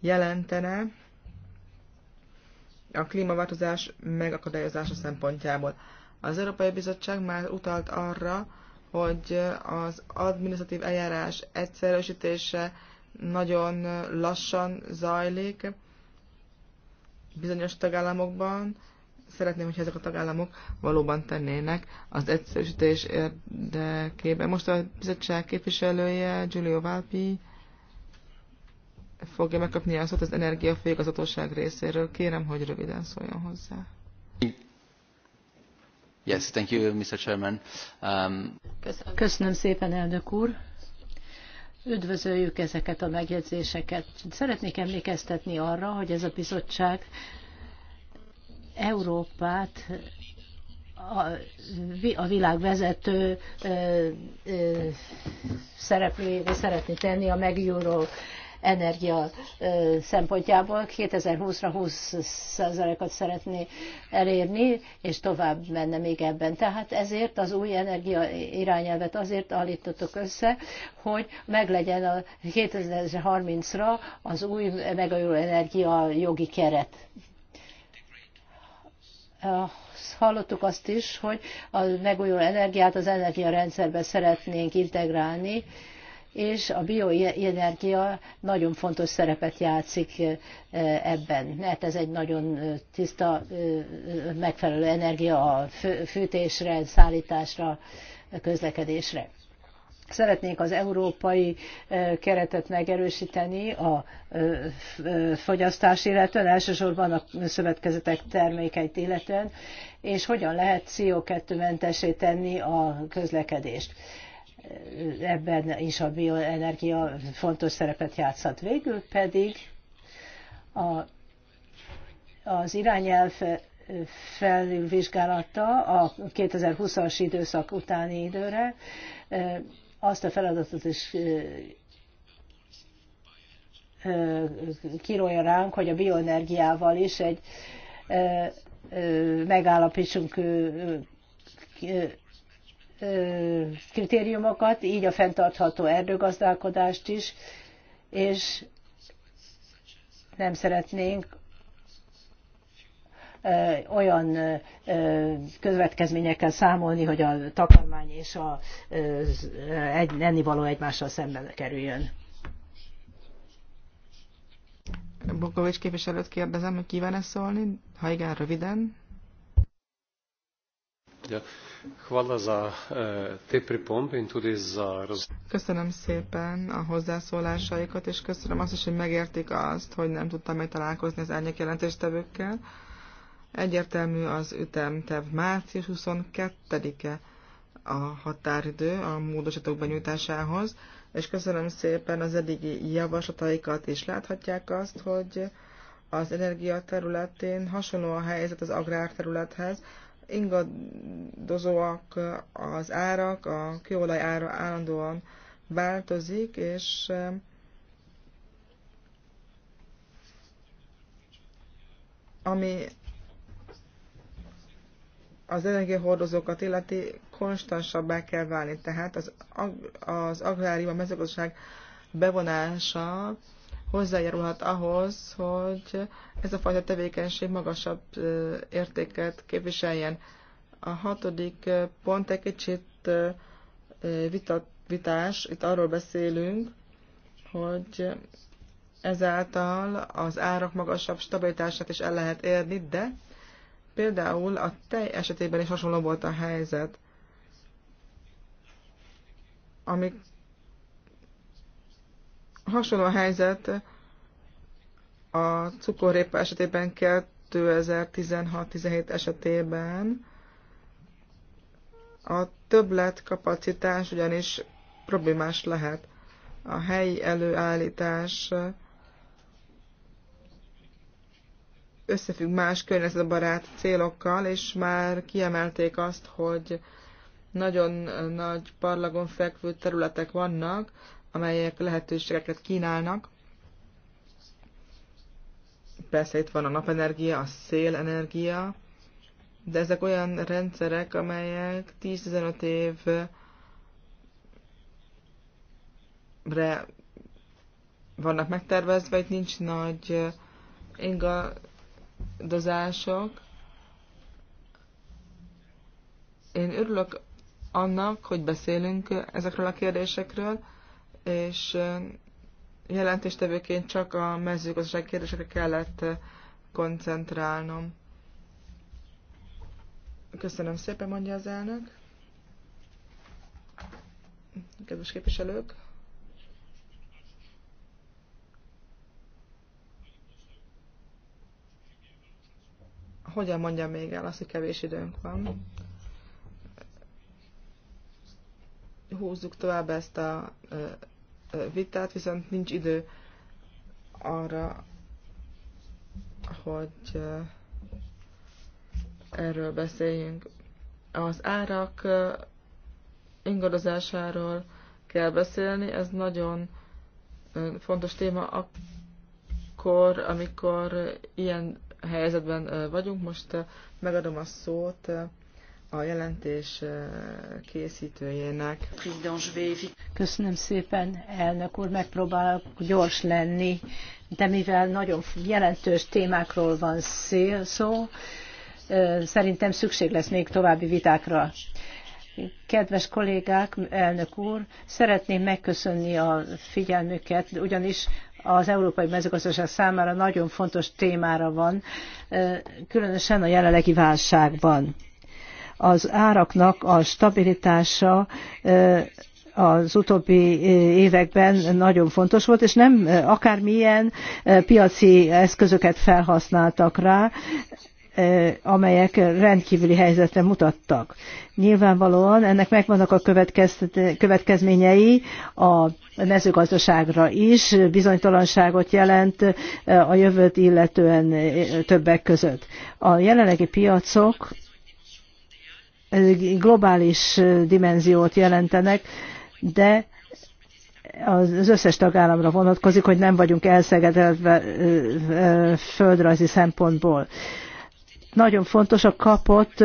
jelentene a klímaváltozás megakadályozása szempontjából. Az Európai Bizottság már utalt arra, hogy az adminisztratív eljárás egyszerűsítése nagyon lassan zajlik bizonyos tagállamokban. Szeretném, hogyha ezek a tagállamok valóban tennének az egyszerűsítés érdekében. Most a bizottság képviselője, Giulio Valpi, fogja megkapni a szót az energiafőigazgatóság részéről. Kérem, hogy röviden szóljon hozzá. Um, Köszönöm. szépen, elnök úr. Üdvözöljük ezeket a megjegyzéseket. Szeretnék emlékeztetni arra, hogy ez a bizottság Európát a, világ vezető szereplőjévé szeretné tenni a megújuló energia szempontjából. 2020-ra 20%-ot szeretné elérni, és tovább menne még ebben. Tehát ezért az új energia irányelvet azért állítottuk össze, hogy meglegyen a 2030-ra az új megajuló energia jogi keret hallottuk azt is, hogy a megújuló energiát az energiarendszerbe szeretnénk integrálni, és a bioenergia nagyon fontos szerepet játszik ebben, mert ez egy nagyon tiszta, megfelelő energia a fűtésre, szállításra, közlekedésre. Szeretnénk az európai keretet megerősíteni a fogyasztás illetően, elsősorban a szövetkezetek termékeit illetően, és hogyan lehet CO2-mentesé tenni a közlekedést ebben is a bioenergia fontos szerepet játszhat. Végül pedig a, az irányelv felülvizsgálata a 2020-as időszak utáni időre azt a feladatot is kirolja ránk, hogy a bioenergiával is egy megállapítsunk kritériumokat, így a fenntartható erdőgazdálkodást is, és nem szeretnénk olyan következményekkel számolni, hogy a takarmány és a egy, ennivaló egymással szemben kerüljön. Bokovics képviselőt kérdezem, hogy kíván-e szólni? Ha igen, röviden. Ja. Eh, köszönöm szépen a hozzászólásaikat, és köszönöm azt is, hogy megértik azt, hogy nem tudtam meg találkozni az elnyek jelentéstevőkkel. Egyértelmű az ütemterv március 22-e a határidő a módosítók benyújtásához, és köszönöm szépen az eddigi javaslataikat, és láthatják azt, hogy az energia területén hasonló a helyzet az agrár területhez, ingadozóak az árak, a kőolaj ára állandóan változik, és eh, ami az energiahordozókat illeti, konstansabbá kell válni. Tehát az, ag- az agrárium, a mezőgazdaság bevonása hozzájárulhat ahhoz, hogy ez a fajta tevékenység magasabb értéket képviseljen. A hatodik pont egy kicsit vitat, vitás, itt arról beszélünk, hogy ezáltal az árak magasabb stabilitását is el lehet érni, de például a tej esetében is hasonló volt a helyzet. Amikor Hasonló a helyzet a cukorrépa esetében 2016-17 esetében. A többlet kapacitás ugyanis problémás lehet. A helyi előállítás összefügg más környezetbarát célokkal, és már kiemelték azt, hogy nagyon nagy parlagon fekvő területek vannak, amelyek lehetőségeket kínálnak. Persze itt van a napenergia, a szélenergia, de ezek olyan rendszerek, amelyek 10-15 évre vannak megtervezve, itt nincs nagy ingadozások. Én örülök annak, hogy beszélünk ezekről a kérdésekről, és jelentéstevőként csak a mezőgazdaság kérdésekre kellett koncentrálnom. Köszönöm szépen, mondja az elnök. Kedves képviselők! Hogyan mondjam még el azt, hogy kevés időnk van? Húzzuk tovább ezt a vitát, viszont nincs idő arra, hogy erről beszéljünk. Az árak ingadozásáról kell beszélni, ez nagyon fontos téma akkor, amikor ilyen helyzetben vagyunk. Most megadom a szót a jelentés készítőjének. Köszönöm szépen, elnök úr, megpróbálok gyors lenni, de mivel nagyon jelentős témákról van szó, szerintem szükség lesz még további vitákra. Kedves kollégák, elnök úr, szeretném megköszönni a figyelmüket, ugyanis az európai mezőgazdaság számára nagyon fontos témára van, különösen a jelenlegi válságban az áraknak a stabilitása az utóbbi években nagyon fontos volt, és nem akármilyen piaci eszközöket felhasználtak rá, amelyek rendkívüli helyzetre mutattak. Nyilvánvalóan ennek megvannak a következményei a mezőgazdaságra is, bizonytalanságot jelent a jövőt illetően többek között. A jelenlegi piacok globális dimenziót jelentenek, de az összes tagállamra vonatkozik, hogy nem vagyunk elszegedve földrajzi szempontból. Nagyon fontos a kapot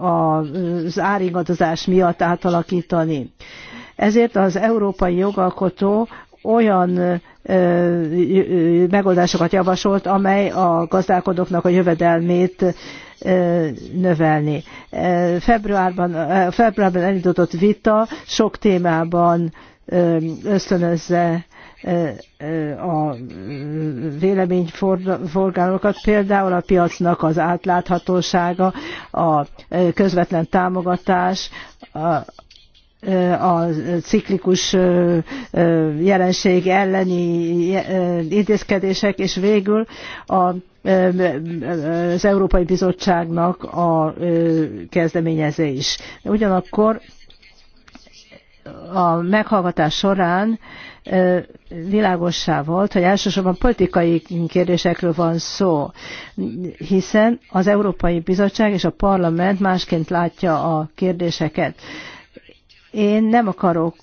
az áringadozás miatt átalakítani. Ezért az európai jogalkotó olyan megoldásokat javasolt, amely a gazdálkodóknak a jövedelmét növelni. Februárban, februárban elindított vita sok témában ösztönözze a véleményforgálókat, például a piacnak az átláthatósága, a közvetlen támogatás, a ciklikus jelenség elleni intézkedések, és végül a az Európai Bizottságnak a kezdeményezés. Ugyanakkor a meghallgatás során világossá volt, hogy elsősorban politikai kérdésekről van szó, hiszen az Európai Bizottság és a Parlament másként látja a kérdéseket. Én nem akarok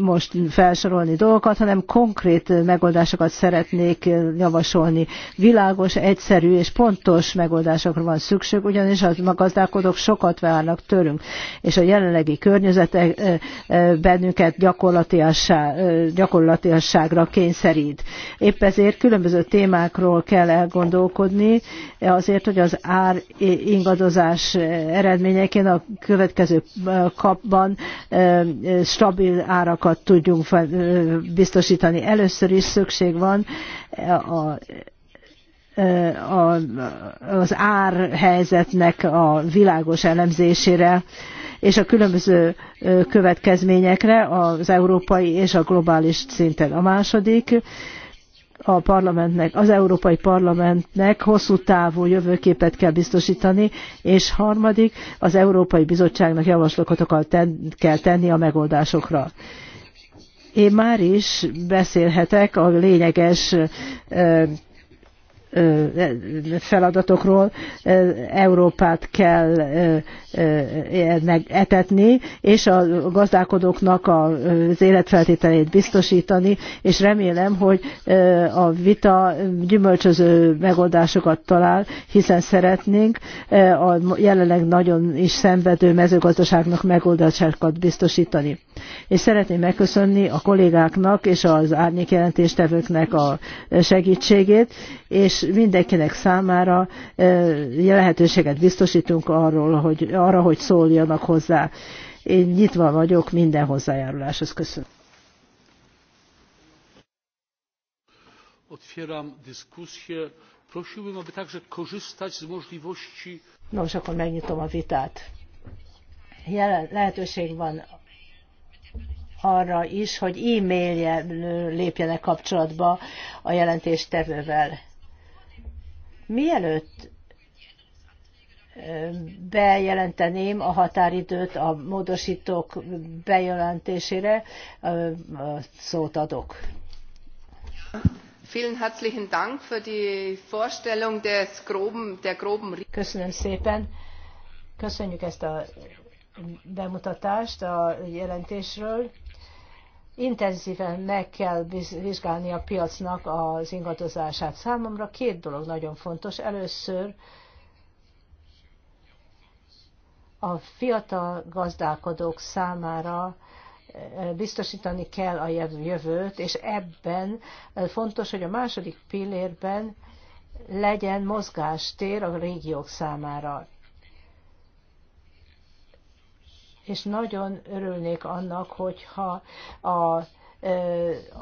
most felsorolni dolgokat, hanem konkrét megoldásokat szeretnék javasolni. Világos, egyszerű és pontos megoldásokra van szükség, ugyanis a gazdálkodók sokat várnak tőlünk, és a jelenlegi környezet bennünket gyakorlatiasságra kényszerít. Épp ezért különböző témákról kell elgondolkodni, azért, hogy az ár ingadozás eredményeként a következő kapban jobban stabil árakat tudjunk biztosítani. Először is szükség van a az árhelyzetnek a világos elemzésére és a különböző következményekre az európai és a globális szinten. A második a parlamentnek, az Európai Parlamentnek hosszú távú jövőképet kell biztosítani, és harmadik, az Európai Bizottságnak javaslatokat ten, kell tenni a megoldásokra. Én már is beszélhetek a lényeges feladatokról Európát kell etetni, és a gazdálkodóknak az életfeltételét biztosítani, és remélem, hogy a vita gyümölcsöző megoldásokat talál, hiszen szeretnénk a jelenleg nagyon is szenvedő mezőgazdaságnak megoldásokat biztosítani. És szeretném megköszönni a kollégáknak és az árnyékjelentéstevőknek a segítségét, és mindenkinek számára lehetőséget biztosítunk arról, hogy, arra, hogy szóljanak hozzá. Én nyitva vagyok minden hozzájáruláshoz. Köszönöm. Otwieram dyskusję. Prosiłbym, aby także korzystać z możliwości... Nos, akkor megnyitom a vitát. Jelen, lehetőség van arra is, hogy e-mailje lépjenek kapcsolatba a jelentéstevővel. Mielőtt bejelenteném a határidőt a módosítók bejelentésére, szót adok. Vielen herzlichen Dank für die Vorstellung des groben, der groben... Köszönöm szépen. Köszönjük ezt a bemutatást a jelentésről intenzíven meg kell vizsgálni a piacnak az ingadozását. Számomra két dolog nagyon fontos. Először a fiatal gazdálkodók számára e, biztosítani kell a jövőt, és ebben e, fontos, hogy a második pillérben legyen mozgástér a régiók számára. és nagyon örülnék annak, hogyha a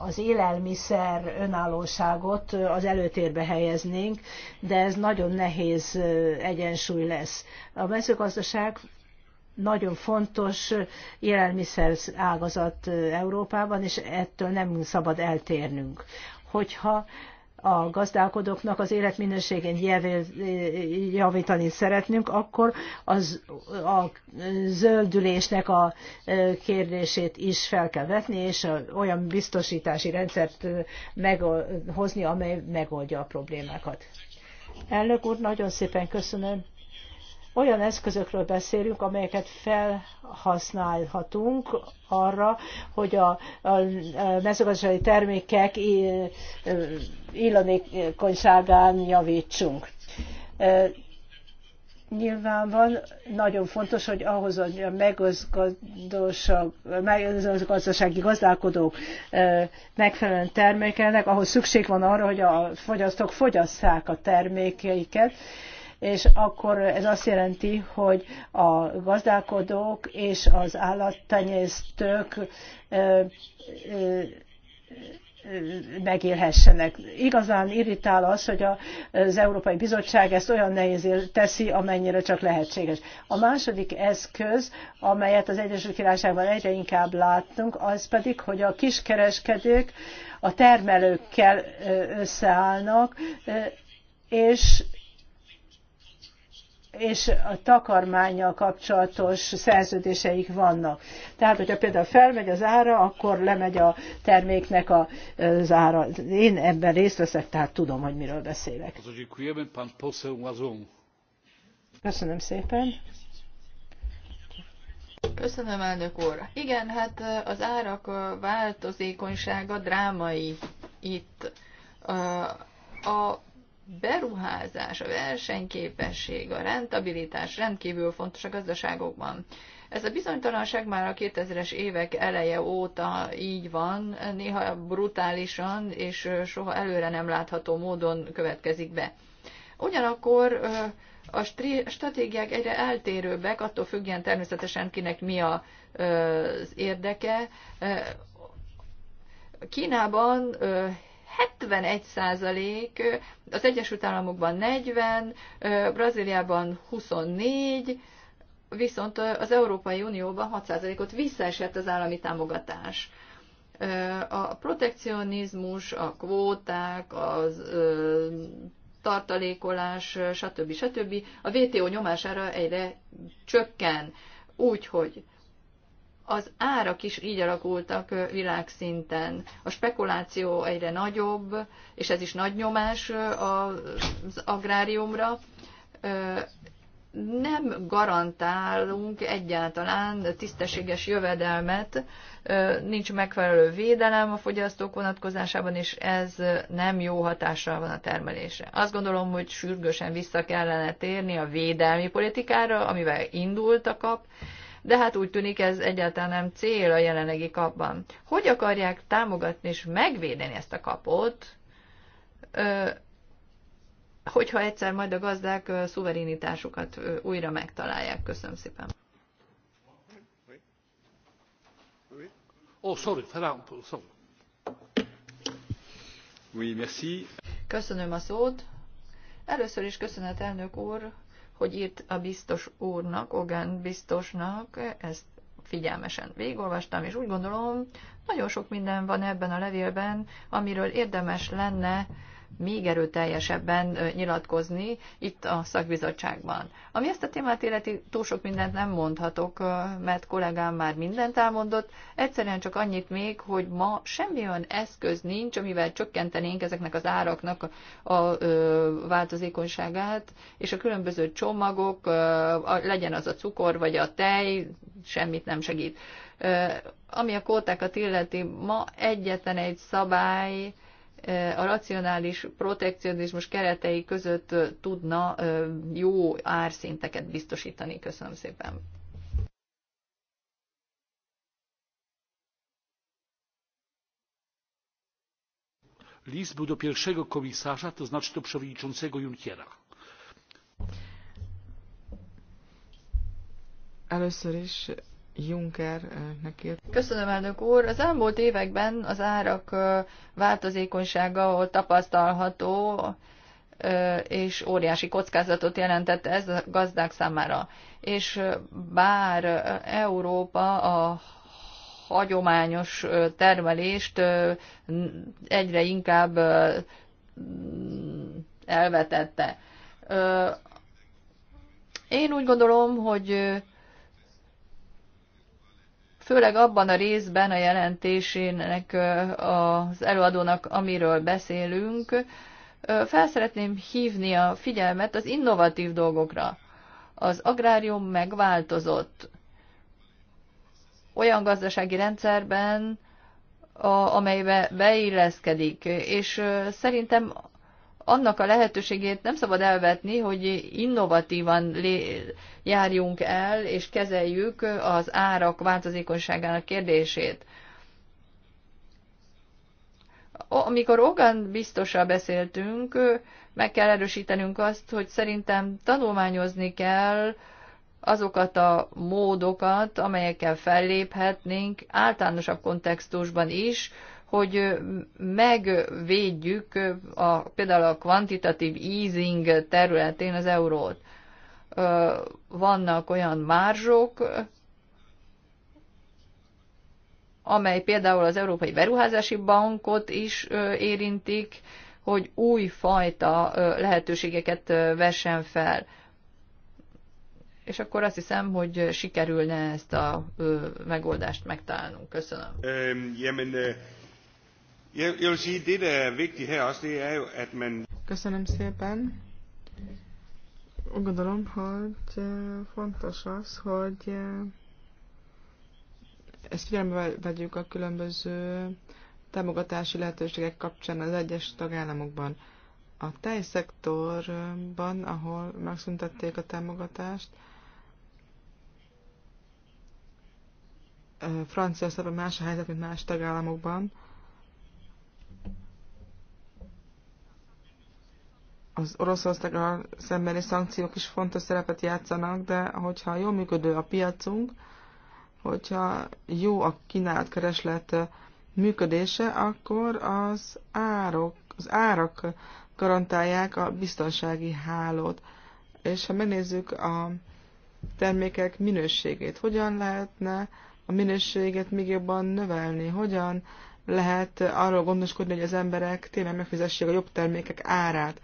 az élelmiszer önállóságot az előtérbe helyeznénk, de ez nagyon nehéz egyensúly lesz. A mezőgazdaság nagyon fontos élelmiszer ágazat Európában, és ettől nem szabad eltérnünk. Hogyha a gazdálkodóknak az életminőségén javítani szeretnünk, akkor az, a zöldülésnek a kérdését is fel kell vetni, és olyan biztosítási rendszert meghozni, amely megoldja a problémákat. Elnök úr, nagyon szépen köszönöm. Olyan eszközökről beszélünk, amelyeket felhasználhatunk arra, hogy a, a mezőgazdasági termékek illanékonyságán javítsunk. Nyilvánvalóan nagyon fontos, hogy ahhoz, hogy a mezőgazdasági gazdálkodók megfelelően termékelnek, ahhoz szükség van arra, hogy a fogyasztók fogyasszák a termékeiket, és akkor ez azt jelenti, hogy a gazdálkodók és az állattenyésztők megélhessenek. Igazán irritál az, hogy az Európai Bizottság ezt olyan nehéz teszi, amennyire csak lehetséges. A második eszköz, amelyet az Egyesült Királyságban egyre inkább látunk, az pedig, hogy a kiskereskedők a termelőkkel összeállnak, és és a takarmányjal kapcsolatos szerződéseik vannak. Tehát, hogyha például felmegy az ára, akkor lemegy a terméknek az ára. Én ebben részt veszek, tehát tudom, hogy miről beszélek. Köszönöm szépen. Köszönöm, elnök úr. Igen, hát az árak változékonysága drámai itt. A beruházás, a versenyképesség, a rentabilitás rendkívül fontos a gazdaságokban. Ez a bizonytalanság már a 2000-es évek eleje óta így van, néha brutálisan és soha előre nem látható módon következik be. Ugyanakkor a stratégiák egyre eltérőbbek, attól függően természetesen kinek mi az érdeke. Kínában 71%, százalék, az Egyesült Államokban 40, Brazíliában 24, viszont az Európai Unióban 6 százalékot visszaesett az állami támogatás. A protekcionizmus, a kvóták, az tartalékolás, stb. stb. a WTO nyomására egyre csökken. Úgyhogy az árak is így alakultak világszinten. A spekuláció egyre nagyobb, és ez is nagy nyomás az agráriumra. Nem garantálunk egyáltalán tisztességes jövedelmet, nincs megfelelő védelem a fogyasztók vonatkozásában, és ez nem jó hatással van a termelésre. Azt gondolom, hogy sürgősen vissza kellene térni a védelmi politikára, amivel indult a kap, de hát úgy tűnik ez egyáltalán nem cél a jelenlegi kapban. Hogy akarják támogatni és megvédeni ezt a kapot, hogyha egyszer majd a gazdák szuverenitásukat újra megtalálják? Köszönöm szépen. Oh, sorry, sorry. Oui, merci. Köszönöm a szót. Először is köszönet, elnök úr, hogy írt a biztos úrnak, Ogán biztosnak, ezt figyelmesen végigolvastam, és úgy gondolom, nagyon sok minden van ebben a levélben, amiről érdemes lenne még erőteljesebben nyilatkozni itt a szakbizottságban. Ami ezt a témát illeti, túl sok mindent nem mondhatok, mert kollégám már mindent elmondott. Egyszerűen csak annyit még, hogy ma semmi olyan eszköz nincs, amivel csökkentenénk ezeknek az áraknak a változékonyságát, és a különböző csomagok, legyen az a cukor vagy a tej, semmit nem segít. Ami a kótákat illeti, ma egyetlen egy szabály, a racionális protekcionizmus keretei között tudna jó árszinteket biztosítani. Köszönöm szépen. List był do pierwszego komisarza, to znaczy do przewodniczącego Junckera. Először is Juncker neki. Köszönöm, elnök úr. Az elmúlt években az árak változékonysága tapasztalható, és óriási kockázatot jelentett ez a gazdák számára. És bár Európa a hagyományos termelést egyre inkább elvetette. Én úgy gondolom, hogy főleg abban a részben a jelentésének az előadónak, amiről beszélünk, felszeretném hívni a figyelmet az innovatív dolgokra. Az agrárium megváltozott. Olyan gazdasági rendszerben, amelybe beilleszkedik, és szerintem annak a lehetőségét nem szabad elvetni, hogy innovatívan járjunk el és kezeljük az árak változékonyságának kérdését. Amikor Ogan biztosra beszéltünk, meg kell erősítenünk azt, hogy szerintem tanulmányozni kell azokat a módokat, amelyekkel felléphetnénk általánosabb kontextusban is, hogy megvédjük a, például a kvantitatív easing területén az eurót. Vannak olyan márzsok, amely például az Európai Beruházási Bankot is érintik, hogy új fajta lehetőségeket vessen fel. És akkor azt hiszem, hogy sikerülne ezt a megoldást megtalálnunk. Köszönöm. Um, yeah, I mean, uh... Jeg, vil sige, det der er vigtigt her også, det er jo, at man... Köszönöm szépen. Úgy gondolom, hogy eh, fontos az, hogy eh, ezt figyelembe vegyük a különböző támogatási lehetőségek kapcsán az egyes tagállamokban. A tejszektorban, ahol megszüntették a támogatást, eh, Franciaországban más a helyzet, mint más tagállamokban. az Oroszországgal szembeni szankciók is fontos szerepet játszanak, de hogyha jól működő a piacunk, hogyha jó a kínált kereslet működése, akkor az árok, az árak garantálják a biztonsági hálót. És ha megnézzük a termékek minőségét, hogyan lehetne a minőséget még jobban növelni, hogyan lehet arról gondoskodni, hogy az emberek tényleg megfizessék a jobb termékek árát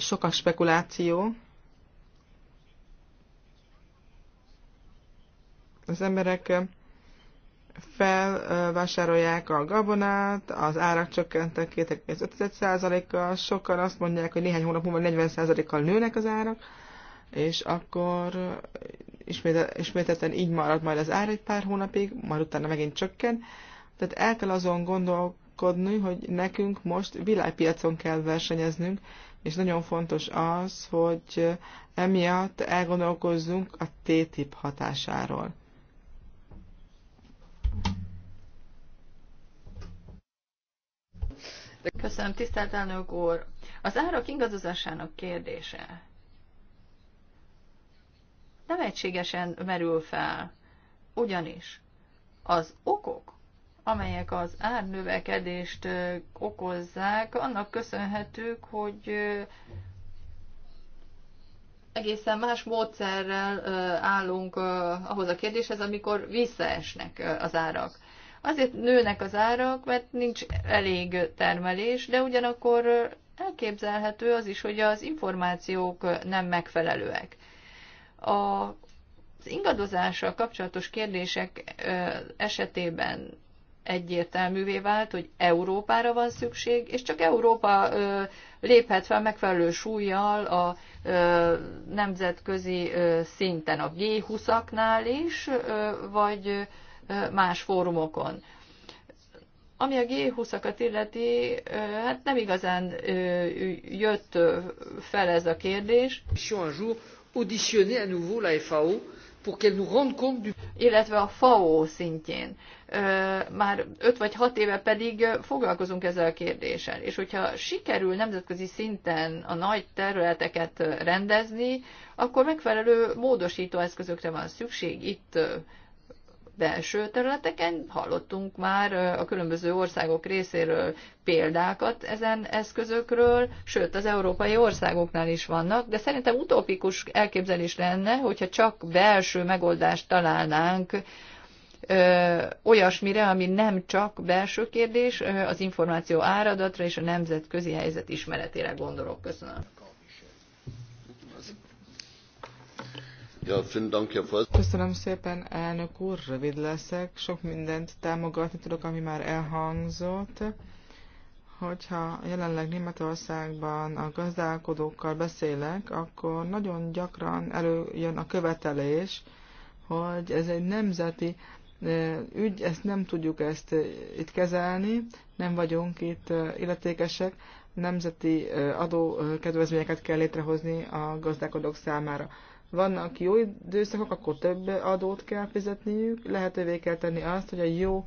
sok a spekuláció. Az emberek felvásárolják a gabonát, az árak csökkentek 2,5%-kal, sokan azt mondják, hogy néhány hónap múlva 40%-kal nőnek az árak, és akkor ismételten így marad majd az ár egy pár hónapig, majd utána megint csökken. Tehát el kell azon gondolkodni, panaszkodni, hogy nekünk most világpiacon kell versenyeznünk, és nagyon fontos az, hogy emiatt elgondolkozzunk a TTIP hatásáról. Köszönöm, tisztelt elnök úr! Az árak ingadozásának kérdése nem egységesen merül fel, ugyanis az okok, amelyek az árnövekedést okozzák, annak köszönhetők, hogy egészen más módszerrel állunk ahhoz a kérdéshez, amikor visszaesnek az árak. Azért nőnek az árak, mert nincs elég termelés, de ugyanakkor elképzelhető az is, hogy az információk nem megfelelőek. A az ingadozással kapcsolatos kérdések esetében egyértelművé vált, hogy Európára van szükség, és csak Európa léphet fel megfelelő súlyjal a nemzetközi szinten, a G20-aknál is, vagy más fórumokon. Ami a G20-akat illeti, hát nem igazán jött fel ez a kérdés. auditionner à nouveau la FAO pour qu'elle nous rende compte du... Illetve a FAO szintjén már 5 vagy 6 éve pedig foglalkozunk ezzel a kérdéssel. És hogyha sikerül nemzetközi szinten a nagy területeket rendezni, akkor megfelelő módosító eszközökre van szükség itt belső területeken. Hallottunk már a különböző országok részéről példákat ezen eszközökről, sőt az európai országoknál is vannak, de szerintem utópikus elképzelés lenne, hogyha csak belső megoldást találnánk olyasmire, ami nem csak belső kérdés, az információ áradatra és a nemzetközi helyzet ismeretére gondolok. Köszönöm. Köszönöm szépen, elnök úr, rövid leszek. Sok mindent támogatni tudok, ami már elhangzott. Hogyha jelenleg Németországban a gazdálkodókkal beszélek, akkor nagyon gyakran előjön a követelés, hogy ez egy nemzeti ügy, ezt nem tudjuk ezt itt kezelni, nem vagyunk itt illetékesek, nemzeti adókedvezményeket kell létrehozni a gazdálkodók számára. Vannak jó időszakok, akkor több adót kell fizetniük, lehetővé kell tenni azt, hogy a jó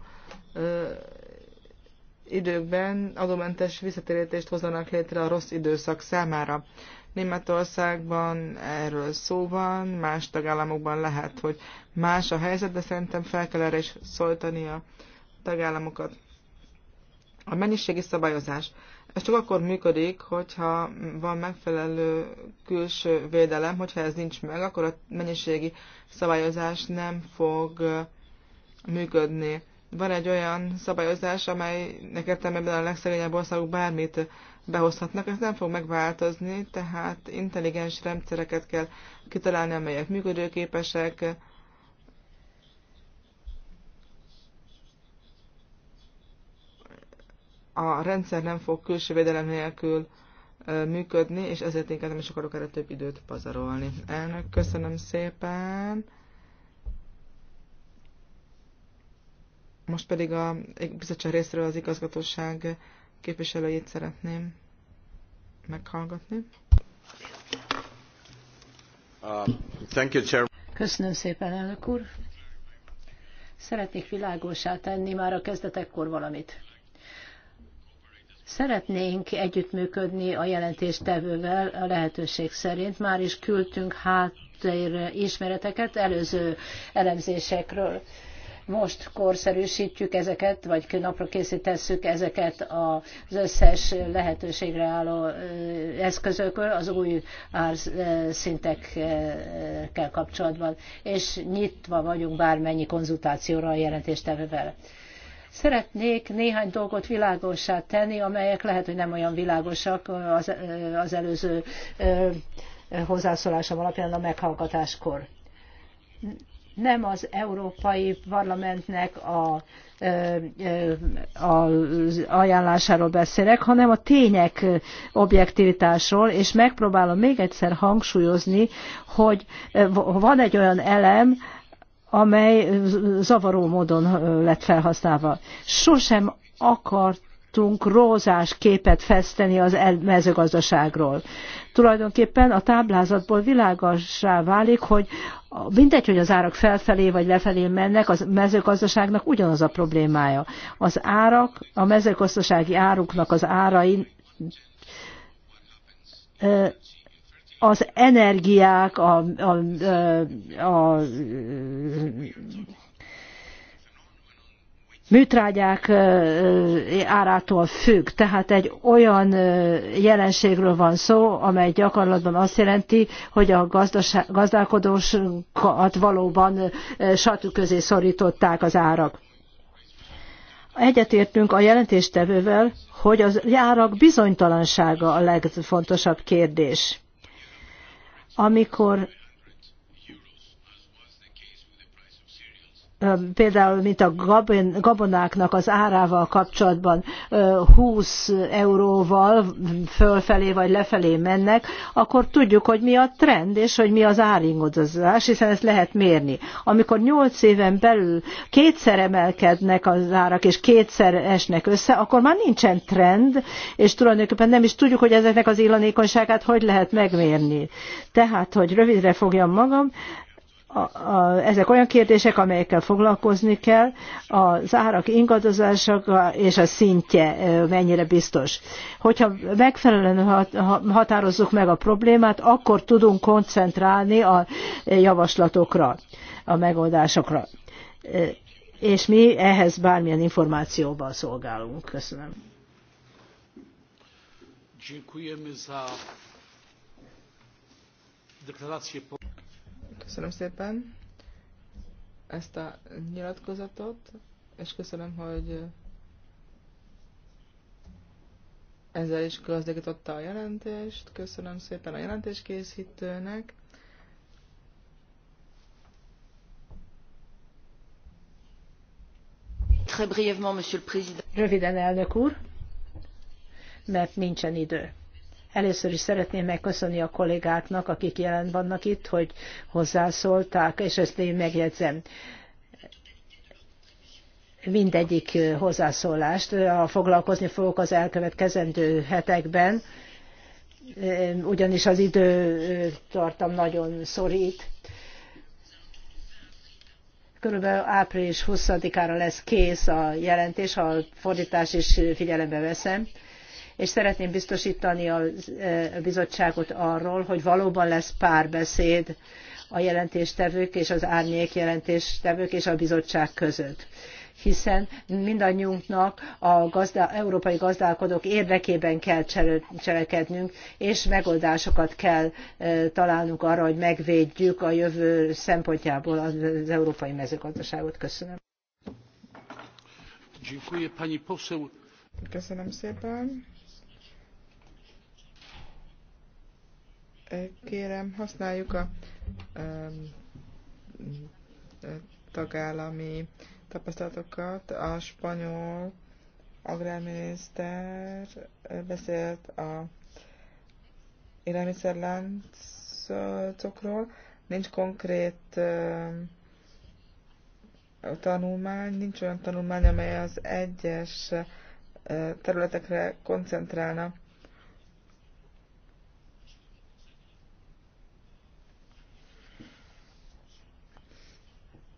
időkben adómentes visszatérítést hozzanak létre a rossz időszak számára. Németországban erről szó van, más tagállamokban lehet, hogy más a helyzet, de szerintem fel kell erre is szóltani a tagállamokat. A mennyiségi szabályozás. Ez csak akkor működik, hogyha van megfelelő külső védelem, hogyha ez nincs meg, akkor a mennyiségi szabályozás nem fog működni. Van egy olyan szabályozás, amelynek értelmében a legszegényebb országok bármit behozhatnak. Ez nem fog megváltozni, tehát intelligens rendszereket kell kitalálni, amelyek működőképesek, a rendszer nem fog külső védelem nélkül működni, és ezért inkább nem is akarok erre több időt pazarolni. Elnök, köszönöm szépen! Most pedig a bizottság részéről az igazgatóság képviselőjét szeretném meghallgatni. Uh, Köszönöm szépen, elnök úr. Szeretnék világosá tenni már a kezdetekkor valamit. Szeretnénk együttműködni a jelentéstevővel a lehetőség szerint. Már is küldtünk háttér ismereteket előző elemzésekről. Most korszerűsítjük ezeket, vagy napra készítesszük ezeket az összes lehetőségre álló eszközökről az új árszintekkel kapcsolatban, és nyitva vagyunk bármennyi konzultációra a jelentéstevővel. Szeretnék néhány dolgot világossá tenni, amelyek lehet, hogy nem olyan világosak az, az előző hozzászólásom alapján a meghallgatáskor nem az Európai Parlamentnek a, az ajánlásáról beszélek, hanem a tények objektivitásról, és megpróbálom még egyszer hangsúlyozni, hogy van egy olyan elem, amely zavaró módon lett felhasználva. Sosem akart tudtunk rózás képet festeni az mezőgazdaságról. Tulajdonképpen a táblázatból világosá válik, hogy mindegy, hogy az árak felfelé vagy lefelé mennek, a mezőgazdaságnak ugyanaz a problémája. Az árak, a mezőgazdasági áruknak az árai az energiák, a, a, a, a műtrágyák árától függ. Tehát egy olyan jelenségről van szó, amely gyakorlatban azt jelenti, hogy a gazdálkodósokat valóban satú közé szorították az árak. Egyetértünk a jelentéstevővel, hogy az árak bizonytalansága a legfontosabb kérdés. Amikor például mint a gabonáknak az árával kapcsolatban 20 euróval fölfelé vagy lefelé mennek, akkor tudjuk, hogy mi a trend, és hogy mi az áringodozás, hiszen ezt lehet mérni. Amikor 8 éven belül kétszer emelkednek az árak, és kétszer esnek össze, akkor már nincsen trend, és tulajdonképpen nem is tudjuk, hogy ezeknek az illanékonyságát hogy lehet megmérni. Tehát, hogy rövidre fogjam magam, a, a, ezek olyan kérdések, amelyekkel foglalkozni kell, az árak ingadozása és a szintje mennyire biztos. Hogyha megfelelően határozzuk meg a problémát, akkor tudunk koncentrálni a javaslatokra, a megoldásokra. És mi ehhez bármilyen információval szolgálunk. Köszönöm. Dziękujemy za deklarację. Köszönöm szépen ezt a nyilatkozatot, és köszönöm, hogy ezzel is gazdagította a jelentést. Köszönöm szépen a jelentéskészítőnek. Röviden, elnök úr, mert nincsen idő. Először is szeretném megköszönni a kollégáknak, akik jelen vannak itt, hogy hozzászólták, és ezt én megjegyzem mindegyik hozzászólást. Foglalkozni fogok az elkövetkezendő hetekben, ugyanis az idő tartam nagyon szorít. Körülbelül április 20-ára lesz kész a jelentés, ha a fordítás is figyelembe veszem és szeretném biztosítani e, a bizottságot arról, hogy valóban lesz párbeszéd a jelentéstevők és az árnyék jelentéstevők és a bizottság között hiszen mindannyiunknak a gazda, európai gazdálkodók érdekében kell cselekednünk, és megoldásokat kell e, találnunk arra, hogy megvédjük a jövő szempontjából az európai mezőgazdaságot. Köszönöm. Köszönöm szépen. Kérem, használjuk a tagállami tapasztalatokat. A spanyol agrárminiszter beszélt a élelmiszerláncokról. Nincs konkrét tanulmány, nincs olyan tanulmány, amely az egyes területekre koncentrálna.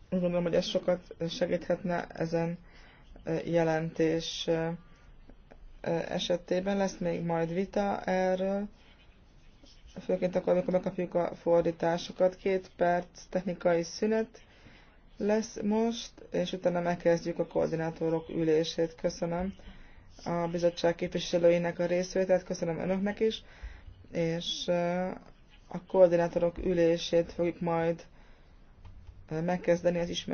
Úgy gondolom, hogy ez sokat segíthetne ezen jelentés esetében. Lesz még majd vita erről, főként akkor, amikor megkapjuk a fordításokat. Két perc technikai szünet lesz most, és utána megkezdjük a koordinátorok ülését. Köszönöm a bizottság képviselőinek a részvételt, köszönöm önöknek is, és a koordinátorok ülését fogjuk majd megkezdeni az ismert